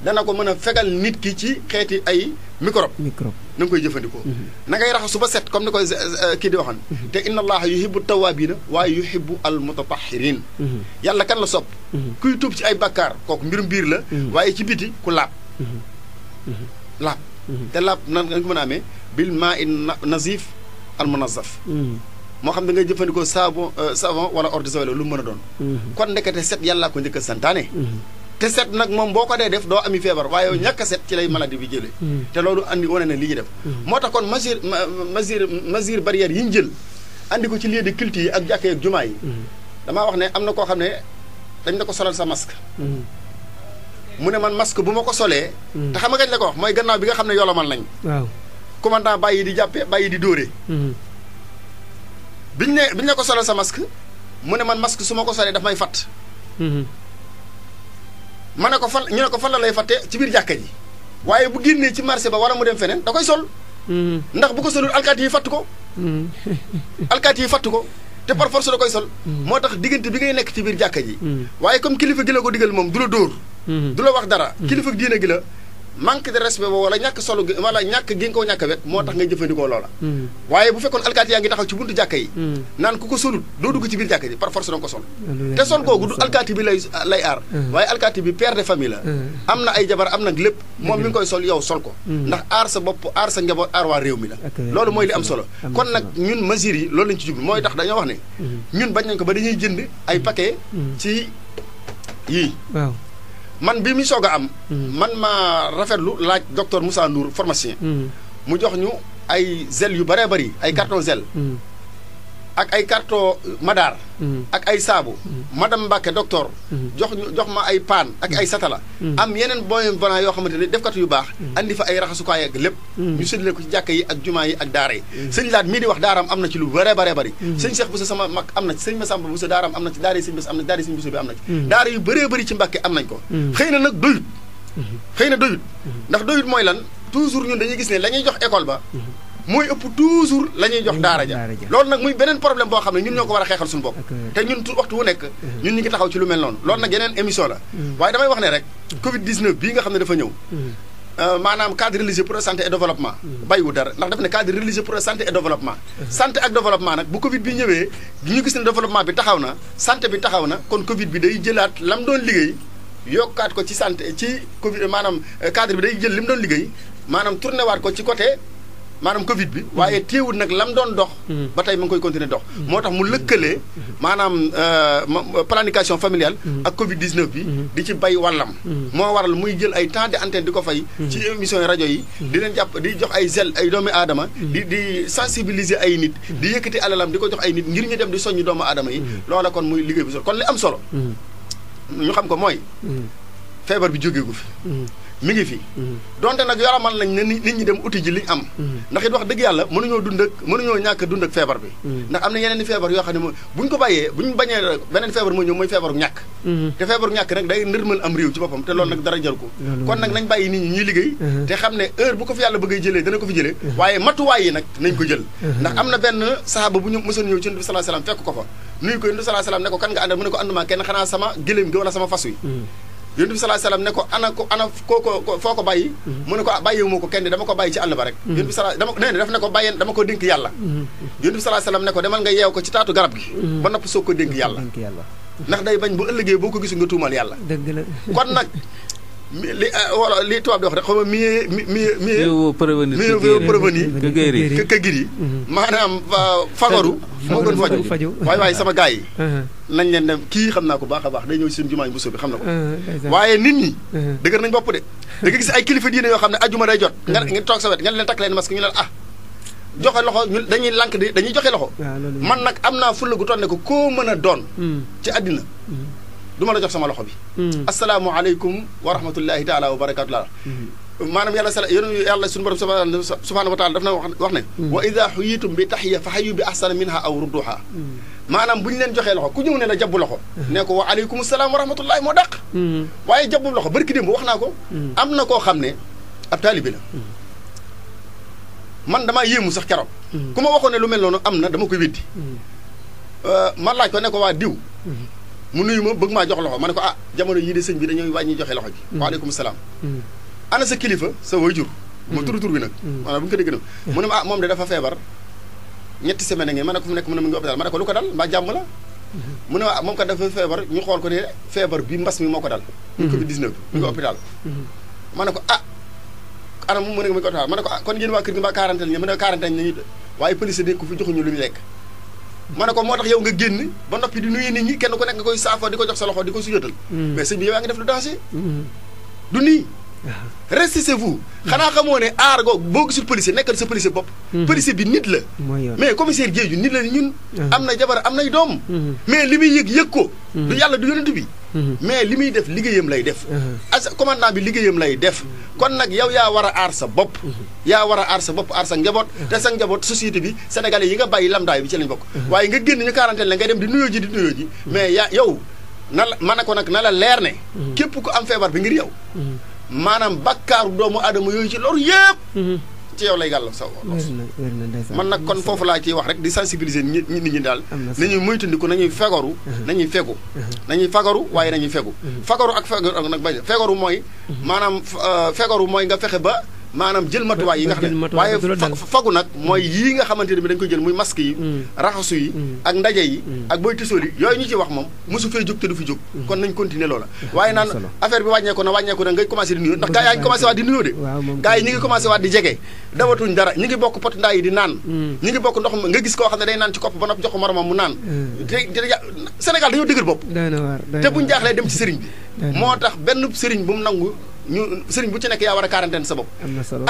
D: dana ko mën a fegal nit ki ci xeeti ay microbe. microbe na nga koy jëfandikoo. na ngay raxasu ba set comme ni koy euh, euh, kii di waxan te inna allaha yuhibbu tawaabiina waaye yuhibbu al mutatahhirin. yàlla kan la sopp. kuy tuub ci ay bakkaar kooku mbirum biir la. waaye ci biti ku laab. laab. te laab nan nga ko mën a amee bil maa in nazif almunazaf hmm. moo xam da ngay jëfandikoo savon euh, savon wala eau de lu mën a doon. Hmm. kon ndekete set yàllaa ko njëkk a santaane. Hmm. te set nag moom boo ko dee def doo ami feebar waaye yow ñàkk a set ci lay maladie bi jëlee. te loolu andi wane na li ñuy def. moo tax kon masir mesure masir mesure barrière yi ñu jël andi ko ci lieu de culte yi ak jàkkee ak jumaa yi. damaa wax ne am na koo xam ne dañ na ko solal sa masque. mu ne man masque bu ma ko solee. te xam nga kañ ko wax mooy gannaaw bi nga xam ne yolomal nañ. commandant bàyyi di jàppee bàyyi di dóoree. Mhm. biñ ne biñ ne ko solal sa masque mu ne man masque su ma ko solee daf may fatt. Mhm. ma ne ko fal ñu ne ko fan la lay ci biir jàkka ji waaye bu génnee ci marché ba war a mu dem feneen da koy sol.
E: Mhm. ndax bu ko solul
D: alkaati yi fatt ko.
E: *laughs*
D: alkaati yi fatt ko te par force da koy sol. moo tax diggante bi ngay nekk ci biir jàkka ji. waaye comme kilifa gi ko digal moom du la dóor. du la wax dara. kilifa diina gi la. manque de respect boobu wala ñàkk solo gi ñàkk gi nga koo ñàkk wekk moo tax ngay jëfandikoo loola. Hmm. waaye bu fekkoon alkaati yaa ngi taxaw ci buntu jàkka yi. Hmm. naan ku ko solul doo dugg ci biir jàkka yi par force danga ko sol. te sol googu du alkaati bi lay lay aar. Hmm. waaye alkaati bi père de famille am na ay jabar am na lépp moom mi ngi koy sol yow sol ko. ndax aar sa bopp aar sa njaboot aar waa réew mi la. loolu mooy li am solo. kon nag ñun mesures yi loolu lañ ci jublu mooy tax dañoo wax ne. ñun bañ nañ ko ba dañuy jënd ay paquet. ci man bi muy soog a am. Hmm. man maa rafetlu laaj docteur Moussa Ndour pharmacien. Hmm. mu jox ñu ay zel yu bëree bëri ay hmm. carton zel. ak ay carton madaar mm-hmm. ak ay saabu mm-hmm. madame Mbacke docteur mm-hmm. jox ñu jox ma ay paan ak ay satala am yeneen booyum banaa yoo xamante ne defkatu yu baax andi fa ay raxasukaay ak lépp ñu séddale ko ci jàkka yi ak jumaa yi ak daara yi sëñ laat mii di wax daaraam am na ci lu bare bare bari sëñ Cheikh Bousso sama mag am na ci sëñ Massamba Bousso daaraam am na ci daara yi sëñ Bousso am na ci daara yi sëñ Bousso bi am na ci daara yu bëree bëri ci Mbacke am nañ ko xëy na nag doyut xëy na doyut ndax doyut mooy lan toujours ñun dañuy gis ne la ñuy jox école ba mooy ëpp toujours la ñuy jox daara ja loolu nag muy beneen problème boo xam ne ñun ñoo ko war a xeexal suñu bopp te ñun tu waxtu wu nekk mhm. ñun ñu ngi taxaw ci lu mel noonu loolu nag yeneen émission la mhm. waaye damay wax ne rek mhm. covid 19 bii nga xam ne dafa ñëw euh, maanaam cadre religieux pour la santé et développement bàyyiwu dara ndax daf ne cadre religieux pour la santé et développement santé ak développement nag bu covid bi ñëwee ñu gis ne développement bi taxaw na santé bi taxaw na kon covid bi day jëlaat lam doon liggéey yokkaat ko ci santé ci covid maanaam euh, cadre bi day jël li mu doon liggéey maanaam tourné waat ko ci côté maanaam Covid bi. waaye téewul nag lam doon dox. Hmm. ba tey ma koy continuer dox. Hmm. moo tax mu lëkkalee maanaam euh, euh, planification familiale. Hmm. ak Covid bi. di ci bay wallam moo waral muy jël ay temps de antenne di ko fay. ci émission rajo yi. di jàpp di jox ay zel ay doomi aadama. di di sensibiliser ay nit. di yëkkati alalam di ko jox ay nit ngir ñu dem di soññ doomu aadama yi. loola kon muy liggéey bu solo kon li am solo. ñu xam ko mooy. feebar bi jógeegu fi. mi ngi fi. donte nag yoramal nañ ne nit ñi dem uti ji liñ am. ndax it wax dëgg yàlla mënuñoo dund ak mënuñoo ñàkk dund ak feebar bi. ndax am na yeneen feebar yoo xam ne moom bu ñu ko bàyyee bu ñu bañee beneen feebar moo ñëw mooy feebaru ñàkk. te ñàkk nag day nërmal am boppam te loolu nag dara jël ko. kon nag nañ bàyyi nit ñi ñuy liggéey. Uh-huh. te xam ne ko fi yàlla bëggee jëlee dana ko fi jëlee. waaye matuwaay yi nag nañ ko jël. Uh-huh. ndax am na benn saxaaba bu ñu mësoon ñëw ci nabi sallallahu alayhi fekk ko fa nuyu ko nabi sallallahu ne ko kan nga àndal mu ne ko ànduma kenn xanaa sama gëléem gi wala sama fas yonent bi salaa salaam ne ko ana ko ana koo ko foo ko bàyyi mhm. mu ne ko ah, bàyyiwuma ko kenn dama ko bàyyi ci àll ba rek mhm. yonent bi salaa dama nee ne daf ne ko bàyyeen dama ko dénk yàlla mhm. yonent bi salaa salaam ne ko de demal ga yeew ko ci taatu garab gi ba nopp soog ko dénk yàlla ndax day bañ bu ëllëgee boo ko gisu nga tuumal yàlla dëgg la kon nag *laughs* li wala ah, li tubaab di wax rek xaw ma mieux mieux mieux vaut prévenir que guérir que guérir mhm. maanaam fagaru moo gën faju faju waaye waaye sama gars yi uh-huh. nañ leen dem kii xam naa ko baax a baax day ñëw si suñu jumaa bu soobee xam na ko
E: uh-huh,
D: waaye nit ñi uh-huh. dëgër nañ bopp de *laughs* da nga gis ay kilifa diine yoo xam ne ajuma day jot nga nga toog sa wet nga leen takk leen masque ñu leen ah joxe loxo ñu dañuy lànk di dañuy joxe loxo man nag am naa fulla gu toon ne ko koo mën a doon hmm. ci àddina
E: hmm.
D: duma la jox sama loxo bi. assalamu alaykum wa rahmatullahi taala wa barakatuh manam yàlla sala yéen yàlla suñu borom subhanahu wa taala dafna wax wax ne. wa idha huyitum bi tahiyya fa hayyu bi ahsana minha aw rudduha manam buñ len joxe loxo ku ñëw ne la jàbbu loxo. ne ko wa alaykum salaam wa rahmatullahi mo dàq. waye jàbbu loxo barki dem wax na ko. amna ko xamne ab taalibi la. man dama yemu sax keroog. kuma waxone lu mel noonu amna dama koy weddi. euh ma laaj ko ne ko wa diw. mu nuyu ma bëgg maa jox loxo ma ne ko ah jamono yii de sëñ bi dañuy wàññi joxe loxo gi. Mm. waaleykum salaam. Mm. ana sa kilifa sa wayjur. ma mm. turu tur bi nag. maanaam bu ñu ko mu ne ma ah, moom de dafa feebar ñetti semaine a ma ne nekk mu ne mu ngi hôpital ma ko lu ko dal mbaa jàmm la. Mm-hmm. mu ne ah moom kat dafa xool ko ne feebar bi mbas mi moo ko dal. muy mm-hmm. Covid 19 mu ngi mm-hmm. hôpital. ma ne ko ah. anam mu ne ko mu ngi hôpital ah, ma ne ko ah kon yéen waa kër gi mbaa quarantaine ñoom mu ne quarantaine waaye police de ku fi joxuñu lu ñu lekk ma ne ko moo tax yow nga génn ba noppi di nuyu nit ñi kenn ku nekk nga koy saafoo di ko jox sa loxo di ko sujjóotal mm. mais sëñ bi yow yaa ngi def lu danger mm. du nii restissez-vous xanaa xamoo ne aar goog boo gisul policier nekkal sa policier bopp. se mhm. bi nit la. mais commissaire Diédhiou nit la ñun. Mhm. am na jabar am nay doom. Mhm. mais li muy yëg yëg ko. du yàlla du yonent bi. mais li muy def liggéeyam lay def. as commandant bi liggéeyam lay def. kon nag yow yaa war a aar sa bopp. yaa war a aar sa bopp aar sa njaboot. te sa njaboot société bi sénégalais yi nga bàyyi daa bi ci lañ bokk. waaye nga génn ñu quarantaine la ngay dem di nuyoo ji di nuyoo ji. mais yaa yow na la mën na ko nag na leer ne. képp ku am feebar bi ngir yow. maanaam bakkaaru doomu aadama yooyu ci loru yëpp. Mhm. ci yow lay gàllam saw man nag kon foofu laa ciy wax rek di sensibiliser nit ñi nit ñi daal nañuy moytandiku nañuy fegoru mhm. nañuy fegu mhm. nañuy fagaru waaye nañuy fegu fagaru ak fegoru nag bañ fegoru mooy maanaam euh, fegoru mooy nga fexe ba maanaam jël matuwaay yi nga xam ne waaye fagu nag mooy yii nga xamante ne dañ koy jël muy masque yi mm. raxasu yi mm. ak ndaje yi mm. ak booy tisool yooyu ñu ci wax moom mosu fee jóg te du fi jóg kon nañ continuer loola waaye naan affaire bi wàññeeku na wàññeeku na ngay commencé di nuyoo ndax gars yaa ngi commencé waat di nuyoo de gars yi ñi ngi commencé waat di jege dawatuñ dara ñi ngi bokk pot ndaa yi di naan ñi ngi bokk ndox nga gis koo xam ne day naan ci kopp ba noppi jox ko moromam mu naan te Sénégal dañoo dëgër bopp te buñ jaaxlee dem ci sëriñ bi moo tax benn sëriñ bu mu nangu ñu sëriñ bu ci nekk yaa war a quarantaine sa bopp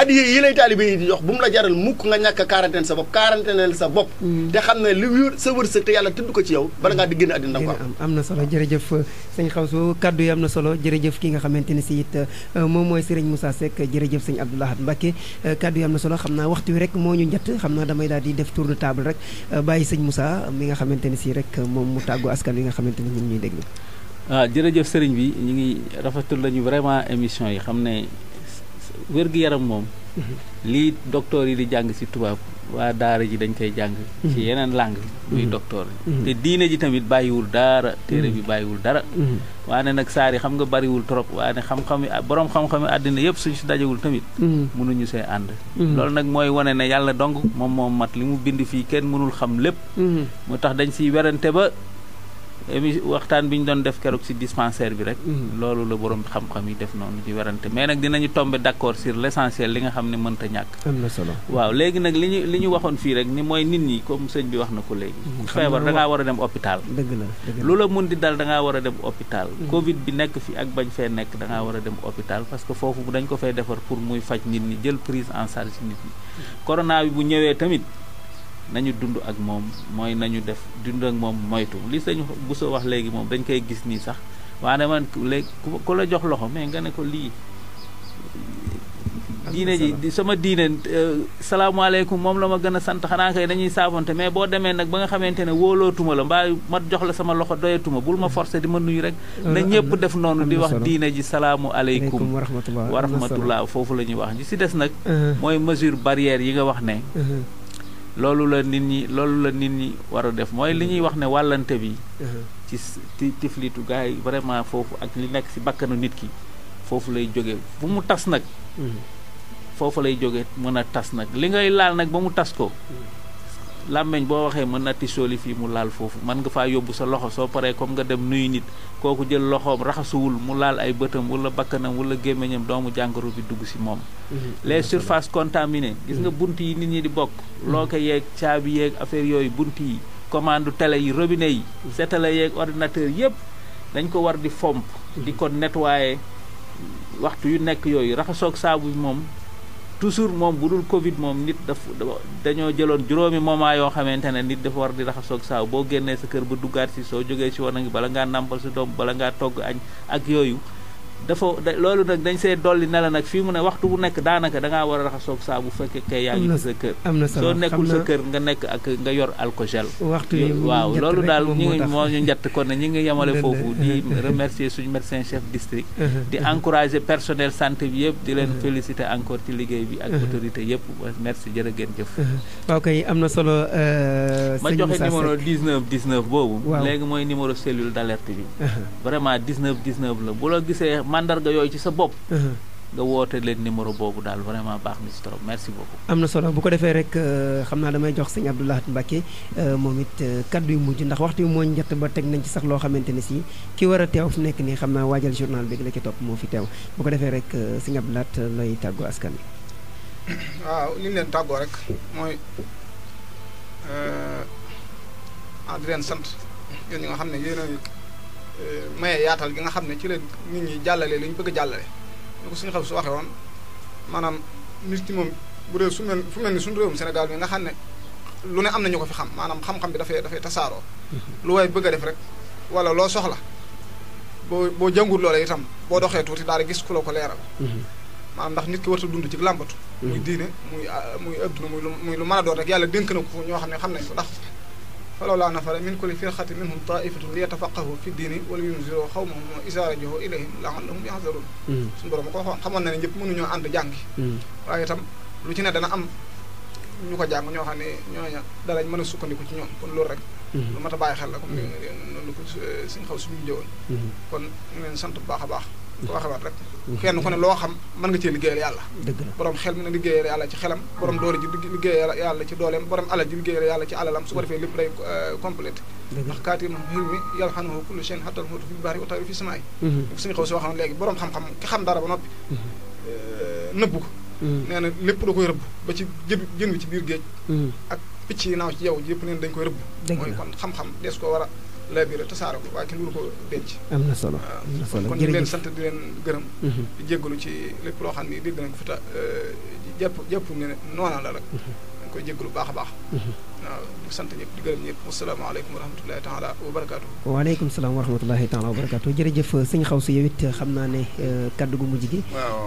D: addiye yi lay taalibe yi di jox bu mu la jaral mukk nga ñàkk a quarantaine sa bopp quarantaine sa bopp mm-hmm. te xam ne li wér sa wërsëg te yàlla tudd ko ci yow bala ngaa di génn àddina ko
B: am na solo jërëjëf sëñ Xawsu kaddu yi am na solo jërëjëf ki nga xamante ne si it euh, moom mooy sëriñ Moussa Seck jërëjëf sëñ Abdoulahat Mbacke euh, kaddu yi am na solo xam naa waxtu wi rek moo ñu njëtt xam naa damay daal di def tour de table rek euh, bàyyi sëñ Moussa mi nga xamante ne si rek moom mu tàggu askan wi nga xamante ne ñun ñuy déglu
C: waaw ah, jërëjëf sëriñ bi ñu ngi rafetul lañu vraiment émission yi xam ne wér-gu-yaram moom *laughs* lii docteur yi di jàng ci tubaab waa daara ji dañ koy jàng ci mm-hmm. yeneen langue mm-hmm. muy docteur mm-hmm. te diine ji tamit bàyyiwul dara téere bi bàyyiwul dara waane nag saar xam nga bariwul trop waane xam-xam boroom xam-xam àddina yëpp suñ si dajewul tamit mënuñu see ànd loolu nag mooy wane na yàlla dong moom moom mat li mu bind fii kenn mënul xam lépp moo tax dañ siy werante émi waxtaan bi ñu doon def keroog ci dispensaire bi rek. Mhm. loolu la borom xam-xam yi def noonu ci werante mais nag dinañu tomber d'accord sur l'essentiel li nga xam ne mënta ñàkk. waaw léegi nag li ñu li ñu waxoon fii rek ni mooy nit ñi comme sëñ bi wax na ko léegi. Mhm. feebar da war a dem hôpital.
B: dëgg la dëgg la lu
C: la mun di dal da war a dem hôpital. Mhm. Covid bi nekk fi ak bañ fee nekk da ngaa war a dem hôpital parce que foofu dañ ko fay defar pour muy faj nit ñi jël prise en charge nit nañu dund ak moom mooy nañu def dund ak moom moytu li sëñ Bousso wax léegi moom dañ koy gis nii sax waaye dama léegi ku la jox loxo mais nga ne ko lii diine ji sama diine euh, salaamaaleykum moom la ma gën a sant xanaa kay dañuy saabonte mais boo demee nag ba nga xamante ne wóolootuma la mbaa ma jox la sama loxo doyatuma bul ma mm-hmm. forcé di ma nuyu rek na ñëpp def noonu di wax diine ji salaamualeykum wa rahmatullah foofu la ñuy wax ñi si des nag uh-huh. mooy mesure barrière yi nga wax ne uh-huh. loolu la nit ñi loolu la nit ñi war a def mooy li ñuy wax ne wàllante bi uh-huh. ci ci tiflitu gars yi vraiment foofu ak li nekk si bakkanu nit ki foofu lay jóge bu mu tas nag uh-huh. foofu lay jóge mën a tas nag li ngay laal nag ba mu tas ko uh-huh. làmmeñ boo waxee mën na tisooli fii mu laal foofu mën nga faa yóbbu sa loxo soo paree comme nga dem nuyu nit kooku jël loxoom raxasuwul mu laal ay bëtam wala bakkanam wala gémmiñam doomu jàngoro bi dugg si moom mhm. les surfaces contaminées gis nga mhm. bunt yi nit ñi di bokk mhm. loo yeeg caabi yeeg affaire yooyu bunt yi commande télé yi robinet yi satellite yeeg ordinateur yépp dañ ko war di fomp di ko waaye waxtu yu nekk yooyu raxasoog saabu bi moom toujours moom bu dul Covid moom nit daf dañoo jëloon juróomi moment yoo xamante ne nit dafa war di raxasoog saaw boo génnee sa kër ba duggaat si soo jógee si woon a ngi bala ngaa nàmpal sa doom bala ngaa togg añ ak yooyu dafa loolu nag dañ see dolli ne la nag fii mu ne waxtu bu nekk daanaka danga war a raxasoog saa bu fekkee kay yaa ngi sa kër am na soo nekkul sa kër nga nekk ak nga yor alcogel waxtu yi waaw loolu daal ñi ngi moo ñu njatt kon ne ñi ngi yemale *laughs* foofu di remercier suñu médecin chef district *laughs* uh-huh. di encourager personnel santé bi yëpp di leen uh-huh. féliciter encore ci liggéey bi ak uh-huh. autorité yëpp merci jërë ngeen
B: jëf waaw kay am na solo euh, ma joxe numéro
C: 19 19 boobu léegi mooy numéro cellule d'alerte bi mandarga yooyu ci sa bopp nga woote leen numéro boobu daal vraiment baax na trop merci beaucoup
B: am solo bu ko defee rek eh, xam damay jox sëñ abdoulahat mbàkke eh, moom eh, kaddu yu mujj ndax waxtu yu moo ba teg nañ ci sax loo xamante si ki war a teew fu nekk nii xam journal bi la ci fi bu ko rek askan
A: *coughs* waaw leen rek sant ñi nga Euh, maye yaatal gi nga xam ne ci la nit ñi jàllale li bëgg a jàllale ñu ko suñu xam su waxee woon maanaam nit ki moom bu dee su mel fu mel ni suñu réewum Sénégal bi nga xam ne lu ne am na ñu ko fi xam maanaam xam-xam bi dafay dafay tasaaroo. Mhm. lu waay bëgg def rek wala loo soxla boo boo jàngut itam boo doxee tuuti daal gis ku ko leeral. Mhm. maanaam ndax nit ki warta dund ci làmbatu. muy mhm. diine muy ah, muy adduna lu muy lu mën a doon yàlla dénk na ko ñoo xam ne xam nañ ko ndax. falawlaa nafara min kulli firqatin minhum taifatun liyatafaqahu fi diini wala yunziru xawmahum wa izaa raja'uu ilayhim la'allahum yahzaruun suñu borom ko waxoon xamoon na ne ñëpp mënuñoo ànd jàngi waaye itam lu ci ne dana am ñu ko jàng ñoo xam ne ñoo ñooña darañ mën a sukkandiku ci ñoom kon loolu rek
E: mm-hmm. lu mat
A: a bàyyi xel la comme mm-hmm. noonu lu ko xaw suñu jëwoon mm-hmm. kon ñu leen sant bu baax a baax waxawaat rek kenn ku ne loo xam mën nga cee liggéeyal yàlla borom xel mi ne liggéeyal yàlla ci xelam borom doole ji liggéeyal yàlla ci dooleem borom alal ji liggéeyal yàlla ci alalam su ko defee lépp day complète ndax kaatim xilmi yàlla xam nahu kullu shay'in xattal xóotu fi baari wa tawri fi samaay ko suñu xaw si waxoon léegi borom xam-xam ki xam dara ba noppi nëbb ko nee na lépp da koy rëbb ba ci jën jën wi ci biir géej ak picc yi naaw ci yow yëpp neen dañ koy rëbb mooy kon xam-xam dees ko war a labiré a ko waaye kenn mënu ko denc. kon ñu leen sant di leen gërëm. Mhm. di ci lépp loo xam ne dégg nañ ko fi ta euh, jàpp jàpp ne noona la rek. dañ mhm. koy jéggalu baax a baax. Mhm. sant ñëpp di gërëm ñëpp wasalaamaaleykum wa rahmatullahi taala wa barakaatu
B: waaleykum salaam wa rahmatullahi taala xaw si yow it xam naa ne euh, kaddu gu mujj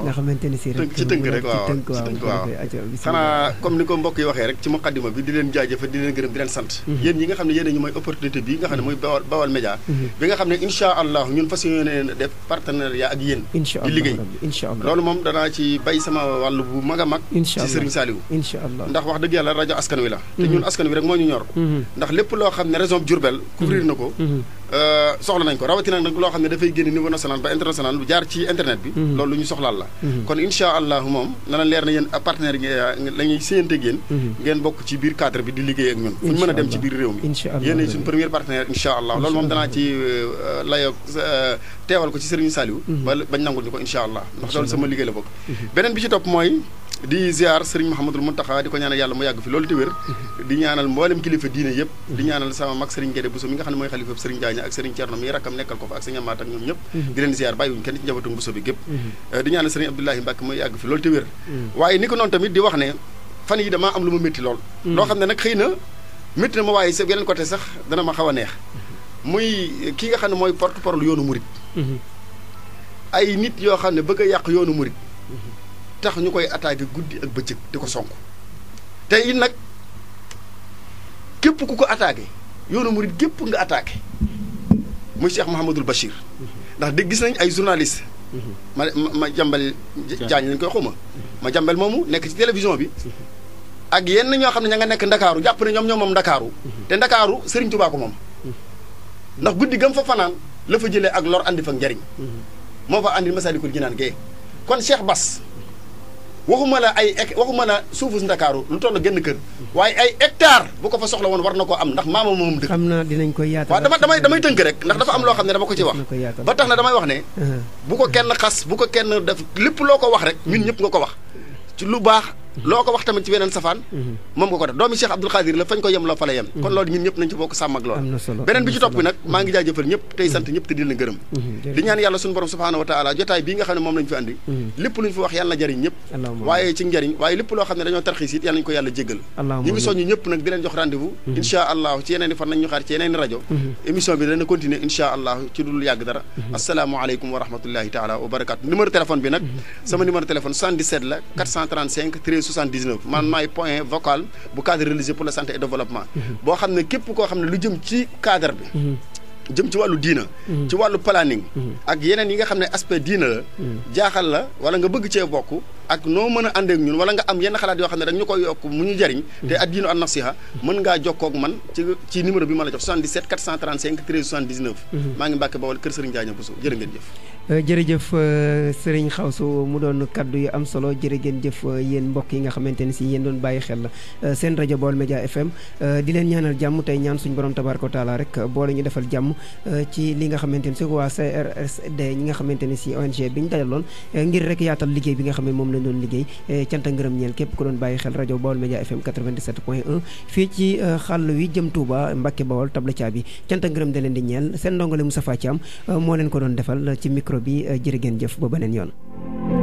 B: xamante ni si rek ci tënk waaw ci tënk waaw xanaa
D: ni ko mbokk yi waxee rek ci muqaddima bi leen jaajëfal di leen gërëm di leen sant mhm. nga xam ne yéen ñu mooy opportunité bi nga xam ne mhm. mooy bawal bawal média mhm. bi nga xam ne incha allah ñun fas yéene def partenariat ak yéen di liggéey incha allah loolu moom danaa ci bay sama wàll bu mag a mag ci Sëriñ Saaliwu incha allah ndax wax dëgg yàlla rajo askan wi la te ñun askan askan wi rek moo ñu ñor. Mm-hmm. ndax lépp loo xam ne raison Diourbel. couvrir na ko. Mm-hmm. Euh, soxla nañ ko rawatina nag loo xam ne dafay génn niveau national ba international bu jaar ci internet bi. Mhm. loolu lu ñu la. Mhm. kon incha allah mom nana leer na yéen partenaire yi la ñuy séyante géen mhm. ngeen ci biir cadre bi di liggéey ak ñun. fu ñu dem ci biir réew
B: mi. allah suñu
D: premier partenaire incha allah. loolu moom danaa ci euh, layoo euh, teewal ko ci Serigne bañ nangul ko allah. ndax loolu sama liggéey la bokk. beneen bi ci di ziar Serigne Mouhamadul Mountakha di ko ñaanal yàlla mu yàgg fi loolu te wér. di ñaanal mboolem kilifa diine di ñaanal sama mag Serigne Guédé Bousso mi nga xam ne mooy Serigne Diagne ak Serigne Thierno mi rakkam nekkal ko fa ak Serigne Amath ak ñoom ñëpp di leen ziar bàyyiwuñ kenn ci njabootu Bousso bi gépp di ñaanal Serigne Abdoulahi Mbacke muy yàgg fi loolu te wér waaye ni ko noonu tamit di wax ne fan yi damaa am lu ma métti lool mhm. loo xam ne nag xëy na métti na ma waaye sa beneen côté sax dana ma xaw a neex muy ki nga xam ne mooy porte parole yoonu murit mhm. ay nit yoo xam bëgg a yoonu murit mhm. tax ñu koy guddi ak bëccëg di ko sonk te képp ku ko attaqué yoonu murit gépp nga attaqué muy Cheikh Mouhamadul Bachir ndax dégg gis nañ ay journaliste ma ma jàmbal jaañ lañ koy xuma ma jàmbal moomu nekk ci télévision bi ak yenn ñoo xam ne ña nga nekk ndakaaru jàpp ne ñoom ñoom ndakaaru te ndakaaru Serigne Touba moom ndax guddi gam fa fanaan la fa jëlee ak lor andi fa njariñ moo fa andi Masaalikul naan gee kon Cheikh bas waxuma la ay waxuma la suufu Ndakaaru lu toll génn kër waaye ay hectare bu ko fa soxla woon war na koo am ndax maama moom
B: dëkk xam naa dinañ koy yaatal waaw dama damay
D: damay tënk rek ndax dafa am loo xam ne dama ko ci wax ba tax na damay wax ne bu ko kenn xas bu ko kenn def lépp loo ko wax rek ñun ñëpp nga ko wax ci lu baax loo ko wax tamit ci weneen safaan moom nga ko def doomi Cheikh Abdoul Khadir la fañ ko yem loo fa la yem kon loolu ñun ñëpp nañ ci bokk sàmm ak loolu
G: beneen bi ci topp bi nag
D: ngi jaajëfal ñëpp tey sant ñëpp te di la gërëm
G: mm-hmm, di
D: ñaan yàlla suñu borom subhanahu wa taala jotaay bii nga xam ne lañ fi andi mm-hmm. lépp luñ fi wax jariñ ci ko jéggal ñu ngi di leen jox rendez-vous mm-hmm. insha allah ci yeneen fan nañ ñu xaar ci yeneen i émission bi dana continuer insha allah ci dul yàgg dara asalaamaaleykum wa rahmatullahi taala wa barakatu numéro téléphone bi nag sama numéro téléphone 77 la 435 13 79 man maay point vocal bu cadre religieux pour la santé et développement boo xam ne képp koo xam ne lu jëm ci cadre bi jëm ci wàllu diina ci wàllu planning ak yeneen yi nga xam ne aspect diina la jaaxal la wala nga bëgg cee bokk ak noo mën a ànd ak ñun wala nga am yenn xalaat yoo xam ne dañ ñu koy yokk mu ñu jariñ te hmm. ak diinu an nasiha mën ngaa jokkoo man ci ci bi ma la jox hmm. maa ngi Mbàkke Bawol kër Sëriñ Jaañ Buso jërë ngeen jëf
B: Eh, jërëjëf eh, sëriñ Xawsu mu doon kaddu yu am solo jërë ngeen jëf eh, yéen mbokk yi nga xamante ni si yéen doon bàyyi xel seen rajo Baol Média FM di leen ñaanal jàmm tey ñaan suñu borom tabaaraka taala rek boole ñu defal jàmm ci li nga xamante ni si waa CRSD ñi nga xamante ni si ONG bi ñu dajaloon ngir rek yaatal liggéey bi nga xam ne moom lañ doon liggéey canta ngërëm ñeel képp ku doon bàyyi xel rajo Baol Média FM 97.1 fii ci xàll wi jëm Touba Mbacke Bawol tabla caa bi canta ngërëm da leen di ñeel seen ndongole Moustapha Thiam moo leen ko doon defal ci micro micro bi jërë ngeen jëf ba beneen yoon.